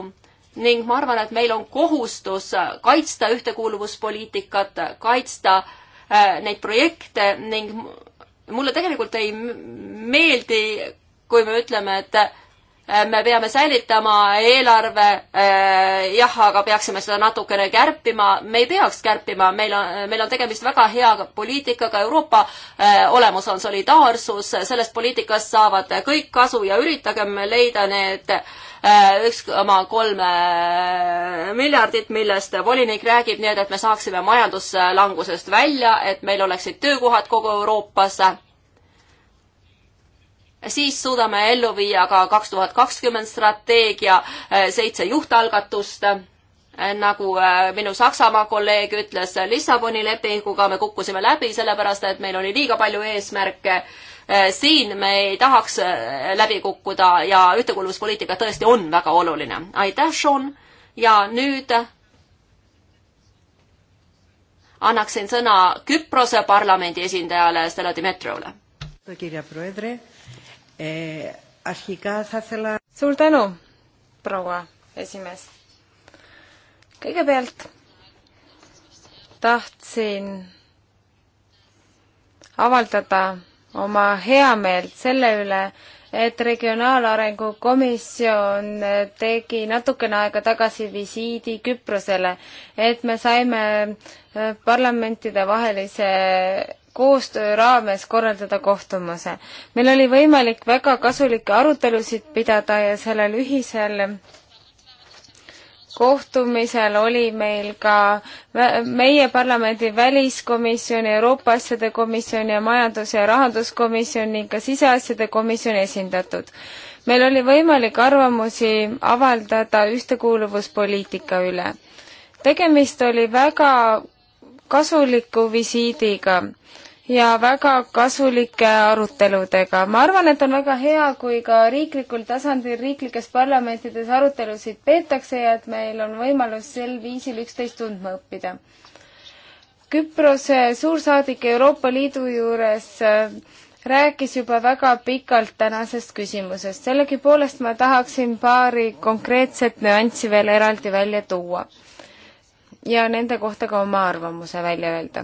ning ma arvan, et meil on kohustus kaitsta ühtekuuluvuspoliitikat, kaitsta äh, neid projekte ning mulle tegelikult ei meeldi, kui me ütleme, et Äh, me peame säilitama eelarve, äh, jah, aga peaksime seda natukene kärpima, me ei peaks kärpima, meil on, meil on tegemist väga hea poliitikaga, Euroopa äh, olemus on solidaarsus, sellest poliitikast saavad kõik kasu ja üritagem leida need üks koma kolm miljardit, millest volinik räägib, nii et, et me saaksime majanduslangusest välja, et meil oleksid töökohad kogu Euroopas siis suudame ellu viia ka kaks tuhat kakskümmend strateegia eh, seitse juhtalgatust eh, nagu eh, minu Saksamaa kolleeg ütles, Lissaboni lepinguga me kukkusime läbi, sellepärast et meil oli liiga palju eesmärke. siin me ei tahaks läbi kukkuda ja ühtekuuluvuspoliitika tõesti on väga oluline. aitäh, Sean, ja nüüd annaksin sõna Küprose parlamendi esindajale Stella Dimitrovale. Eh, suur tänu, proua esimees. kõigepealt tahtsin avaldada oma heameelt selle üle, et Regionaalarengu Komisjon tegi natukene aega tagasi visiidi Küprosele, et me saime eh, parlamentidevahelise koostöö raames korraldada kohtumuse. meil oli võimalik väga kasulikke arutelusid pidada ja sellel ühisel kohtumisel oli meil ka meie parlamendi väliskomisjoni, Euroopa asjade komisjoni ja majandus- ja rahanduskomisjoni, ka siseasjade komisjoni esindatud. meil oli võimalik arvamusi avaldada ühtekuuluvuspoliitika üle. tegemist oli väga kasuliku visiidiga ja väga kasulike aruteludega. ma arvan, et on väga hea, kui ka riiklikul tasandil riiklikes parlamentides arutelusid peetakse ja et meil on võimalus sel viisil üksteist tundma õppida. Küprose suursaadik Euroopa Liidu juures äh, rääkis juba väga pikalt tänasest küsimusest, sellegipoolest ma tahaksin paari konkreetset nüanssi veel eraldi välja tuua ja nende kohta ka oma arvamuse välja öelda.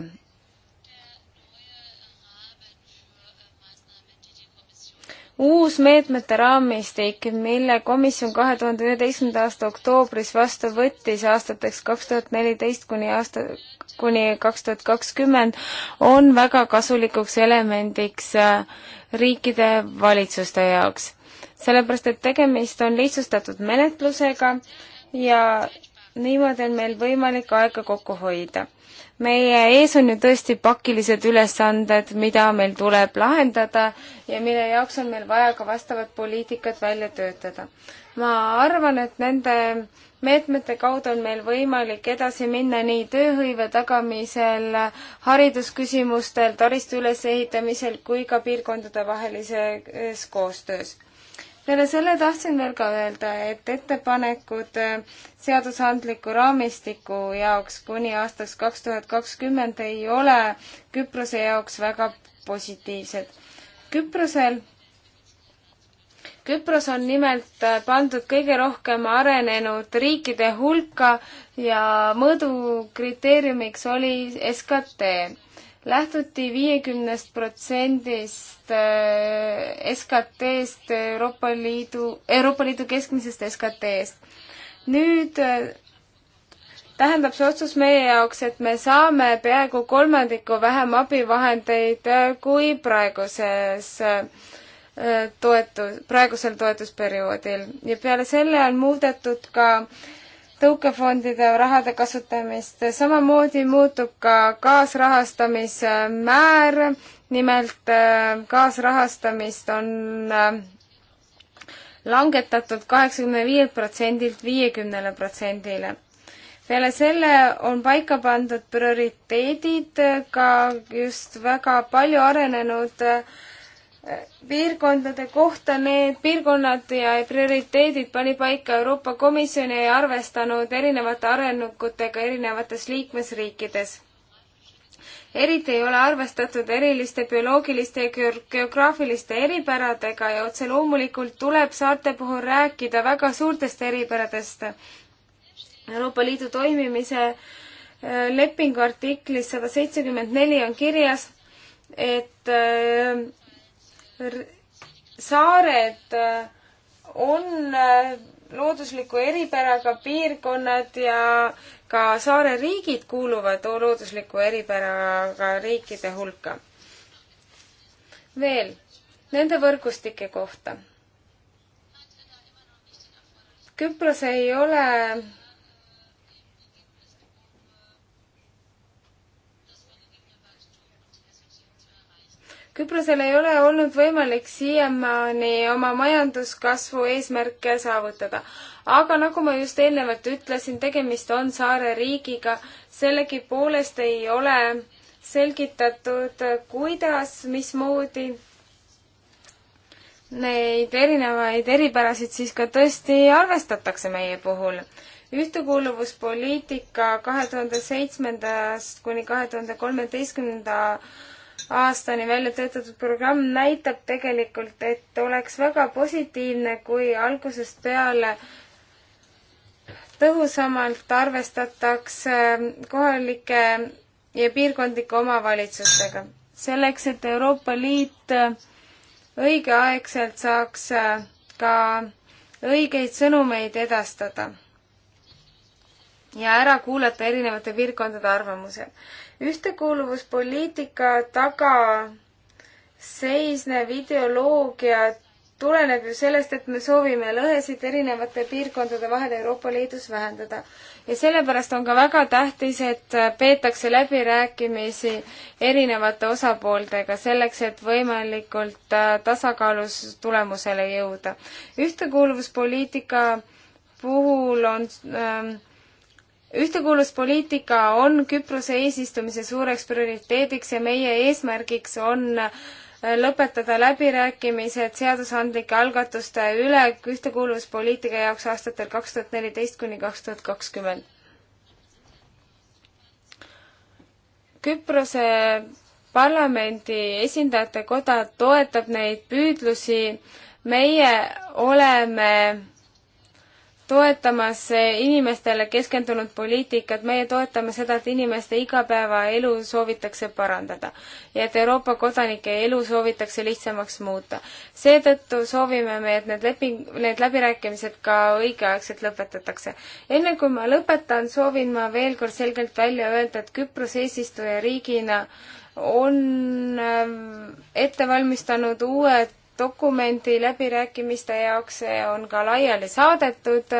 uus meetmete raamistik, mille komisjon kahe tuhande üheteistkümnenda aasta oktoobris vastu võttis aastateks kaks tuhat neliteist kuni aasta, kuni kaks tuhat kakskümmend, on väga kasulikuks elemendiks äh, riikide valitsuste jaoks. sellepärast, et tegemist on lihtsustatud menetlusega ja niimoodi on meil võimalik aega kokku hoida. meie ees on ju tõesti pakilised ülesanded, mida meil tuleb lahendada ja mille jaoks on meil vaja ka vastavat poliitikat välja töötada. ma arvan, et nende meetmete kaudu on meil võimalik edasi minna nii tööhõive tagamisel, haridusküsimustel, taristu ülesehitamisel kui ka piirkondade vahelises koostöös peale selle tahtsin veel ka öelda, et ettepanekud äh, seadusandliku raamistiku jaoks kuni aastaks kaks tuhat kakskümmend ei ole Küprose jaoks väga positiivsed. Küprosel Küpros on nimelt äh, pandud kõige rohkem arenenud riikide hulka ja mõõdukriteeriumiks oli SKT lähtuti viiekümnest protsendist äh, SKT-st Euroopa Liidu, Euroopa Liidu keskmisest SKT-st. nüüd äh, tähendab see otsus meie jaoks, et me saame peaaegu kolmandiku vähem abivahendeid äh, kui praeguses toetus, praegusel toetusperioodil ja peale selle on muudetud ka äh, tõukefondide rahade kasutamist, samamoodi muutub ka kaasrahastamismäär, nimelt äh, kaasrahastamist on äh, langetatud kaheksakümne viielt protsendilt viiekümnele protsendile. peale selle on paika pandud prioriteedid äh, ka just väga palju arenenud äh, piirkondade kohta need piirkonnad ja prioriteedid pani paika Euroopa Komisjon ja ei arvestanud erinevate arengutega erinevates liikmesriikides. eriti ei ole arvestatud eriliste bioloogiliste ja geograafiliste eripäradega ja otse loomulikult tuleb saarte puhul rääkida väga suurtest eripäradest. Euroopa Liidu toimimise äh, lepingu artiklis sada seitsekümmend neli on kirjas, et äh, saared äh, on äh, loodusliku eripäraga piirkonnad ja ka saareriigid kuuluvad loodusliku eripäraga riikide hulka. veel nende võrgustike kohta. Küpros ei ole Küprosel ei ole olnud võimalik siiamaani oma majanduskasvu eesmärke saavutada. aga nagu ma just eelnevalt ütlesin, tegemist on saareriigiga, sellegipoolest ei ole selgitatud, kuidas, mismoodi neid erinevaid eripärasid siis ka tõesti arvestatakse meie puhul. ühtekuuluvuspoliitika kahe tuhande seitsmendast kuni kahe tuhande kolmeteistkümnenda aastani välja töötatud programm näitab tegelikult, et oleks väga positiivne, kui algusest peale tõhusamalt arvestataks kohalike ja piirkondlike omavalitsustega. selleks, et Euroopa Liit õigeaegselt saaks ka õigeid sõnumeid edastada ja ära kuulata erinevate piirkondade arvamused ühtekuuluvuspoliitika taga seisnev ideoloogia tuleneb ju sellest, et me soovime lõhesid erinevate piirkondade vahel Euroopa Liidus vähendada. ja sellepärast on ka väga tähtis, et peetakse läbirääkimisi erinevate osapooltega, selleks et võimalikult äh, tasakaalus tulemusele jõuda. ühtekuuluvuspoliitika puhul on ähm, ühtekuuluvuspoliitika on Küprose eesistumise suureks prioriteediks ja meie eesmärgiks on äh, lõpetada läbirääkimised seadusandlike algatuste üle ühtekuuluvuspoliitika jaoks aastatel kaks tuhat neliteist kuni kaks tuhat kakskümmend. Küprose parlamendi esindajate koda toetab neid püüdlusi, meie oleme toetamas inimestele keskendunud poliitikat, meie toetame seda, et inimeste igapäevaelu soovitakse parandada ja et Euroopa kodanike elu soovitakse lihtsamaks muuta. seetõttu soovime me, et need leping, need läbirääkimised ka õigeaegselt lõpetatakse. enne kui ma lõpetan, soovin ma veel kord selgelt välja öelda, et Küpros eesistujariigina on ähm, ette valmistanud uued dokumendi läbirääkimiste jaoks, see on ka laiali saadetud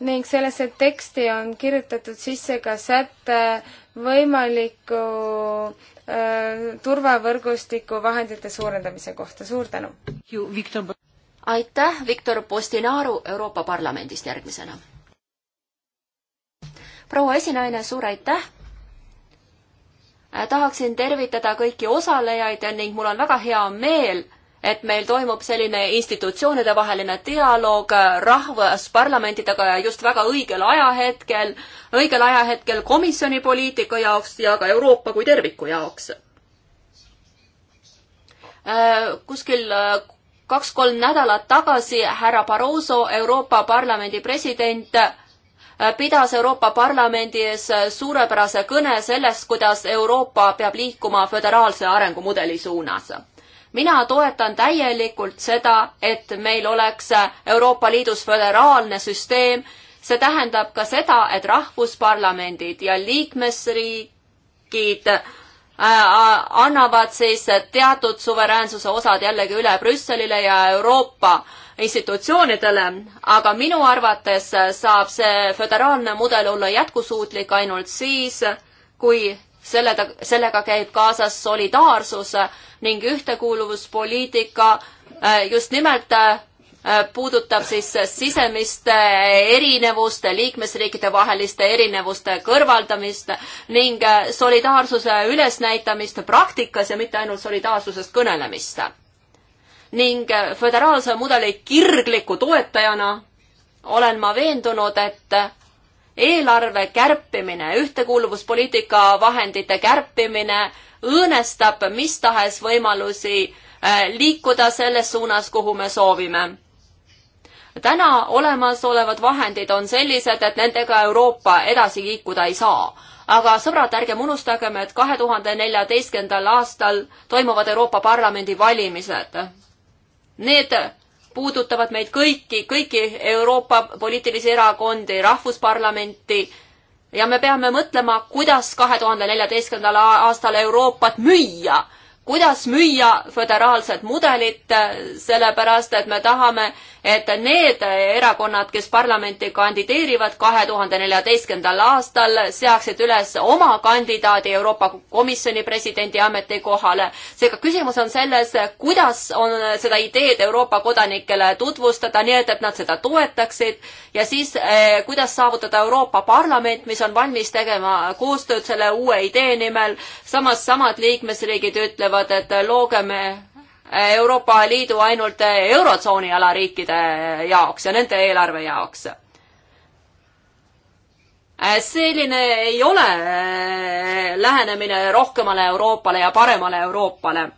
ning sellesse teksti on kirjutatud sisse ka säte võimaliku äh, turvavõrgustiku vahendite suurendamise kohta, suur tänu! aitäh, Viktor Postinaru Euroopa Parlamendist järgmisena! proua esinaine, suur aitäh! Äh, tahaksin tervitada kõiki osalejaid ning mul on väga hea meel, et meil toimub selline institutsioonide vaheline dialoog äh, rahvusparlamentidega ja just väga õigel ajahetkel, õigel ajahetkel komisjoni poliitika jaoks ja ka Euroopa kui terviku jaoks. Äh, kuskil kaks-kolm nädalat tagasi härra Barroso, Euroopa Parlamendi president, Äh, pidas Euroopa Parlamendi ees äh, suurepärase kõne sellest, kuidas Euroopa peab liikuma föderaalse arengumudeli suunas. mina toetan täielikult seda, et meil oleks äh, Euroopa Liidus föderaalne süsteem, see tähendab ka seda, et rahvusparlamendid ja liikmesriigid Äh, annavad siis teatud suveräänsuse osad jällegi üle Brüsselile ja Euroopa institutsioonidele, aga minu arvates saab see föderaalne mudel olla jätkusuutlik ainult siis, kui sellega, sellega käib kaasas solidaarsus ning ühtekuuluvuspoliitika äh, just nimelt äh, Äh, puudutab siis äh, sisemiste erinevuste, liikmesriikide vaheliste erinevuste kõrvaldamist ning äh, solidaarsuse ülesnäitamist praktikas ja mitte ainult solidaarsusest kõnelemist. ning föderaalse mudeli kirgliku toetajana olen ma veendunud, et eelarve kärpimine, ühtekuuluvuspoliitika vahendite kärpimine õõnestab mis tahes võimalusi liikuda selles suunas, kuhu me soovime täna olemasolevad vahendid on sellised, et nendega Euroopa edasi liikuda ei saa. aga sõbrad, ärgem unustagem, et kahe tuhande neljateistkümnendal aastal toimuvad Euroopa Parlamendi valimised. Need puudutavad meid kõiki, kõiki Euroopa poliitilisi erakondi, rahvusparlamenti ja me peame mõtlema, kuidas kahe tuhande neljateistkümnendal aastal Euroopat müüa kuidas müüa föderaalset mudelit, äh, sellepärast et me tahame, et need erakonnad, kes parlamenti kandideerivad kahe tuhande neljateistkümnendal aastal, seaksid üles oma kandidaadi Euroopa Komisjoni presidendi ametikohale. seega küsimus on selles, kuidas on seda ideed Euroopa kodanikele tutvustada, nii et, et nad seda toetaksid ja siis äh, kuidas saavutada Euroopa Parlament, mis on valmis tegema koostööd selle uue idee nimel, samas samad liikmesriigid ütlevad, ütlevad, et loogeme Euroopa Liidu ainult Eurotsooni alariikide jaoks ja nende eelarve jaoks. selline ei ole lähenemine rohkemale Euroopale ja paremale Euroopale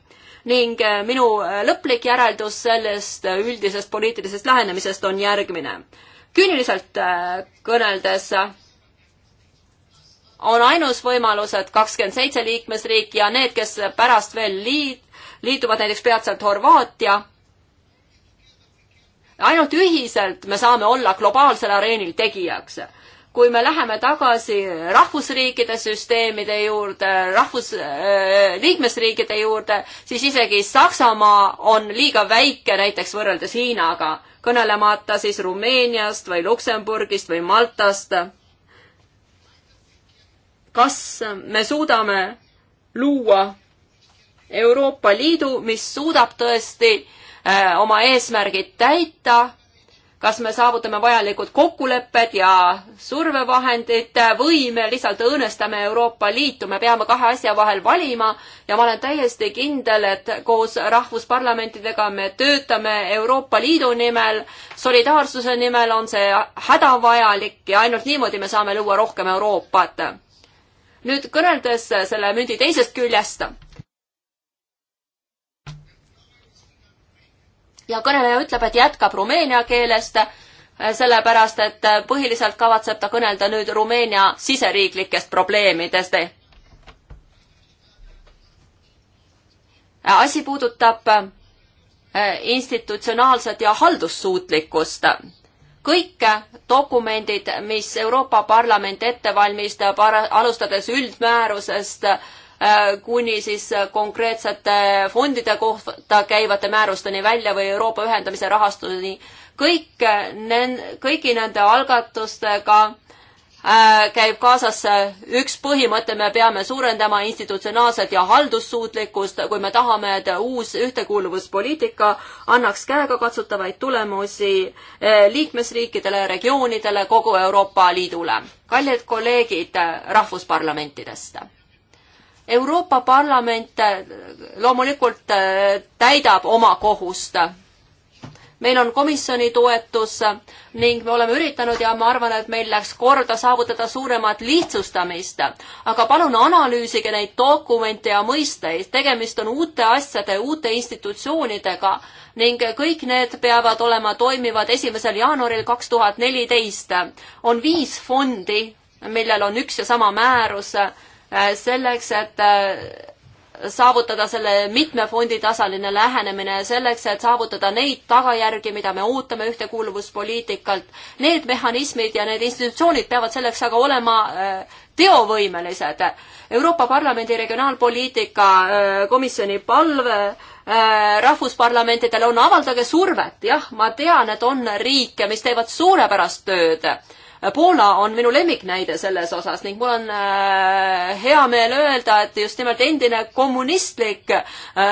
ning minu lõplik järeldus sellest üldisest poliitilisest lähenemisest on järgmine. küüniliselt kõneldes on ainus võimalus, et kakskümmend seitse liikmesriiki ja need, kes pärast veel liit-, liituvad näiteks peatselt Horvaatia, ainult ühiselt me saame olla globaalsel areenil tegijaks. kui me läheme tagasi rahvusriikide süsteemide juurde, rahvus äh,, liikmesriikide juurde, siis isegi Saksamaa on liiga väike näiteks võrreldes Hiinaga, kõnelemata siis Rumeeniast või Luksemburgist või Maltast kas me suudame luua Euroopa Liidu, mis suudab tõesti äh, oma eesmärgid täita, kas me saavutame vajalikud kokkulepped ja survevahendid äh, või me lihtsalt õõnestame Euroopa Liitu, me peame kahe asja vahel valima ja ma olen täiesti kindel, et koos rahvusparlamentidega me töötame Euroopa Liidu nimel, solidaarsuse nimel on see hädavajalik ja ainult niimoodi me saame luua rohkem Euroopat nüüd kõneldes selle mündi teisest küljest. ja kõneleja ütleb, et jätkab rumeenia keelest, sellepärast et põhiliselt kavatseb ta kõnelda nüüd Rumeenia siseriiklikest probleemidest. asi puudutab institutsionaalset ja haldussuutlikkust kõik dokumendid, mis Euroopa Parlament ette valmistab, alustades üldmäärusest äh, kuni siis konkreetsete fondide kohta käivate määrusteni välja või Euroopa ühendamise rahastuseni, kõik äh, nen-, kõigi nende algatustega Äh, käib kaasas äh, üks põhimõte, me peame suurendama institutsionaalset ja haldussuutlikkust, kui me tahame, et uus ühtekuuluvuspoliitika annaks käegakatsutavaid tulemusi äh, liikmesriikidele, regioonidele, kogu Euroopa Liidule. kallid kolleegid rahvusparlamentidest. Euroopa Parlament loomulikult täidab oma kohust meil on komisjoni toetus ning me oleme üritanud ja ma arvan, et meil läks korda saavutada suuremat lihtsustamist. aga palun analüüsige neid dokumente ja mõisteid, tegemist on uute asjade, uute institutsioonidega ning kõik need peavad olema toimivad esimesel jaanuaril kaks tuhat neliteist. on viis fondi, millel on üks ja sama määrus selleks, et saavutada selle mitme fondi tasaline lähenemine selleks, et saavutada neid tagajärgi, mida me ootame ühtekuuluvuspoliitikalt. Need mehhanismid ja need institutsioonid peavad selleks aga olema äh, teovõimelised. Euroopa Parlamendi regionaalpoliitika äh, komisjoni palve äh, rahvusparlamentidele on avaldage survet, jah, ma tean, et on riike, mis teevad suurepärast tööd Poola on minu lemmiknäide selles osas ning mul on äh, hea meel öelda, et just nimelt endine kommunistlik äh,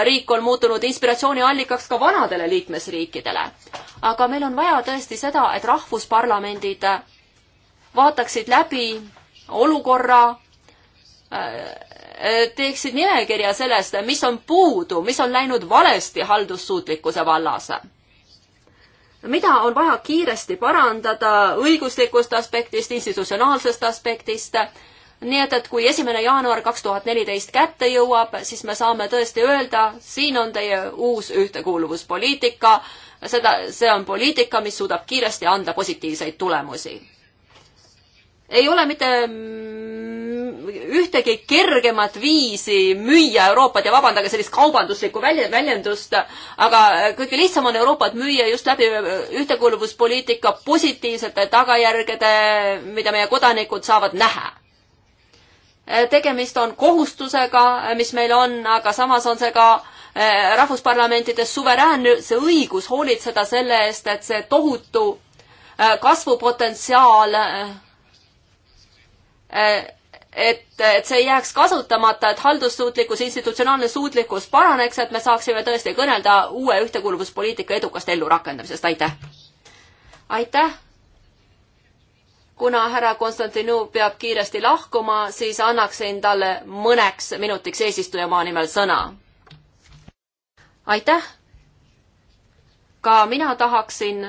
riik on muutunud inspiratsiooniallikaks ka vanadele liikmesriikidele. aga meil on vaja tõesti seda, et rahvusparlamendid äh, vaataksid läbi olukorra, teeksid nimekirja sellest, mis on puudu, mis on läinud valesti haldussuutlikkuse vallas mida on vaja kiiresti parandada õiguslikust aspektist, institutsionaalsest aspektist. nii et, et kui esimene jaanuar kaks tuhat neliteist kätte jõuab, siis me saame tõesti öelda, siin on teie uus ühtekuuluvuspoliitika, seda, see on poliitika, mis suudab kiiresti anda positiivseid tulemusi. ei ole mitte ühtegi kergemat viisi müüa Euroopat ja vabandage sellist kaubanduslikku välja, väljendust, aga kõige lihtsam on Euroopat müüa just läbi ühtekuuluvuspoliitika positiivsete tagajärgede, mida meie kodanikud saavad näha tegemist on kohustusega, mis meil on, aga samas on see ka eh, rahvusparlamentides suveräänne see õigus hoolitseda selle eest, et see tohutu eh, kasvupotentsiaal eh, et, et see ei jääks kasutamata, et haldussuutlikkus, institutsionaalne suutlikkus paraneks, et me saaksime tõesti kõnelda uue ühtekuuluvuspoliitika edukast ellurakendamisest, aitäh! aitäh! kuna härra Konstantinu peab kiiresti lahkuma, siis annaksin talle mõneks minutiks eesistujamaa nimel sõna. aitäh! ka mina tahaksin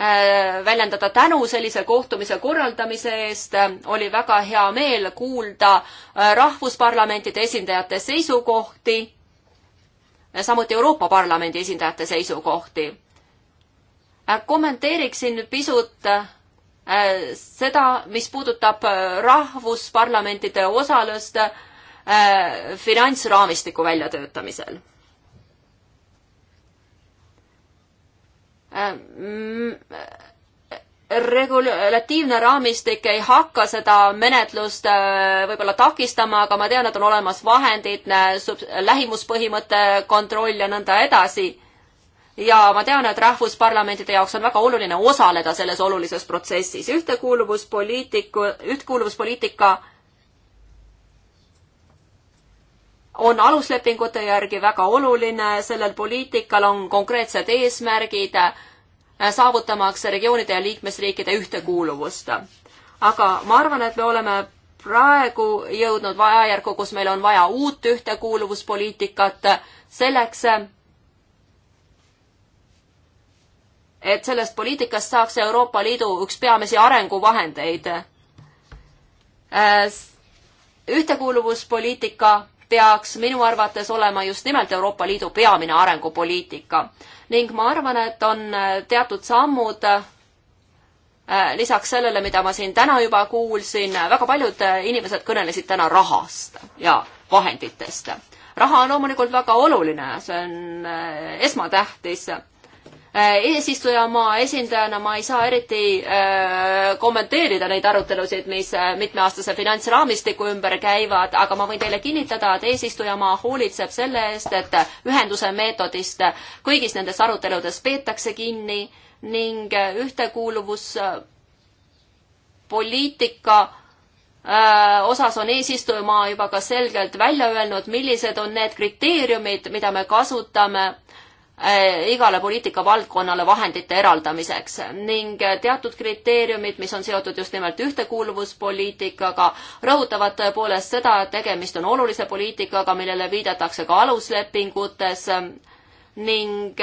Äh, väljendada tänu sellise kohtumise korraldamise eest. oli väga hea meel kuulda äh, rahvusparlamentide esindajate seisukohti, äh, samuti Euroopa Parlamendi esindajate seisukohti. kommenteeriksin pisut seda, mis puudutab rahvusparlamentide osalust finantsraamistiku väljatöötamisel Äh, mm, regulatiivne raamistik ei hakka seda menetlust äh, võib-olla takistama, aga ma tean, et on olemas vahendid, äh, lähimuspõhimõtte kontroll ja nõnda edasi. ja ma tean, et rahvusparlamentide jaoks on väga oluline osaleda selles olulises protsessis. ühtekuuluvuspoliitiku, ühtekuuluvuspoliitika on aluslepingute järgi väga oluline, sellel poliitikal on konkreetsed eesmärgid Äh, saavutamaks regioonide ja liikmesriikide ühtekuuluvust. aga ma arvan, et me oleme praegu jõudnud ajajärku, kus meil on vaja uut ühtekuuluvuspoliitikat selleks, et sellest poliitikast saaks Euroopa Liidu üks peamisi arenguvahendeid. Äh, ühtekuuluvuspoliitika peaks minu arvates olema just nimelt Euroopa Liidu peamine arengupoliitika. ning ma arvan, et on äh, teatud sammud äh, lisaks sellele, mida ma siin täna juba kuulsin, äh, väga paljud inimesed kõnelesid täna rahast ja vahenditest. raha on loomulikult väga oluline, see on esmatähtis Äh, eesistujamaa esindajana ma ei saa eriti äh, kommenteerida neid arutelusid, mis äh, mitmeaastase finantsraamistiku ümber käivad, aga ma võin teile kinnitada, et eesistujamaa hoolitseb selle eest, et ühenduse meetodist kõigis nendes aruteludes peetakse kinni ning ühtekuuluvuspoliitika osas on eesistujamaa juba ka selgelt välja öelnud, millised on need kriteeriumid, mida me kasutame Äh, igale poliitikavaldkonnale vahendite eraldamiseks ning teatud kriteeriumid, mis on seotud just nimelt ühtekuuluvuspoliitikaga, rõhutavad tõepoolest seda, et tegemist on olulise poliitikaga, millele viidatakse ka aluslepingutes ning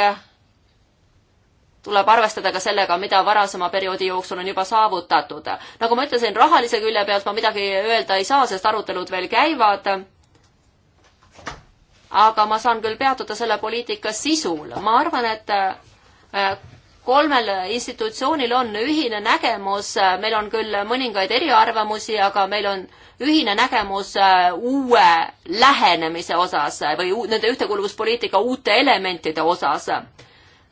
tuleb arvestada ka sellega, mida varasema perioodi jooksul on juba saavutatud. nagu ma ütlesin, rahalise külje pealt ma midagi öelda ei saa, sest arutelud veel käivad aga ma saan küll peatuda selle poliitika sisul. ma arvan, et äh, kolmel institutsioonil on ühine nägemus, meil on küll mõningaid eriarvamusi, aga meil on ühine nägemus äh, uue lähenemise osas või nende ühtekuuluvuspoliitika uute elementide osas.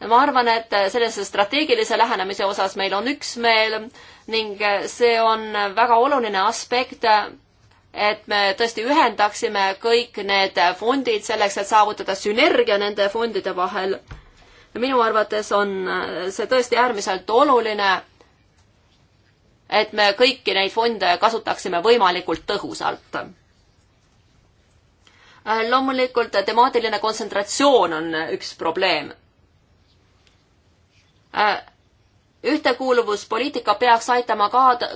ma arvan, et sellise strateegilise lähenemise osas meil on üksmeel ning see on väga oluline aspekt, et me tõesti ühendaksime kõik need fondid selleks, et saavutada sünergia nende fondide vahel. minu arvates on see tõesti äärmiselt oluline, et me kõiki neid fonde kasutaksime võimalikult tõhusalt. loomulikult temaatiline kontsentratsioon on üks probleem ühtekuuluvuspoliitika peaks aitama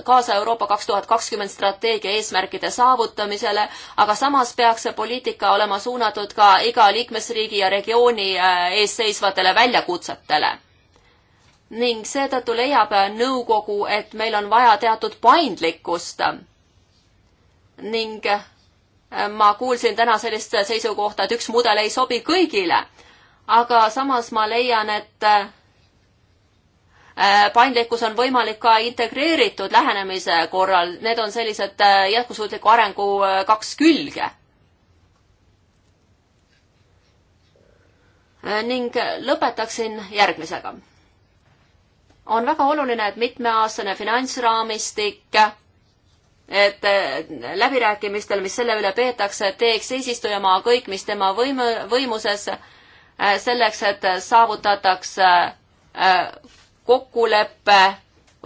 kaasa Euroopa kaks tuhat kakskümmend strateegia eesmärkide saavutamisele, aga samas peaks see poliitika olema suunatud ka iga liikmesriigi ja regiooni äh, ees seisvatele väljakutsetele. ning seetõttu leiab nõukogu, et meil on vaja teatud paindlikkust ning äh, ma kuulsin täna sellist seisukohta, et üks mudel ei sobi kõigile, aga samas ma leian, et äh, Äh, paindlikkus on võimalik ka integreeritud lähenemise korral, need on sellised äh, jätkusuutliku arengu äh, kaks külge. ning lõpetaksin järgmisega. on väga oluline, et mitmeaastane finantsraamistik et läbirääkimistel, mis selle üle peetakse, teeks eesistujamaa kõik, mis tema võim-, võimuses, selleks, et saavutataks kokkulepe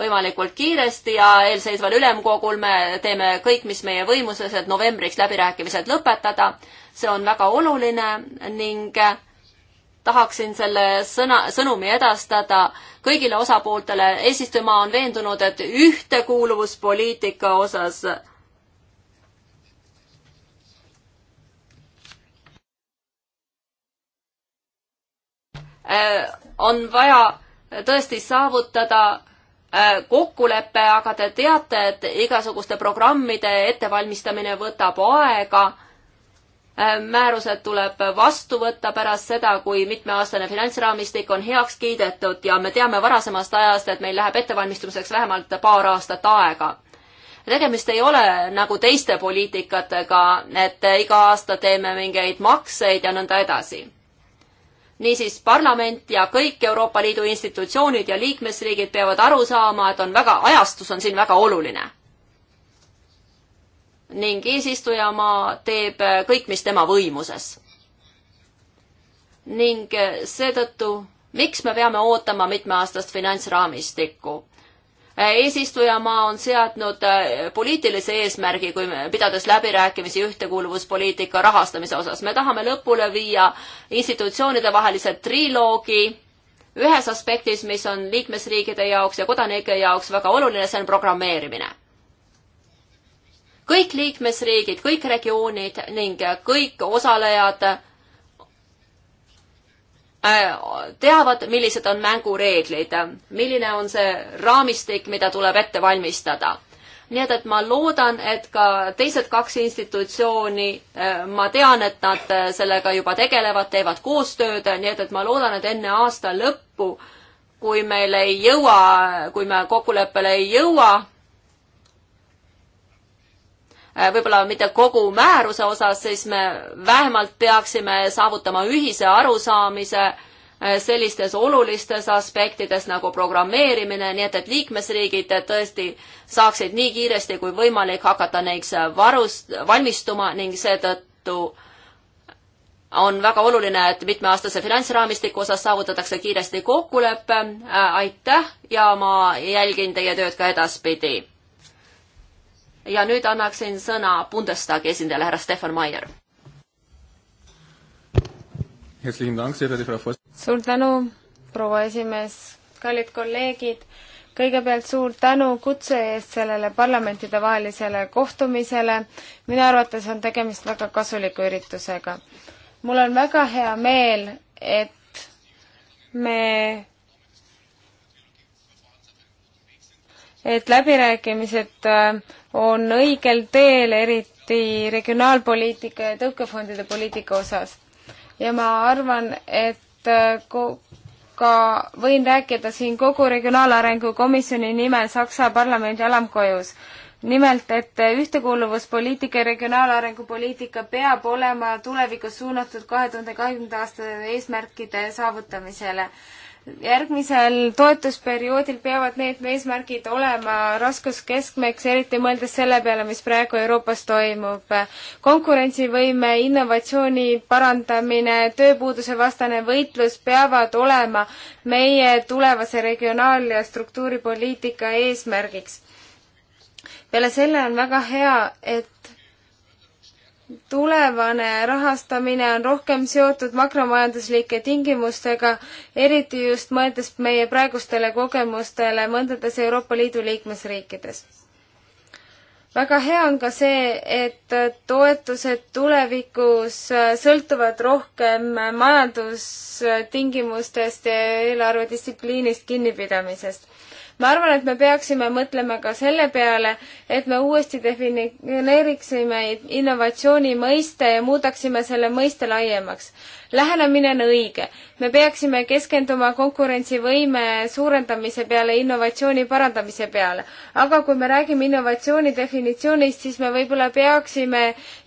võimalikult kiiresti ja eelseisval ülemkogul me teeme kõik, mis meie võimuses, et novembriks läbirääkimised lõpetada. see on väga oluline ning tahaksin selle sõna, sõnumi edastada kõigile osapooltele. eesistuja on veendunud, et ühtekuuluvuspoliitika osas on vaja tõesti saavutada äh, kokkulepe, aga te teate, et igasuguste programmide ettevalmistamine võtab aega. Äh, määrused tuleb vastu võtta pärast seda, kui mitmeaastane finantsraamistik on heaks kiidetud ja me teame varasemast ajast, et meil läheb ettevalmistumiseks vähemalt paar aastat aega tegemist ei ole nagu teiste poliitikatega, et iga aasta teeme mingeid makseid ja nõnda edasi niisiis parlament ja kõik Euroopa Liidu institutsioonid ja liikmesriigid peavad aru saama, et on väga, ajastus on siin väga oluline. ning eesistujamaa teeb äh, kõik, mis tema võimuses. ning äh, seetõttu, miks me peame ootama mitmeaastast finantsraamistikku? eesistujamaa on seadnud äh, poliitilise eesmärgi, kui me, pidades läbirääkimisi ühtekuuluvuspoliitika rahastamise osas. me tahame lõpule viia institutsioonide vahelise triloogi ühes aspektis, mis on liikmesriikide jaoks ja kodanike jaoks väga oluline, see on programmeerimine. kõik liikmesriigid, kõik regioonid ning kõik osalejad Äh, teavad, millised on mängureeglid, milline on see raamistik, mida tuleb ette valmistada. nii et, et ma loodan, et ka teised kaks institutsiooni, äh, ma tean, et nad äh, sellega juba tegelevad, teevad koostööd, nii et, et ma loodan, et enne aasta lõppu, kui meil ei jõua, kui me kokkuleppele ei jõua, Äh, võib-olla mitte kogu määruse osas, siis me vähemalt peaksime saavutama ühise arusaamise äh, sellistes olulistes aspektides nagu programmeerimine, nii et, et liikmesriigid tõesti saaksid nii kiiresti kui võimalik hakata neiks varust, valmistuma ning seetõttu on väga oluline, et mitmeaastase finantsraamistiku osas saavutatakse kiiresti kokkulepe. Äh, aitäh ja ma jälgin teie tööd ka edaspidi ja nüüd annaksin sõna Bundestagi esindajale, härra Stefan Maier. suur tänu, proua esimees, kallid kolleegid, kõigepealt suur tänu kutse eest sellele parlamentidevahelisele kohtumisele, minu arvates on tegemist väga kasuliku üritusega. mul on väga hea meel, et me et läbirääkimised äh, on õigel teel, eriti regionaalpoliitika ja tõukefondide poliitika osas. ja ma arvan, et äh, ka võin rääkida siin kogu Regionaalarengu Komisjoni nimel Saksa parlamendi alamkojus. nimelt, et ühtekuuluvuspoliitika ja regionaalarengu poliitika peab olema tulevikus suunatud kahe tuhande kahekümnenda aasta eesmärkide saavutamisele järgmisel toetusperioodil peavad need eesmärgid olema raskuskeskmeks, eriti mõeldes selle peale, mis praegu Euroopas toimub. konkurentsivõime, innovatsiooni parandamine, tööpuuduse vastane võitlus peavad olema meie tulevase regionaal- ja struktuuripoliitika eesmärgiks. peale selle on väga hea, et tulevane rahastamine on rohkem seotud makromajanduslike tingimustega, eriti just mõeldes meie praegustele kogemustele mõndades Euroopa Liidu liikmesriikides. väga hea on ka see, et toetused tulevikus sõltuvad rohkem majandustingimustest ja eelarvedistsipliinist kinnipidamisest ma arvan, et me peaksime mõtlema ka selle peale, et me uuesti defineeriksime innovatsiooni mõiste ja muudaksime selle mõiste laiemaks lähenemine on õige. me peaksime keskenduma konkurentsivõime suurendamise peale, innovatsiooni parandamise peale. aga kui me räägime innovatsiooni definitsioonist, siis me võib-olla peaksime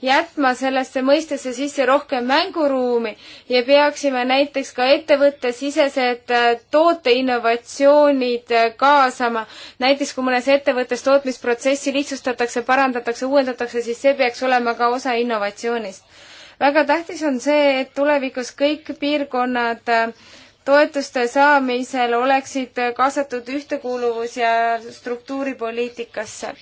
jätma sellesse mõistesse sisse rohkem mänguruumi ja peaksime näiteks ka ettevõttesisesed äh, tooteinnovatsioonid äh, kaasama. näiteks kui mõnes ettevõttes tootmisprotsessi lihtsustatakse, parandatakse, uuendatakse, siis see peaks olema ka osa innovatsioonist väga tähtis on see, et tulevikus kõik piirkonnad äh, toetuste saamisel oleksid kaasatud ühtekuuluvus- ja struktuuripoliitikasse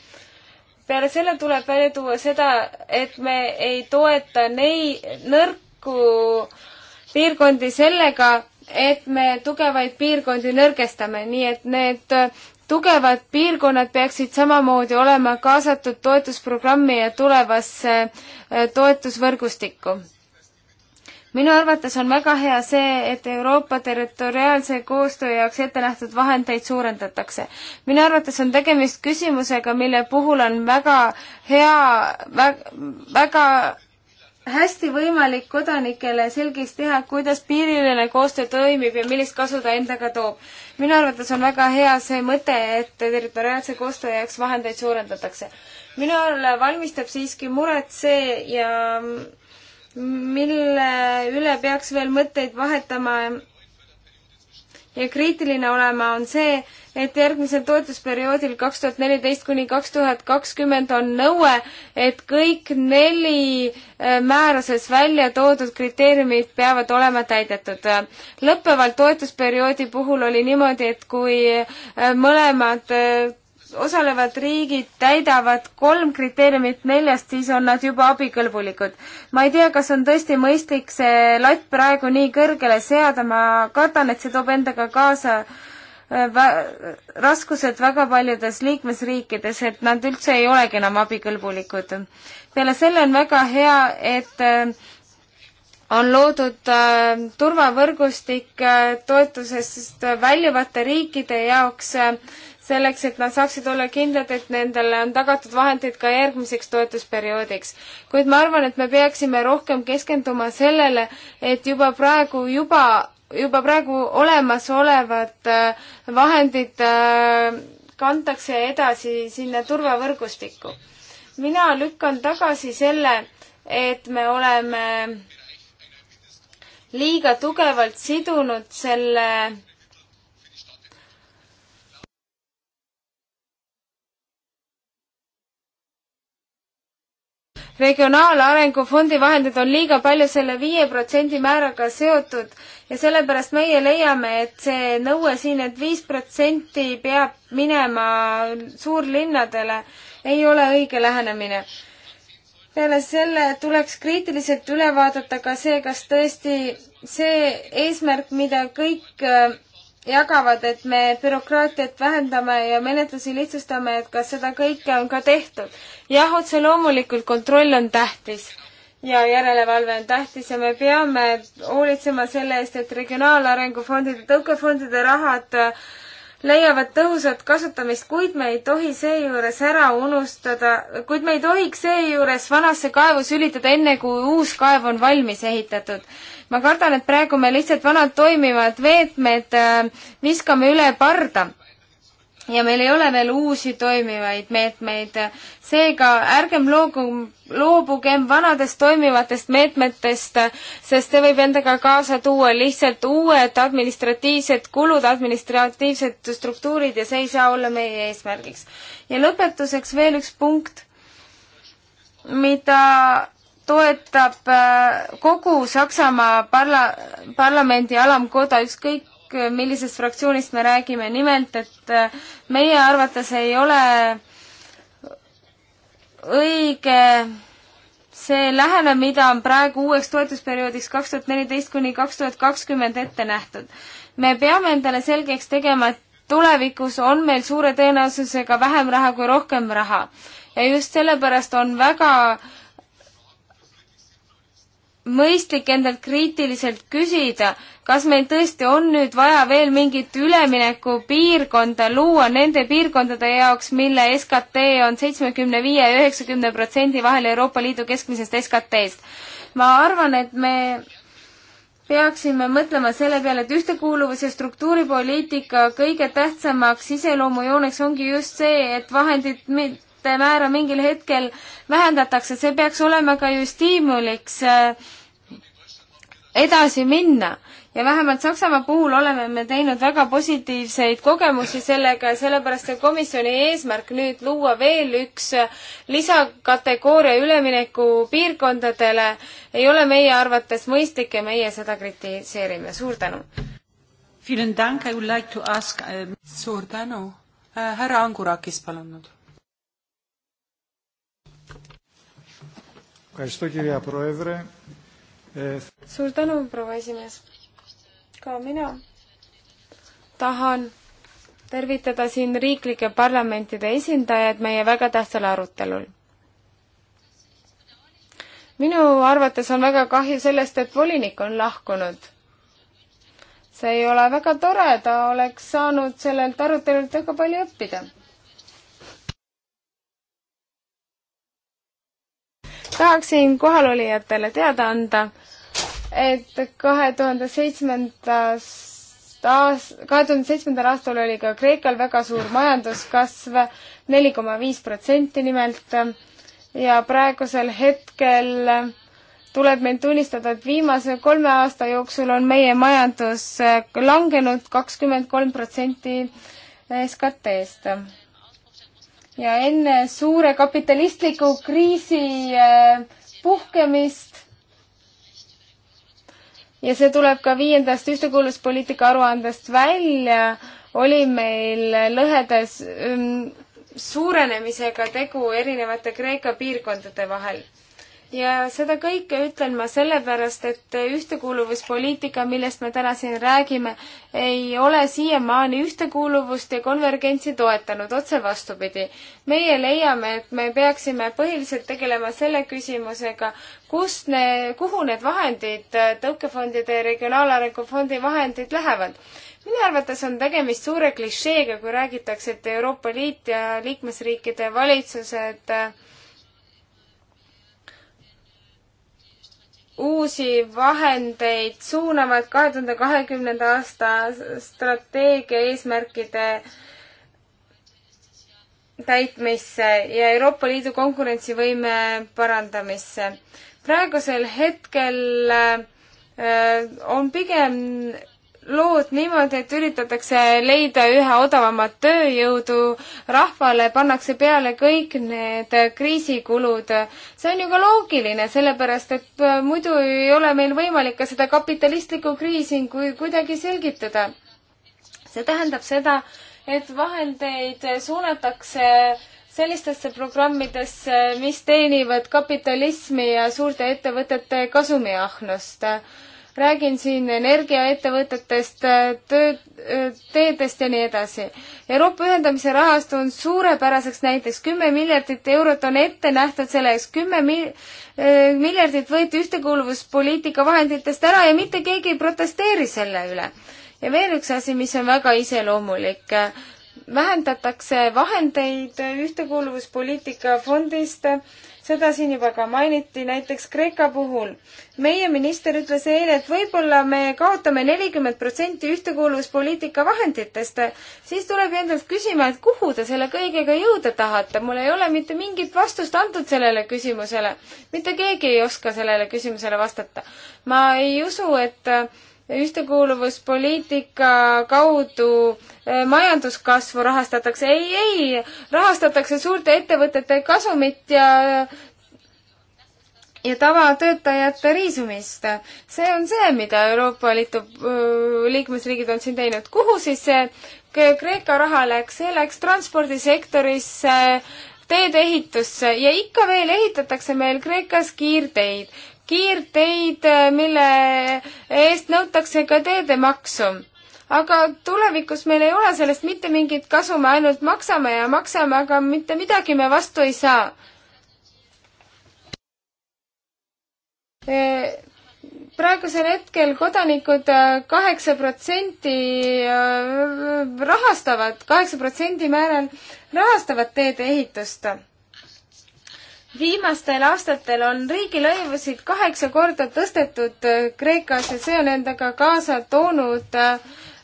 peale selle tuleb välja tuua seda, et me ei toeta neid nõrku piirkondi sellega, et me tugevaid piirkondi nõrgestame, nii et need äh, tugevad piirkonnad peaksid samamoodi olema kaasatud toetusprogrammi ja tulevasse äh, toetusvõrgustikku. minu arvates on väga hea see, et Euroopa territoriaalse koostöö jaoks ette nähtud vahendeid suurendatakse. minu arvates on tegemist küsimusega, mille puhul on väga hea, väga, väga hästi võimalik kodanikele selgeks teha, kuidas piiriline koostöö toimib ja millist kasu ta endaga toob. minu arvates on väga hea see mõte, et territoriaalse koostöö jaoks vahendeid suurendatakse. minule valmistab siiski muret see ja mille üle peaks veel mõtteid vahetama ja kriitiline olema, on see, et järgmisel toetusperioodil kaks tuhat neliteist kuni kaks tuhat kakskümmend on nõue, et kõik neli äh, määruses välja toodud kriteeriumid peavad olema täidetud. lõppeval toetusperioodi puhul oli niimoodi, et kui äh, mõlemad äh, osalevad riigid täidavad kolm kriteeriumit neljast, siis on nad juba abikõlbulikud. ma ei tea, kas on tõesti mõistlik see latt praegu nii kõrgele seada, ma kardan, et see toob endaga kaasa äh, vä-, raskused väga paljudes liikmesriikides, et nad üldse ei olegi enam abikõlbulikud. peale selle on väga hea, et äh, on loodud äh, turvavõrgustik äh, toetusest väljuvate riikide jaoks äh, selleks, et nad saaksid olla kindlad, et nendele on tagatud vahendid ka järgmiseks toetusperioodiks. kuid ma arvan, et me peaksime rohkem keskenduma sellele, et juba praegu, juba, juba praegu olemasolevad äh, vahendid äh, kantakse edasi sinna turvavõrgustikku. mina lükkan tagasi selle, et me oleme liiga tugevalt sidunud selle regionaalarengu fondi vahendid on liiga palju selle viie protsendi määraga seotud ja sellepärast meie leiame, et see nõue siin et, et viis protsenti peab minema suurlinnadele, ei ole õige lähenemine. peale selle tuleks kriitiliselt üle vaadata ka see, kas tõesti see eesmärk, mida kõik jagavad, et me bürokraatiat vähendame ja menetlusi lihtsustame, et kas seda kõike on ka tehtud. jah, otse loomulikult kontroll on tähtis ja järelevalve on tähtis ja me peame hoolitsema selle eest, et regionaalarengu fondide, tõukefondide rahad leiavad tõhusat kasutamist, kuid me ei tohi seejuures ära unustada, kuid me ei tohiks seejuures vanasse kaevu sülitada enne, kui uus kaev on valmis ehitatud ma kardan, et praegu me lihtsalt vanad toimivad veetmed äh, viskame üle parda ja meil ei ole veel uusi toimivaid meetmeid. seega ärgem loobum, loobugem vanadest toimivatest meetmetest, sest see võib endaga kaasa tuua lihtsalt uued administratiivsed kulud, administratiivsed struktuurid ja see ei saa olla meie eesmärgiks. ja lõpetuseks veel üks punkt, mida toetab äh, kogu Saksamaa parla-, parlamendi alamkoda, ükskõik äh, millisest fraktsioonist me räägime, nimelt et äh, meie arvates ei ole õige see lähene, mida on praegu uueks toetusperioodiks kaks tuhat neliteist kuni kaks tuhat kakskümmend ette nähtud. me peame endale selgeks tegema, et tulevikus on meil suure tõenäosusega vähem raha kui rohkem raha. ja just sellepärast on väga äh, mõistlik endalt kriitiliselt küsida, kas meil tõesti on nüüd vaja veel mingit üleminekupiirkonda luua nende piirkondade jaoks, mille SKT on seitsmekümne viie ja üheksakümne protsendi vahel Euroopa Liidu keskmisest SKT-st. ma arvan, et me peaksime mõtlema selle peale, et ühtekuuluvus ja struktuuripoliitika kõige tähtsamaks iseloomujooneks ongi just see, et vahendid määra mingil hetkel vähendatakse, see peaks olema ka ju stiimuliks äh, edasi minna ja vähemalt Saksamaa puhul oleme me teinud väga positiivseid kogemusi sellega ja sellepärast on komisjoni eesmärk nüüd luua veel üks äh, lisakategooria ülemineku piirkondadele ei ole meie arvates mõistlik ja meie seda kritiseerime. suur tänu! Äh, suur tänu! härra Angurakis, palun nüüd suur tänu, proua esimees. ka mina tahan tervitada siin riiklike parlamentide esindajaid meie väga tähtsal arutelul. minu arvates on väga kahju sellest, et volinik on lahkunud. see ei ole väga tore, ta oleks saanud sellelt arutelult väga palju õppida tahaksin kohalolijatele teada anda, et kahe tuhande seitsmendast aast-, kahe tuhande seitsmendal aastal oli ka Kreekal väga suur majanduskasv, neli koma viis protsenti nimelt, ja praegusel hetkel tuleb meil tunnistada, et viimase kolme aasta jooksul on meie majandus langenud kakskümmend kolm protsenti SKT-st ja enne suure kapitalistliku kriisi äh, puhkemist ja see tuleb ka viiendast ühtekuuluvuspoliitika aruandest välja, oli meil lõhedes ähm, suurenemisega tegu erinevate Kreeka piirkondade vahel ja seda kõike ütlen ma sellepärast, et ühtekuuluvuspoliitika, millest me täna siin räägime, ei ole siiamaani ühtekuuluvust ja konvergentsi toetanud, otse vastupidi. meie leiame, et me peaksime põhiliselt tegelema selle küsimusega, kust ne-, kuhu need vahendid, tõukefondide ja regionaalarengu fondi vahendid lähevad minu arvates on tegemist suure klišeega, kui räägitakse, et Euroopa Liit ja liikmesriikide valitsused äh, uusi vahendeid suunavad kahe tuhande kahekümnenda aasta strateegia eesmärkide täitmisse ja Euroopa Liidu konkurentsivõime parandamisse. praegusel hetkel äh, on pigem lood niimoodi, et üritatakse leida üha odavamat tööjõudu, rahvale pannakse peale kõik need kriisikulud. see on ju ka loogiline, sellepärast et äh, muidu ei ole meil võimalik ka seda kapitalistlikku kriisi kuidagi selgitada. see tähendab seda, et vahendeid suunatakse sellistesse programmidesse, mis teenivad kapitalismi ja suurte ettevõtete kasumiahnust räägin siin energiaettevõtetest, tööd, teedest ja nii edasi. Euroopa ühendamise rahastu on suurepäraseks näiteks, kümme miljardit eurot on ette nähtud selle jaoks, kümme mil-, eh, miljardit võeti ühtekuuluvuspoliitika vahenditest ära ja mitte keegi ei protesteeri selle üle. ja veel üks asi, mis on väga iseloomulik vähendatakse vahendeid ühtekuuluvuspoliitika fondist seda siin juba ka mainiti, näiteks Kreeka puhul. meie minister ütles eile, et võib-olla me kaotame nelikümmend protsenti ühtekuuluvuspoliitika vahenditest. siis tuleb endalt küsima, et kuhu te selle kõigega jõuda tahate. mul ei ole mitte mingit vastust antud sellele küsimusele. mitte keegi ei oska sellele küsimusele vastata. ma ei usu, et ühtekuuluvuspoliitika kaudu eh, majanduskasvu rahastatakse. ei, ei, rahastatakse suurte ettevõtete kasumit ja ja tavatöötajate riisumist. see on see, mida Euroopa Liidu eh, liikmesriigid on siin teinud. kuhu siis see Kreeka raha läks? see läks transpordisektorisse, teedeehitusse ja ikka veel ehitatakse meil Kreekas kiirteid kiirteid, äh, mille eest nõutakse ka teedemaksu. aga tulevikus meil ei ole sellest mitte mingit kasu, me ainult maksame ja maksame, aga mitte midagi me vastu ei saa e praegusel hetkel kodanikud äh, kaheksa protsenti rahastavad, kaheksa protsendi määral rahastavad teedeehitust viimastel aastatel on riigilõivusid kaheksa korda tõstetud äh, Kreekas ja see on endaga kaasa toonud äh,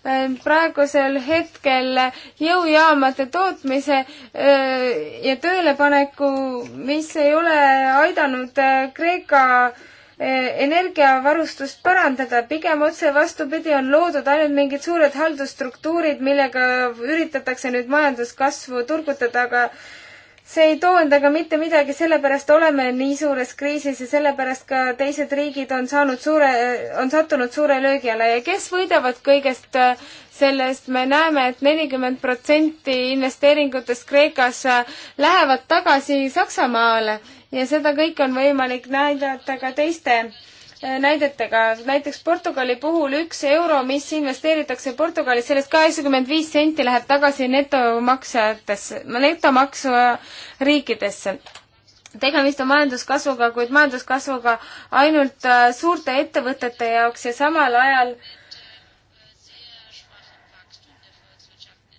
äh, praegusel hetkel jõujaamade tootmise ja töölepaneku, mis ei ole aidanud Kreeka energiavarustust parandada, pigem otse vastupidi, on loodud ainult mingid suured haldusstruktuurid, millega üritatakse nüüd majanduskasvu turgutada, aga see ei too endaga mitte midagi, sellepärast oleme nii suures kriisis ja sellepärast ka teised riigid on saanud suure, on sattunud suure löögi alla ja kes võidavad kõigest äh, sellest, me näeme et, et nelikümmend protsenti investeeringutest Kreekas äh, lähevad tagasi Saksamaale ja seda kõike on võimalik näidata ka teiste näidetega. näiteks Portugali puhul üks euro, mis investeeritakse Portugalis, sellest kaheksakümmend viis senti läheb tagasi netomaksjatesse, netomaksja riikidesse tegemist on majanduskasvuga, kuid majanduskasvuga ainult äh, suurte ettevõtete jaoks ja samal ajal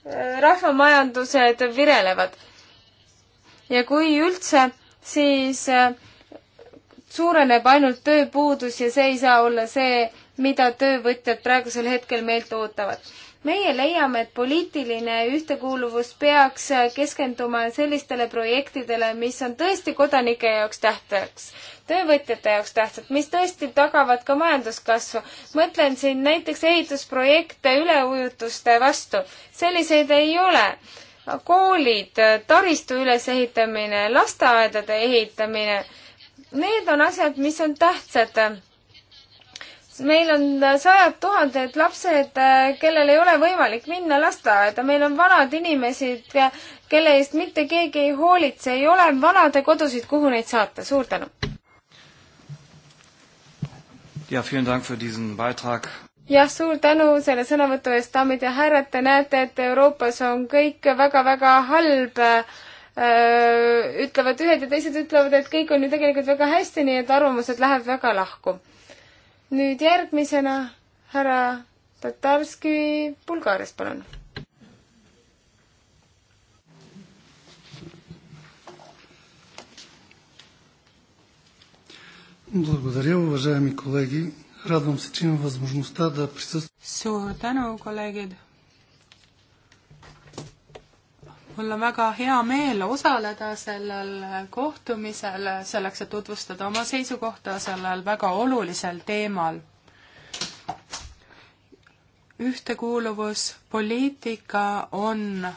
äh, rahvamajandused virelevad. ja kui üldse, siis äh, suureneb ainult tööpuudus ja see ei saa olla see, mida töövõtjad praegusel hetkel meilt ootavad. meie leiame, et poliitiline ühtekuuluvus peaks keskenduma sellistele projektidele, mis on tõesti kodanike jaoks tähtsaks, töövõtjate jaoks tähtsad, mis tõesti tagavad ka majanduskasvu. mõtlen siin näiteks ehitusprojekte üleujutuste vastu. selliseid ei ole koolid, taristu ülesehitamine, lasteaedade ehitamine Need on asjad, mis on tähtsad meil on sajad tuhanded lapsed, kellel ei ole võimalik minna lasteaeda, meil on vanad inimesed, kelle eest mitte keegi ei hoolitse, ei ole vanadekodusid, kuhu neid saata, suur tänu! jah, suur tänu selle sõnavõtu eest, daamid ja härrad, te näete, et Euroopas on kõik väga-väga halb äh, Äh, ütlevad ühed ja teised ütlevad, et kõik on ju tegelikult väga hästi, nii et arvamused lähevad väga lahku. nüüd järgmisena härra Tatarski Bulgaariast, palun. Благодаря, уважаеми колеги. Радвам се, че имам възможността да присъствам. Suur tänu, kolleegid mul on väga hea meel osaleda sellel kohtumisel, selleks et tutvustada oma seisukohta sellel väga olulisel teemal. ühtekuuluvuspoliitika on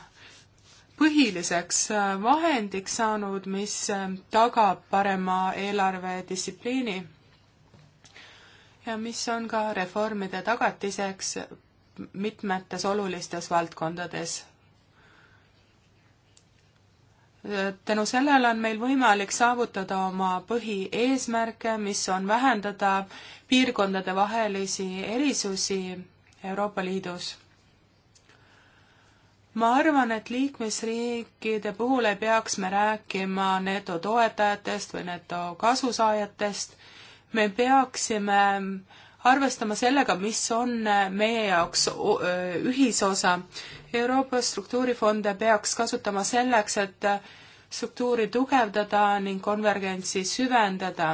põhiliseks vahendiks saanud, mis tagab parema eelarvedistsipliini ja mis on ka reformide tagatiseks mitmetes olulistes valdkondades tänu sellele on meil võimalik saavutada oma põhieesmärke, mis on vähendada piirkondadevahelisi erisusi Euroopa Liidus. ma arvan, et liikmesriikide puhul ei peaks me rääkima netotoetajatest või netokasusaajatest, me peaksime arvestama sellega, mis on meie jaoks ühisosa Euroopa struktuurifonde peaks kasutama selleks, et struktuuri tugevdada ning konvergentsi süvendada.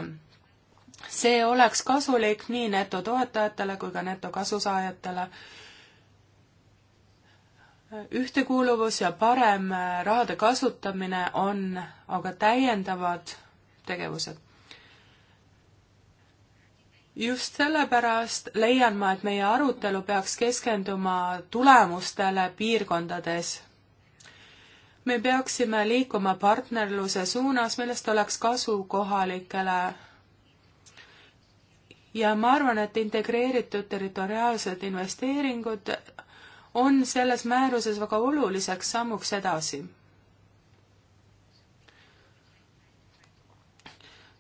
see oleks kasulik nii netotoetajatele kui ka netokasusaajatele. ühtekuuluvus ja parem eh, rahade kasutamine on aga täiendavad tegevused just sellepärast leian ma, et meie arutelu peaks keskenduma tulemustele piirkondades. me peaksime liikuma partnerluse suunas, millest oleks kasu kohalikele. ja ma arvan, et integreeritud territoriaalsed investeeringud on selles määruses väga oluliseks sammuks edasi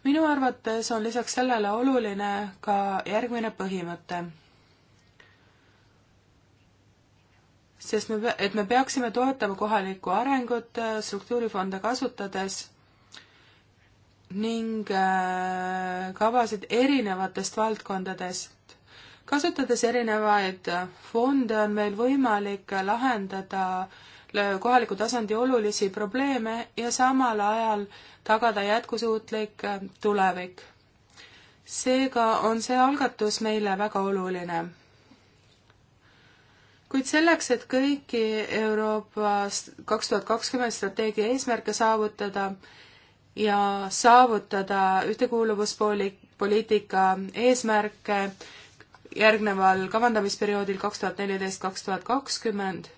minu arvates on lisaks sellele oluline ka järgmine põhimõte. sest me, et me peaksime toetama kohalikku arengut äh, struktuurifonde kasutades ning äh, kavasid erinevatest valdkondadest. kasutades erinevaid äh, fonde, on meil võimalik lahendada äh, kohaliku tasandi olulisi probleeme ja samal ajal tagada jätkusuutlik äh, tulevik. seega on see algatus meile väga oluline. kuid selleks, et kõiki Euroopas kaks tuhat kakskümmend strateegia eesmärke saavutada ja saavutada ühtekuuluvuspoliitika eesmärke järgneval kavandamisperioodil kaks tuhat neliteist, kaks tuhat kakskümmend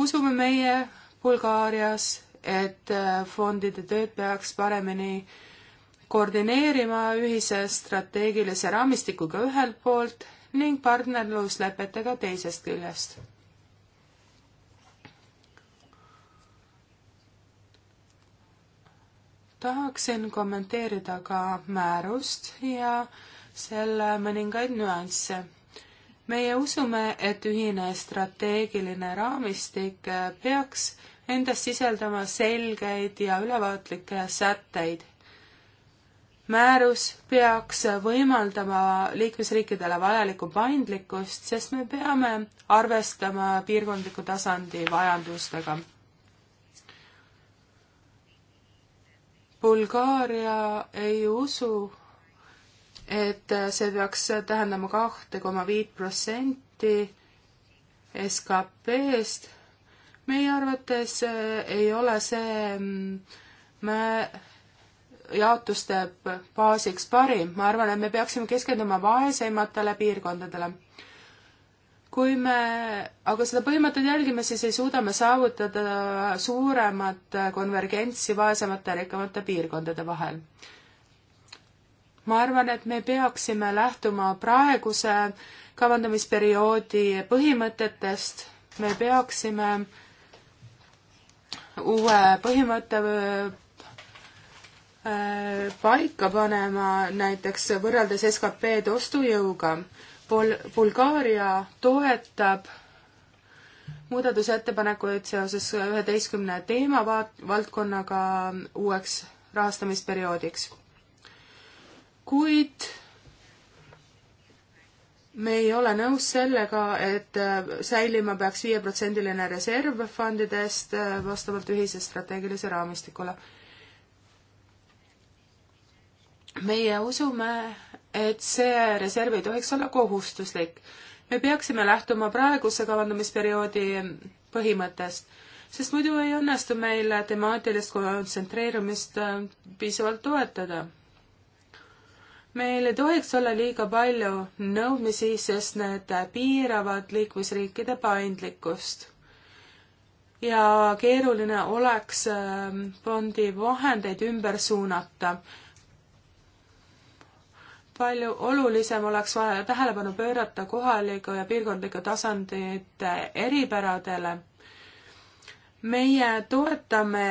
usume meie Bulgaarias, et äh, fondide tööd peaks paremini koordineerima ühise strateegilise raamistikuga ühelt poolt ning partnerluslepetega teisest küljest. tahaksin kommenteerida ka määrust ja selle mõningaid nüansse meie usume, et ühine strateegiline raamistik äh, peaks endas sisaldama selgeid ja ülevaatlikke sätteid. määrus peaks võimaldama liikmesriikidele vajalikku paindlikkust, sest me peame arvestama piirkondliku tasandi vajadustega Bulgaaria ei usu, et see peaks tähendama kahte koma viit protsenti SKP-st. meie arvates eh, ei ole see me mm, jaotus teeb baasiks parim, ma arvan, et me peaksime keskenduma vaesematele piirkondadele. kui me aga seda põhimõtet jälgime, siis ei suuda me saavutada suuremat konvergentsi vaesemate ja rikkamate piirkondade vahel ma arvan, et me peaksime lähtuma praeguse kavandamisperioodi põhimõtetest, me peaksime uue põhimõtte äh, paika panema näiteks võrreldes SKP-d ostujõuga. Bul-, Bulgaaria toetab muudatusettepanekuid seoses üheteistkümne teema vaat-, valdkonnaga uueks rahastamisperioodiks kuid me ei ole nõus sellega, et äh, säilima peaks viieprotsendiline reserv fondidest äh, vastavalt ühise strateegilise raamistikule. meie usume, et see reserv ei tohiks olla kohustuslik. me peaksime lähtuma praeguse kavandamisperioodi põhimõttest, sest muidu ei õnnestu meil temaatilist kontsentreerumist äh, piisavalt toetada meil ei tohiks olla liiga palju nõudmisi, sest need piiravad liikmesriikide paindlikkust. ja keeruline oleks ähm, fondi vahendeid ümber suunata. palju olulisem oleks vaja tähelepanu pöörata kohaliku ja piirkondliku tasandite eripäradele meie toetame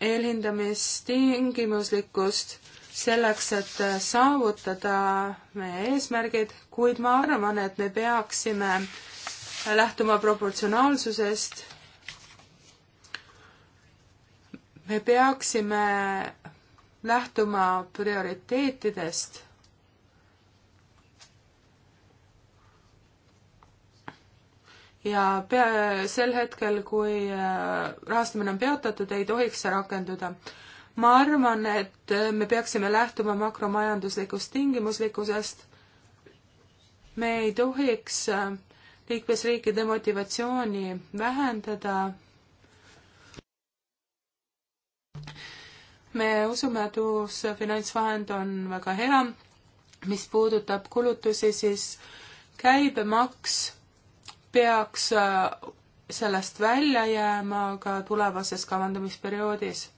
eelhindamistingimuslikkust selleks, et saavutada meie eesmärgid, kuid ma arvan, et me peaksime lähtuma proportsionaalsusest. me peaksime lähtuma prioriteetidest ja pea, sel hetkel, kui äh, rahastamine on peatatud, ei tohiks see rakenduda ma arvan, et äh, me peaksime lähtuma makromajanduslikust tingimuslikkusest. me ei tohiks äh, liikmesriikide motivatsiooni vähendada. me usume, et uus finantsvahend on väga hea. mis puudutab kulutusi, siis käibemaks peaks äh, sellest välja jääma ka tulevases kavandamisperioodis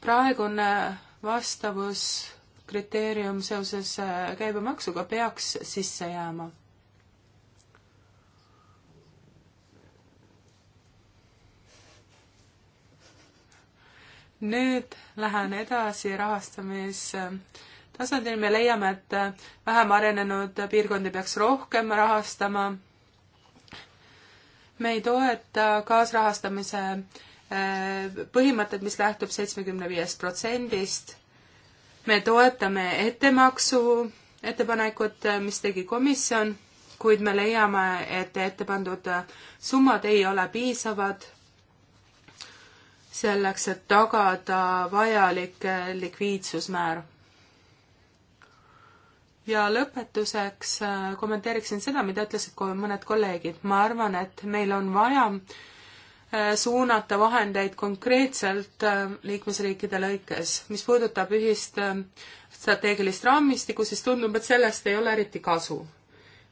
praegune vastavuskriteerium seoses äh, käibemaksuga peaks sisse jääma. nüüd lähen edasi rahastamistasandil, me leiame, et äh, vähem arenenud piirkondi peaks rohkem rahastama. me ei toeta kaasrahastamise äh, põhimõtet, mis lähtub seitsmekümne viiest protsendist. me toetame ettemaksu ettepanekut, mis tegi komisjon, kuid me leiame, et ette pandud summad ei ole piisavad selleks, et tagada vajalik likviidsusmäär. ja lõpetuseks kommenteeriksin seda, mida ütlesid mõned kolleegid. ma arvan, et meil on vaja äh, Äh, suunata vahendeid konkreetselt äh, liikmesriikide lõikes. mis puudutab ühist äh, strateegilist raamistikku, siis tundub, et sellest ei ole eriti kasu.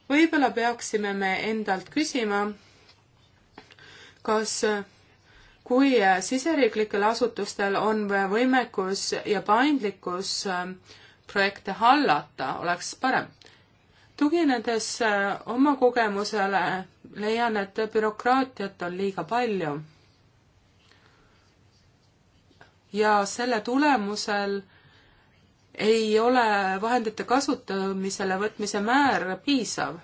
võib-olla peaksime me endalt küsima, kas kui siseriiklikel asutustel on võimekus ja paindlikkus projekte hallata, oleks parem. tuginedes oma kogemusele leian, et bürokraatiat on liiga palju. ja selle tulemusel ei ole vahendite kasutamisele võtmise määr piisav.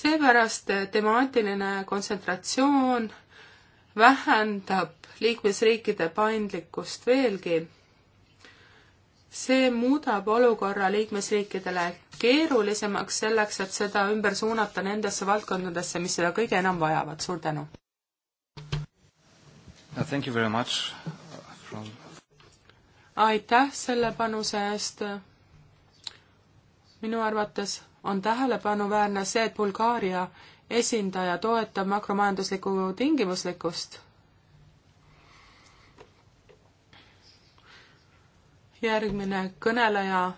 seepärast temaatiline kontsentratsioon vähendab liikmesriikide paindlikkust veelgi see muudab olukorra liikmesriikidele keerulisemaks selleks, et seda ümber suunata nendesse valdkondadesse, mis seda kõige enam vajavad. suur tänu! Uh, thank you very much uh, from... aitäh selle panuse eest. minu arvates on tähelepanuväärne see, et Bulgaaria esindaja toetab makromajanduslikku tingimuslikkust järgmine kõneleja.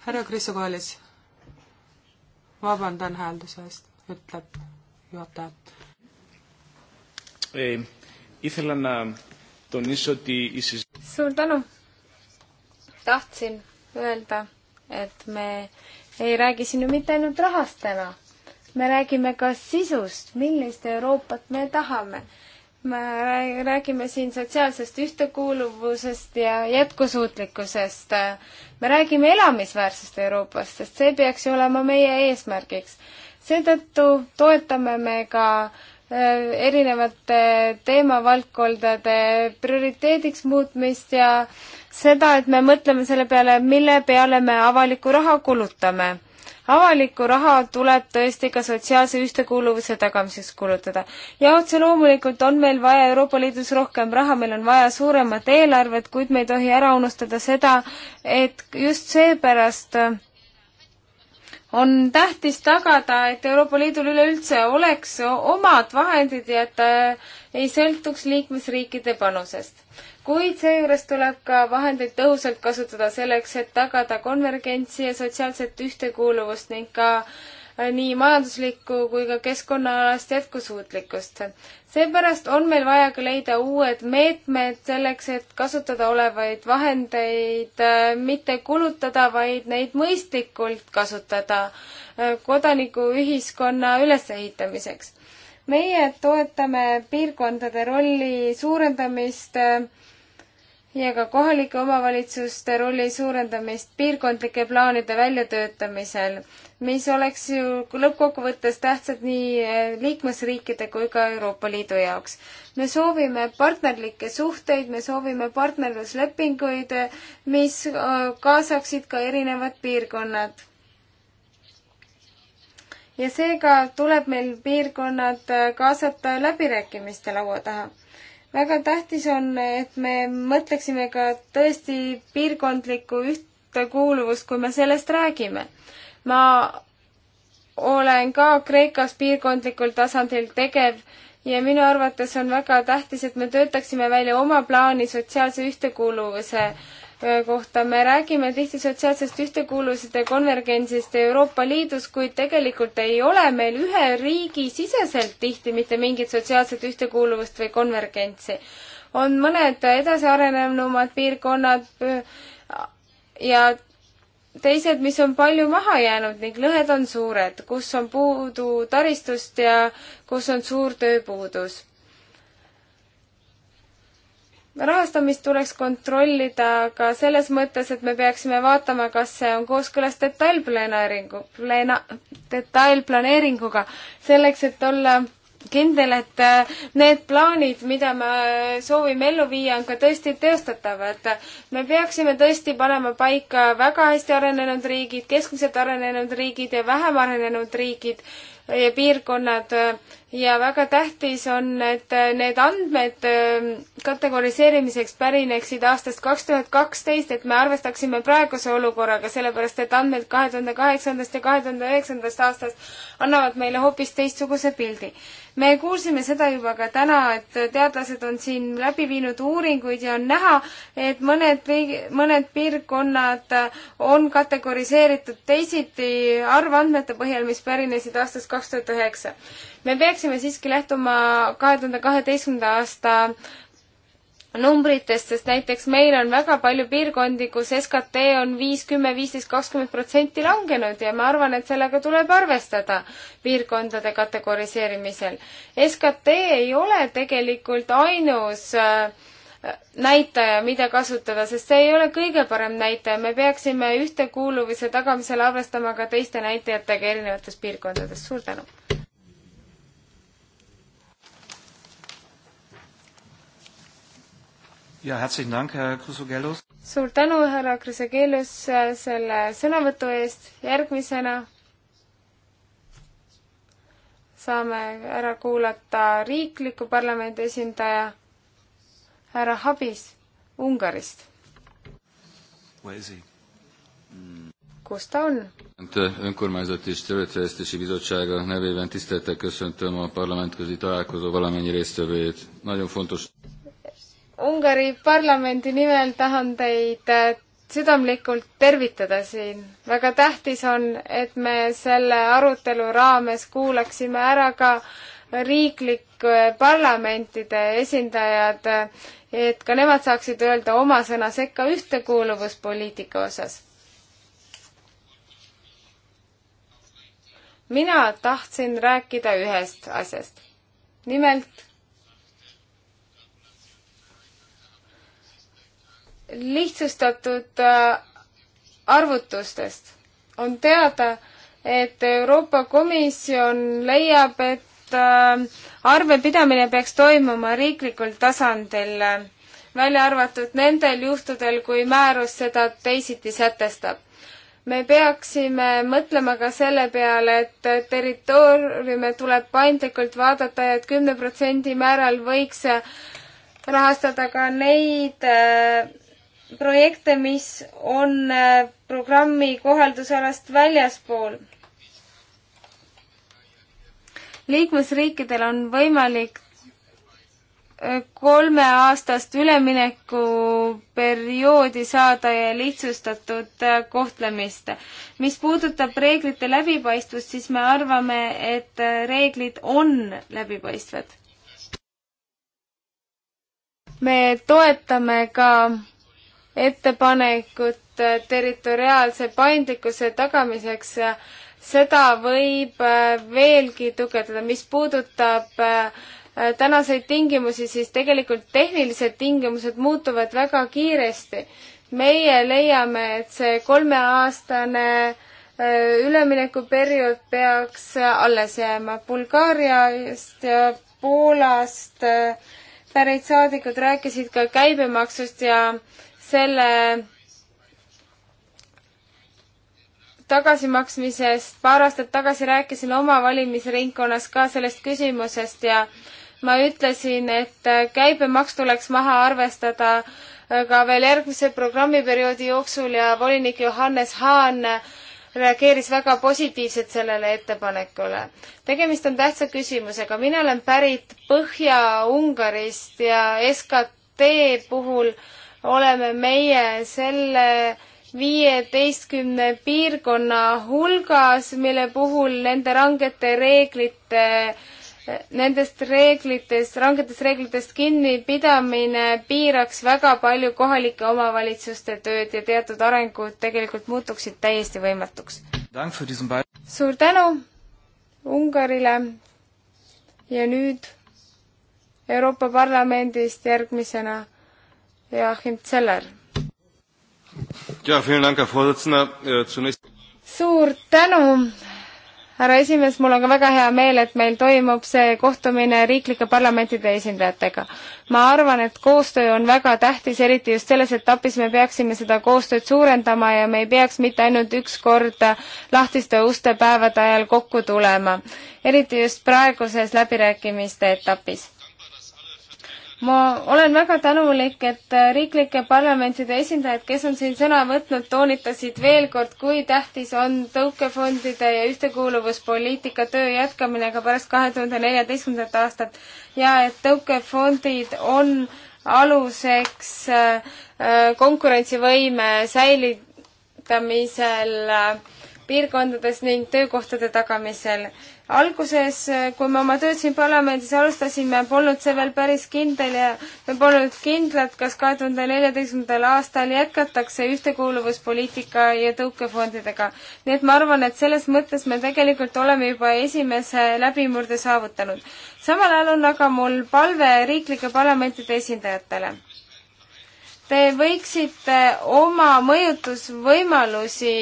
härra Krissokoolis, vabandan häälduse eest, ütleb juhataja. Eh, suur tänu. tahtsin öelda, et me ei räägi siin ju mitte ainult rahast täna me räägime ka sisust, millist Euroopat me tahame. me räägime siin sotsiaalsest ühtekuuluvusest ja jätkusuutlikkusest. me räägime elamisväärsest Euroopast, sest see peaks ju olema meie eesmärgiks. seetõttu toetame me ka äh, erinevate teemavaldkondade prioriteediks muutmist ja seda, et me mõtleme selle peale, mille peale me avalikku raha kulutame avalikku raha tuleb tõesti ka sotsiaalse ühtekuuluvuse tagamiseks kulutada. ja otse loomulikult on meil vaja Euroopa Liidus rohkem raha, meil on vaja suuremat eelarvet, kuid me ei tohi ära unustada seda, et just seepärast on tähtis tagada, et Euroopa Liidul üleüldse oleks omad vahendid ja et ta ei sõltuks liikmesriikide panusest kuid seejuures tuleb ka vahendeid tõhusalt kasutada selleks, et tagada konvergentsi ja sotsiaalset ühtekuuluvust ning ka äh, nii majanduslikku kui ka keskkonnaalast jätkusuutlikkust. seepärast on meil vaja ka leida uued meetmed selleks, et kasutada olevaid vahendeid äh, mitte kulutada, vaid neid mõistlikult kasutada äh, kodanikuühiskonna ülesehitamiseks meie toetame piirkondade rolli suurendamist äh, ja ka kohalike omavalitsuste rolli suurendamist piirkondlike plaanide väljatöötamisel, mis oleks ju lõppkokkuvõttes tähtsad nii eh, liikmesriikide kui ka Euroopa Liidu jaoks. me soovime partnerlikke suhteid, me soovime partnerluslepinguid, mis eh, kaasaksid ka erinevad piirkonnad ja seega tuleb meil piirkonnad eh, kaasata läbirääkimiste laua taha väga tähtis on, et me mõtleksime ka tõesti piirkondlikku ühtekuuluvust, kui me sellest räägime. ma olen ka Kreekas piirkondlikul tasandil tegev ja minu arvates on väga tähtis, et me töötaksime välja oma plaani sotsiaalse ühtekuuluvuse äh, kohta. me räägime tihti sotsiaalsest ühtekuuluvusest ja konvergentsist Euroopa Liidus, kuid tegelikult ei ole meil ühe riigi siseselt tihti mitte mingit sotsiaalset ühtekuuluvust või konvergentsi. on mõned edasiarenenumad piirkonnad ja teised, mis on palju maha jäänud ning lõhed on suured, kus on puudu taristust ja kus on suur tööpuudus rahastamist tuleks kontrollida ka selles mõttes, et me peaksime vaatama, kas see on kooskõlas detailplaneeringu, plena-, detailplaneeringuga, selleks et olla kindel, et äh, need plaanid, mida me soovime ellu viia, on ka tõesti teostatavad. me peaksime tõesti panema paika väga hästi arenenud riigid, keskmiselt arenenud riigid ja vähem arenenud riigid ja piirkonnad äh, ja väga tähtis on, et äh, need andmed ähm, kategoriseerimiseks pärineksid aastast kaks tuhat kaksteist, et me arvestaksime praeguse olukorraga, sellepärast et andmed kahe tuhande kaheksandast ja kahe tuhande üheksandast aastast annavad meile hoopis teistsuguse pildi. me kuulsime seda juba ka täna, et teadlased on siin läbi viinud uuringuid ja on näha, et mõned, mõned piirkonnad äh, on kategoriseeritud teisiti arvandmete põhjal, mis pärinesid aastast kaks tuhat üheksa me peaksime siiski lähtuma kahe tuhande kaheteistkümnenda aasta numbritest, sest näiteks meil on väga palju piirkondi, kus SKT on viis, kümme, viisteist, kakskümmend protsenti langenud ja ma arvan, et sellega tuleb arvestada piirkondade kategoriseerimisel. SKT ei ole tegelikult ainus äh, näitaja, mida kasutada, sest see ei ole kõige parem näitaja, me peaksime ühtekuuluvuse tagamisel arvestama ka teiste näitajatega erinevates piirkondades, suur tänu! ja herzlichen Dank, Herr Chrysogelos. suur tänu, härra Chrysogelos, selle sõnavõtu eest. järgmisena saame ära kuulata riikliku parlamendi esindaja härra Habis Ungarist. Mm. kus ta on? Eh, önkormányzati és területfejlesztési bizottsága nevében tisztelettel köszöntöm a parlamentközi találkozó valamennyi résztvevőjét. Nagyon fontos Ungari parlamendi nimel tahan teid äh, südamlikult tervitada siin. väga tähtis on, et me selle arutelu raames kuulaksime ära ka riiklike äh, parlamentide esindajad, äh, et ka nemad saaksid öelda oma sõna sekka ühtekuuluvuspoliitika osas. mina tahtsin rääkida ühest asjast. nimelt lihtsustatud äh, arvutustest. on teada, et Euroopa Komisjon leiab, et äh, arvepidamine peaks toimuma riiklikul tasandil, välja arvatud nendel juhtudel, kui määrus seda teisiti sätestab me peaksime mõtlema ka selle peale, et territooriume tuleb paindlikult vaadata ja et kümne protsendi määral võiks rahastada ka neid äh, projekte, mis on äh, programmi kohaldusalast väljaspool. liikmesriikidel on võimalik äh, kolmeaastast üleminekuperioodi saada ja lihtsustatud äh, kohtlemist. mis puudutab reeglite läbipaistvust, siis me arvame, et reeglid on läbipaistvad. me toetame ka ettepanekut territoriaalse paindlikkuse tagamiseks, seda võib äh, veelgi tugevdada. mis puudutab äh, tänaseid tingimusi, siis tegelikult tehnilised tingimused muutuvad väga kiiresti. meie leiame, et see kolmeaastane äh, üleminekuperiood peaks alles jääma. Bulgaariast ja Poolast pärit saadikud rääkisid ka käibemaksust ja selle tagasimaksmisest, paar aastat tagasi rääkisin oma valimisringkonnas ka sellest küsimusest ja ma ütlesin, et äh, käibemaks tuleks maha arvestada äh, ka veel järgmise programmiperioodi jooksul ja volinik Johannes Haan reageeris väga positiivselt sellele ettepanekule. tegemist on tähtsa küsimusega, mina olen pärit Põhja-Ungarist ja SKT puhul äh, oleme meie selle viieteistkümne piirkonna hulgas, mille puhul nende rangete reeglite, nendest reeglitest, rangetest reeglitest kinnipidamine piiraks väga palju kohalike omavalitsuste tööd ja teatud arengud tegelikult muutuksid täiesti võimatuks. suur tänu Ungarile ja nüüd Euroopa Parlamendist järgmisena Joachim Zeller. Äh, suur tänu, härra esimees, mul on ka väga hea meel, et meil toimub see kohtumine riiklike parlamentide esindajatega. ma arvan, et koostöö on väga tähtis, eriti just selles etapis me peaksime seda koostööd suurendama ja me ei peaks mitte ainult üks kord lahtiste uste päevade ajal kokku tulema, eriti just praeguses läbirääkimiste etapis ma olen väga tänulik, et äh, riiklike parlamentide esindajad, kes on siin sõna võtnud, toonitasid veel kord, kui tähtis on tõukefondide ja ühtekuuluvuspoliitika töö jätkamine ka pärast kahe tuhande neljateistkümnendat aastat ja et tõukefondid on aluseks äh, äh, konkurentsivõime säilitamisel piirkondades ning töökohtade tagamisel alguses, kui me oma tööd siin parlamendis alustasime, polnud see veel päris kindel ja me polnud kindlad, kas kahe tuhande neljateistkümnendal aastal jätkatakse ühtekuuluvuspoliitika ja tõukefondidega. nii et ma arvan, et selles mõttes me tegelikult oleme juba esimese läbimurde saavutanud. samal ajal on aga mul palve riiklike parlamentide esindajatele te võiksite oma mõjutusvõimalusi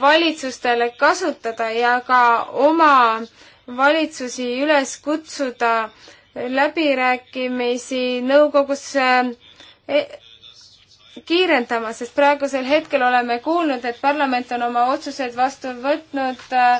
valitsustele kasutada ja ka oma valitsusi üles kutsuda läbirääkimisi nõukogus e, kiirendama, sest praegusel hetkel oleme kuulnud, et parlament on oma otsused vastu võtnud äh,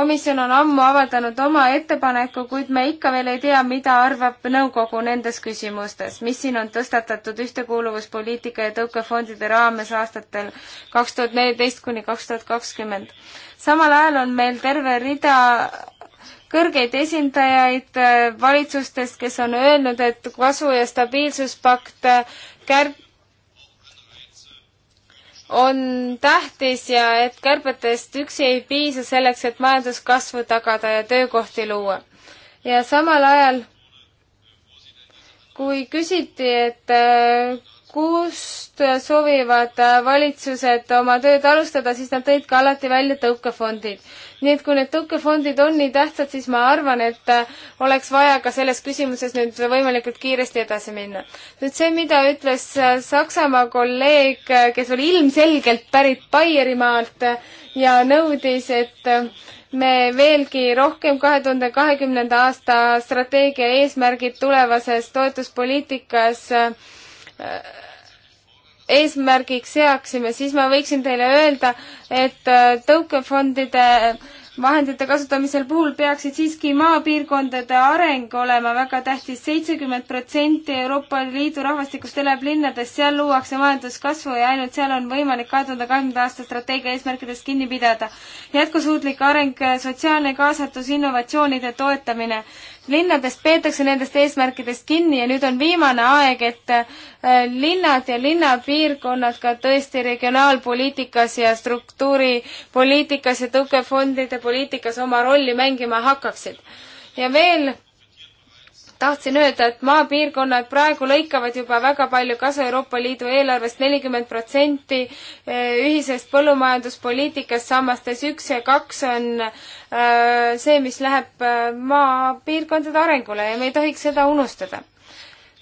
komisjon on ammu avaldanud oma ettepaneku, kuid me ikka veel ei tea, mida arvab nõukogu nendes küsimustes, mis siin on tõstatatud ühtekuuluvuspoliitika ja tõukefondide raames aastatel kaks tuhat neliteist kuni kaks tuhat kakskümmend. samal ajal on meil terve rida kõrgeid esindajaid äh, valitsustest, kes on öelnud, et kasu- ja stabiilsuspakt äh, kärp-, on tähtis ja et kärbetest üksi ei piisa selleks, et majanduskasvu tagada ja töökohti luua. ja samal ajal, kui küsiti, et äh, kust soovivad äh, valitsused oma tööd alustada, siis nad tõid ka alati välja tõukefondid nii et kui need tõukefondid on nii tähtsad, siis ma arvan, et äh, oleks vaja ka selles küsimuses nüüd võimalikult kiiresti edasi minna. nüüd see, mida ütles äh, Saksamaa kolleeg, äh, kes oli ilmselgelt pärit Baierimaalt ja nõudis, et me veelgi rohkem kahe tuhande kahekümnenda aasta strateegia eesmärgid tulevases toetuspoliitikas äh, eesmärgiks seaksime, siis ma võiksin teile öelda, et äh, tõukefondide vahendite kasutamisel puhul peaksid siiski maapiirkondade areng olema väga tähtis. seitsekümmend protsenti Euroopa Liidu rahvastikust elab linnades, seal luuakse majanduskasvu ja ainult seal on võimalik kahe tuhande kahekümnenda aasta strateegia eesmärkidest kinni pidada. jätkusuutlik areng, sotsiaalne kaasatus, innovatsioonide toetamine linnades peetakse nendest eesmärkidest kinni ja nüüd on viimane aeg, et äh, linnad ja linnapiirkonnad ka tõesti regionaalpoliitikas ja struktuuripoliitikas ja tõukefondide poliitikas oma rolli mängima hakkaksid. ja veel tahtsin öelda, et maapiirkonnad praegu lõikavad juba väga palju kasu Euroopa Liidu eelarvest, nelikümmend protsenti eh, ühisest põllumajanduspoliitikast, sammastes üks ja kaks on eh, see, mis läheb eh, maapiirkondade arengule ja me ei tohiks seda unustada.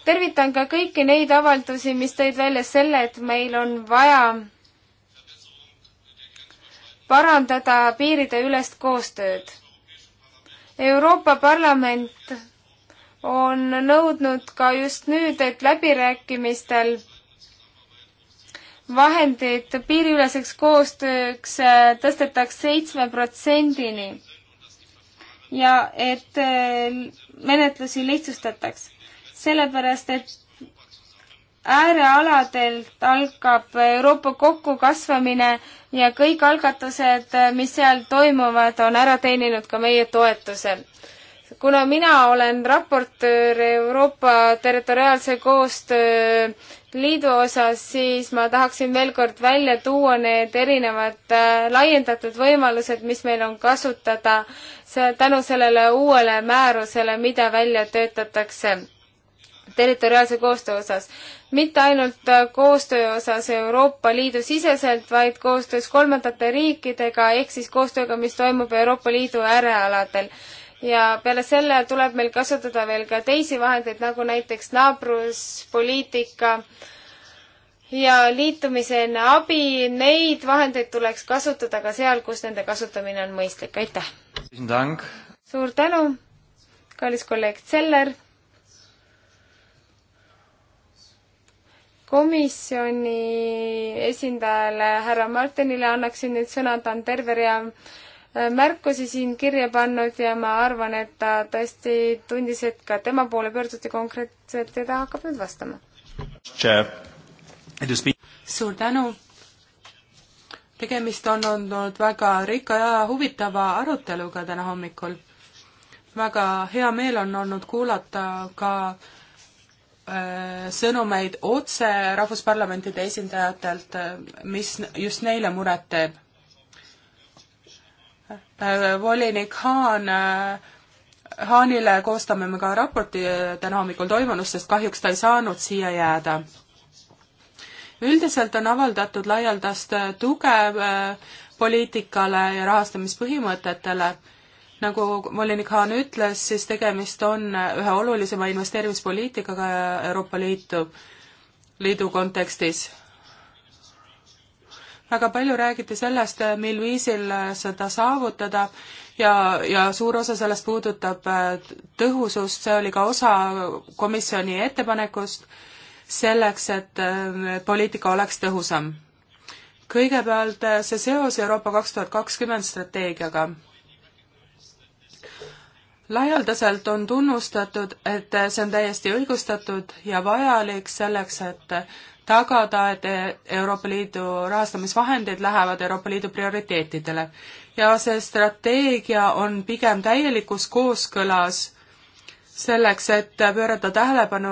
tervitan ka kõiki neid avaldusi, mis tõid välja selle, et meil on vaja parandada piirideülest koostööd. Euroopa Parlament on nõudnud ka just nüüd, et läbirääkimistel vahendid piiriüleseks koostööks äh, tõstetaks seitsme protsendini ja et äh, menetlusi lihtsustataks. sellepärast, et äärealadelt algab Euroopa kokkukasvamine ja kõik algatused, äh, mis seal toimuvad, on ära teeninud ka meie toetuse kuna mina olen raportöör Euroopa territoriaalse koostöö liidu osas, siis ma tahaksin veel kord välja tuua need erinevad äh, laiendatud võimalused, mis meil on kasutada tänu sellele uuele määrusele, mida välja töötatakse territoriaalse koostöö osas. mitte ainult äh, koostöö osas Euroopa Liidu siseselt, vaid koostöös kolmandate riikidega, ehk siis koostööga, mis toimub Euroopa Liidu äärealadel ja peale selle tuleb meil kasutada veel ka teisi vahendeid, nagu näiteks naabruspoliitika ja liitumiseelne abi, neid vahendeid tuleks kasutada ka seal, kus nende kasutamine on mõistlik, aitäh! suur tänu, kallis kolleeg Zeller! komisjoni esindajale härra Martinile annaksin nüüd sõna, ta on terve rea Äh, märkusi siin kirja pannud ja ma arvan, et ta tõesti tundis, et ka tema poole pöörduti konkreetselt ja ta hakkab nüüd vastama. suur tänu! tegemist on olnud väga rika ja huvitava aruteluga täna hommikul. väga hea meel on olnud kuulata ka äh, sõnumeid otse rahvusparlamentide esindajatelt, äh, mis just neile muret teeb Äh, volinik Haan, äh, Haanile koostame me ka raporti äh, täna hommikul toimunust, sest kahjuks ta ei saanud siia jääda. üldiselt on avaldatud laialdast tuge poliitikale ja rahastamispõhimõtetele nagu volinik Haan ütles, siis tegemist on ühe olulisema investeerimispoliitikaga Euroopa Liitu, liidu kontekstis väga palju räägiti sellest, mil viisil seda saavutada ja, ja suur osa sellest puudutab äh, tõhusust, see oli ka osa komisjoni ettepanekust, selleks, et äh, poliitika oleks tõhusam. kõigepealt äh, see seos Euroopa kaks tuhat kakskümmend strateegiaga. laialdaselt on tunnustatud, et see on täiesti õigustatud ja vajalik selleks, et tagada, et Euroopa Liidu rahastamisvahendeid lähevad Euroopa Liidu prioriteetidele. ja see strateegia on pigem täielikus kooskõlas selleks, et pöörata tähelepanu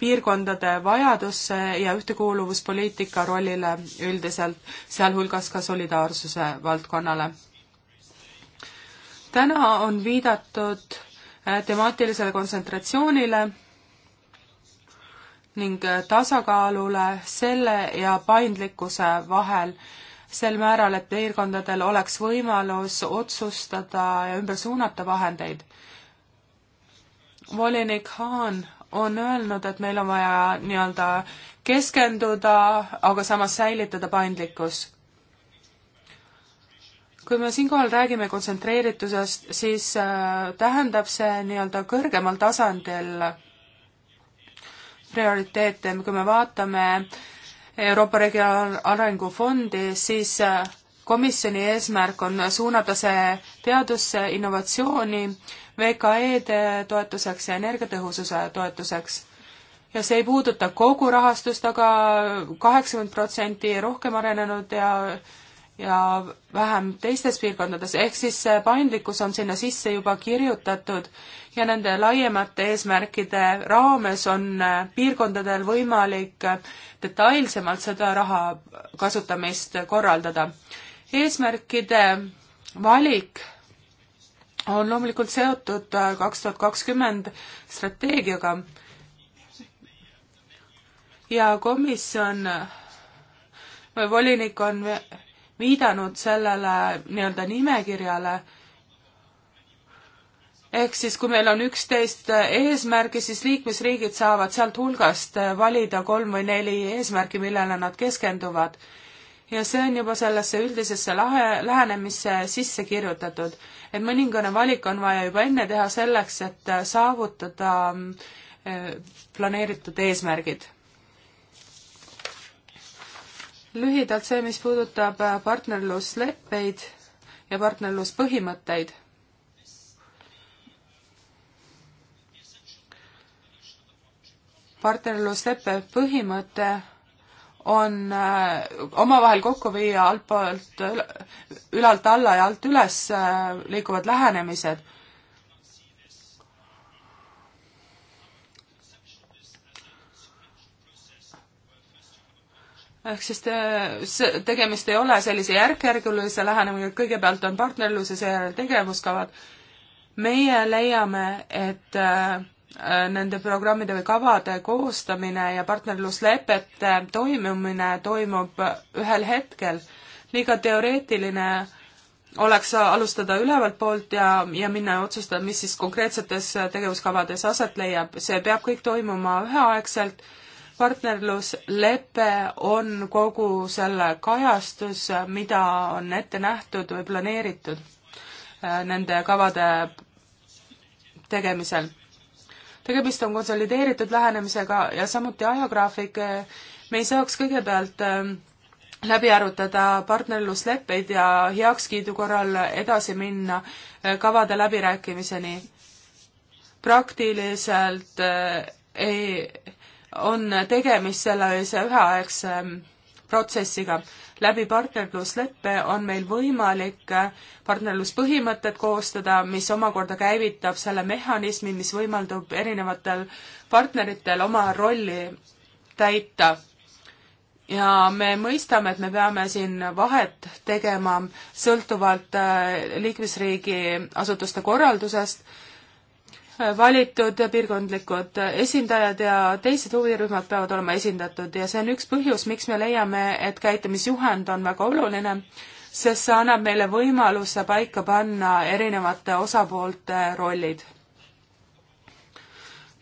piirkondade vajadusse ja ühtekuuluvuspoliitika rollile üldiselt, sealhulgas ka solidaarsuse valdkonnale. täna on viidatud temaatilisele kontsentratsioonile ning äh, tasakaalule selle ja paindlikkuse vahel sel määral, et piirkondadel oleks võimalus otsustada ja ümber suunata vahendeid. volinik Haan on öelnud, et meil on vaja nii-öelda keskenduda, aga samas säilitada paindlikkus. kui me siinkohal räägime kontsentreeritusest, siis äh, tähendab see nii-öelda kõrgemal tasandil prioriteete, kui me vaatame Euroopa Regionaalarengu Fondi, siis äh, komisjoni eesmärk on suunata see teadusse, innovatsiooni, VKE-de toetuseks ja energiatõhususe toetuseks. ja see ei puuduta kogu rahastust aga, aga kaheksakümmend protsenti rohkem arenenud ja ja vähem teistes piirkondades, ehk siis see paindlikkus on sinna sisse juba kirjutatud ja nende laiemate eesmärkide raames on äh, piirkondadel võimalik äh, detailsemalt seda raha kasutamist korraldada. eesmärkide valik on loomulikult seotud äh, kaks tuhat kakskümmend strateegiaga ja komisjon või volinik on viidanud sellele nii-öelda nimekirjale ehk siis, kui meil on üksteist äh, eesmärgi, siis liikmesriigid saavad sealt hulgast äh, valida kolm või neli eesmärki, millele nad keskenduvad. ja see on juba sellesse üldisesse lahe, lähenemisse sisse kirjutatud. et mõningane valik on vaja juba enne teha selleks, et äh, saavutada mm, planeeritud eesmärgid. lühidalt see, mis puudutab partnerlusleppeid ja partnerluspõhimõtteid partnerlusleppe põhimõte on äh, omavahel kokku viia altpoolt, ülalt alla ja alt üles äh, liikuvad lähenemised. ehk siis te, äh, see, tegemist ei ole sellise järk-järgulise lähenemisega, kõigepealt on partnerlus ja seejärel tegevuskavad. meie leiame, et äh, Äh, nende programmide või kavade koostamine ja partnerluslepete toimimine toimub ühel hetkel. liiga teoreetiline oleks alustada ülevalt poolt ja, ja minna ja otsustada, mis siis konkreetsetes tegevuskavades aset leiab, see peab kõik toimuma üheaegselt, partnerluslepe on kogu selle kajastus, mida on ette nähtud või planeeritud äh, nende kavade tegemisel tegemist on konsolideeritud lähenemisega ja samuti ajagraafik, me ei saaks kõigepealt ähm, läbi arutada partnerlusleppeid ja heakskiidu korral edasi minna äh, kavade läbirääkimiseni. praktiliselt äh, ei, on tegemist sellise üheaegse ähm, protsessiga läbi partnerlusleppe on meil võimalik äh, partnerluspõhimõtted koostada, mis omakorda käivitab selle mehhanismi, mis võimaldab erinevatel partneritel oma rolli täita ja me mõistame, et me peame siin vahet tegema sõltuvalt äh, liikmesriigi asutuste korraldusest valitud piirkondlikud esindajad ja teised huvirühmad peavad olema esindatud ja see on üks põhjus, miks me leiame, et käitumisjuhend on väga oluline, sest see annab meile võimaluse paika panna erinevate osapoolte rollid.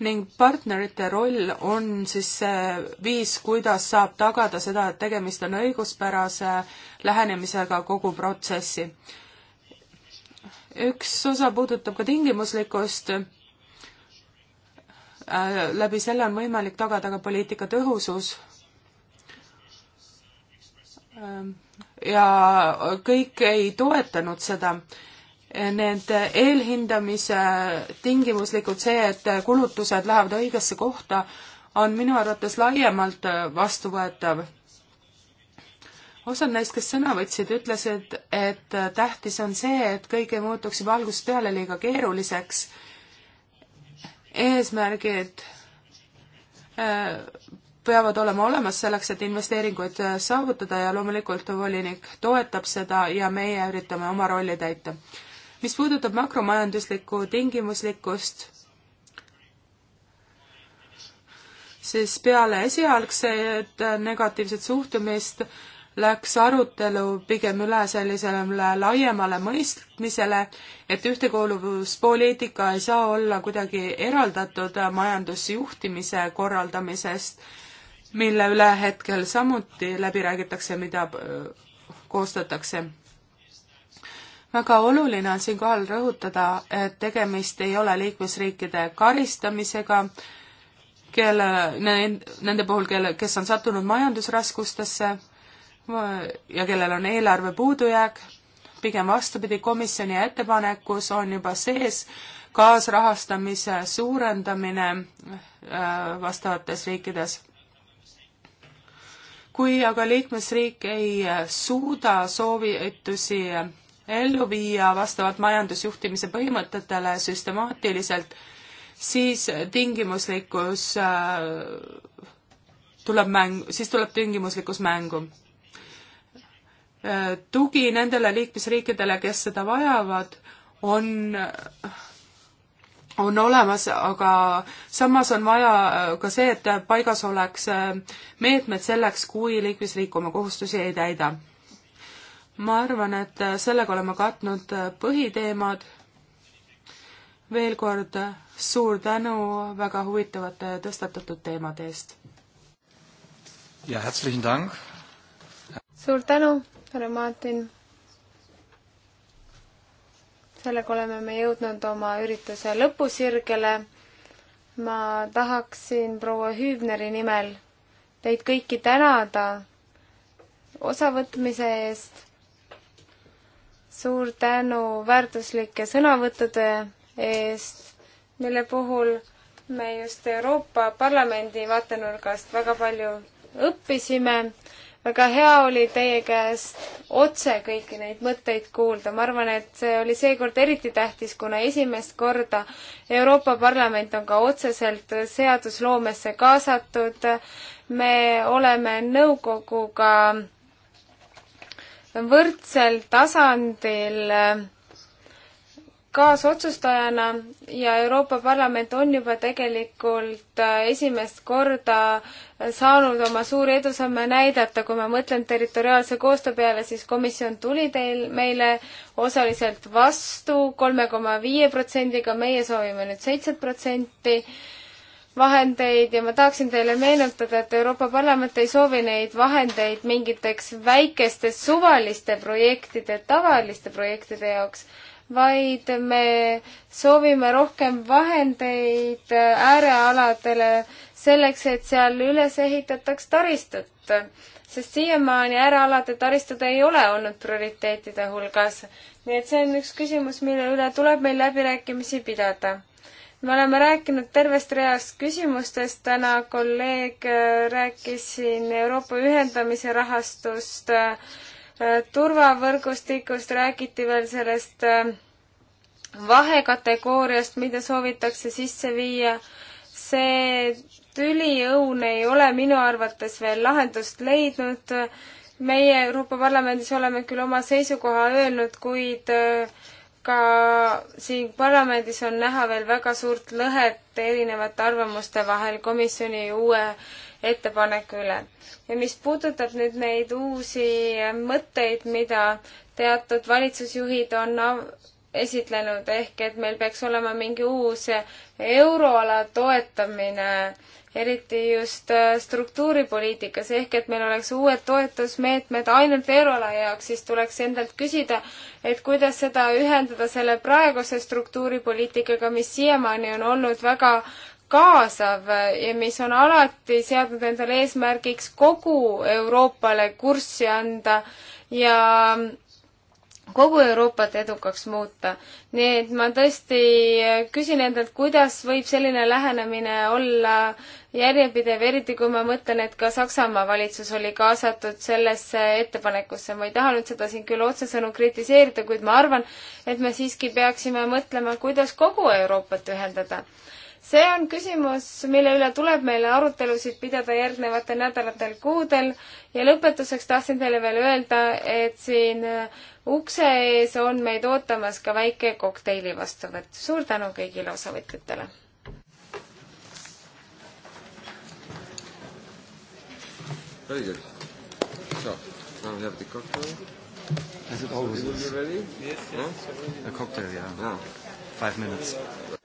ning partnerite roll on siis see viis, kuidas saab tagada seda, et tegemist on õiguspärase lähenemisega kogu protsessi. üks osa puudutab ka tingimuslikkust Äh, läbi selle on võimalik tagada ka poliitika tõhusus. Ähm, ja kõik ei toetanud seda. Need eelhindamise tingimuslikud, see, et kulutused lähevad õigesse kohta, on minu arvates laiemalt vastuvõetav. osad neist, kes sõna võtsid, ütlesid, et tähtis on see, et kõik ei muutuks juba algusest peale liiga keeruliseks eesmärgid äh, peavad olema olemas selleks, et investeeringuid äh, saavutada ja loomulikult volinik toetab seda ja meie üritame oma rolli täita. mis puudutab makromajanduslikku tingimuslikkust, siis peale esialgset äh, negatiivset suhtumist läks arutelu pigem üle sellisele laiemale mõistmisele, et ühtekuuluvuspoliitika ei saa olla kuidagi eraldatud majandusjuhtimise korraldamisest, mille üle hetkel samuti läbi räägitakse, mida äh, koostatakse. väga oluline on siinkohal rõhutada, et tegemist ei ole liikmesriikide karistamisega, kelle, nende puhul, kelle, kes on sattunud majandusraskustesse, ja kellel on eelarve puudujääk, pigem vastupidi, komisjoni ettepanekus on juba sees kaasrahastamise suurendamine äh, vastavates riikides. kui aga liikmesriik ei äh, suuda soovitusi ellu viia vastavalt majandusjuhtimise põhimõtetele süstemaatiliselt, siis tingimuslikkus äh, tuleb mäng, siis tuleb tingimuslikkus mängu Äh, tugi nendele liikmesriikidele, kes seda vajavad, on, on olemas, aga samas on vaja äh, ka see, et paigas oleks äh, meetmed selleks, kui liikmesriik oma kohustusi ei täida. ma arvan, et sellega oleme katnud põhiteemad. veel kord suur tänu väga huvitavate tõstatatud teemade eest! ja herzlichen Dank! suur tänu! härra Martin. sellega oleme me jõudnud oma ürituse lõpusirgele. ma tahaksin proua Hüübneri nimel teid kõiki tänada osavõtmise eest. suur tänu väärtuslike sõnavõttude eest, mille puhul me just Euroopa Parlamendi vaatenurgast väga palju õppisime väga hea oli teie käest otse kõiki neid mõtteid kuulda. ma arvan, et see oli seekord eriti tähtis, kuna esimest korda Euroopa Parlament on ka otseselt seadusloomesse kaasatud. me oleme nõukoguga võrdsel tasandil kaasotsustajana ja Euroopa Parlament on juba tegelikult äh, esimest korda äh, saanud oma suuri edusamme näidata, kui ma mõtlen territoriaalse koostöö peale, siis komisjon tuli teil, meile osaliselt vastu kolme koma viie protsendiga, meie soovime nüüd seitset protsenti vahendeid ja ma tahaksin teile meenutada, et Euroopa Parlament ei soovi neid vahendeid mingiteks väikeste suvaliste projektide, tavaliste projektide jaoks, vaid me soovime rohkem vahendeid äärealadele selleks, et seal üles ehitataks taristut. sest siiamaani äärealade taristud ei ole olnud prioriteetide hulgas. nii et see on üks küsimus, mille üle tuleb meil läbirääkimisi pidada me oleme rääkinud tervest reast küsimustest, täna kolleeg rääkis siin Euroopa ühendamise rahastust äh, Äh, turvavõrgustikust räägiti veel sellest äh, vahekategooriast, mida soovitakse sisse viia. see tüliõun ei ole minu arvates veel lahendust leidnud. meie Euroopa Parlamendis oleme küll oma seisukoha öelnud, kuid äh, ka siin parlamendis on näha veel väga suurt lõhet erinevate arvamuste vahel komisjoni uue äh, ettepaneku üle. ja mis puudutab nüüd neid uusi mõtteid, mida teatud valitsusjuhid on esitlenud, ehk et meil peaks olema mingi uus euroala toetamine, eriti just äh, struktuuripoliitikas, ehk et meil oleks uued toetusmeetmed ainult euroala jaoks, siis tuleks endalt küsida, et kuidas seda ühendada selle praeguse struktuuripoliitikaga, mis siiamaani on olnud väga kaasav ja mis on alati seadnud endale eesmärgiks kogu Euroopale kurssi anda ja kogu Euroopat edukaks muuta. nii et ma tõesti küsin endalt, kuidas võib selline lähenemine olla järjepidev, eriti kui ma mõtlen, et ka Saksamaa valitsus oli kaasatud sellesse ettepanekusse. ma ei taha nüüd seda siin küll otsesõnu kritiseerida, kuid ma arvan, et me siiski peaksime mõtlema, kuidas kogu Euroopat ühendada see on küsimus, mille üle tuleb meile arutelusid pidada järgnevatel nädalatel, kuudel ja lõpetuseks tahtsin teile veel öelda, et siin ukse ees on meid ootamas ka väike kokteili vastuvõtt. suur tänu kõigile osavõtjatele! Very good. So, now we have the cocktail. As it always is. Yes, yes. Yeah? A cocktail, yeah. yeah. Five minutes.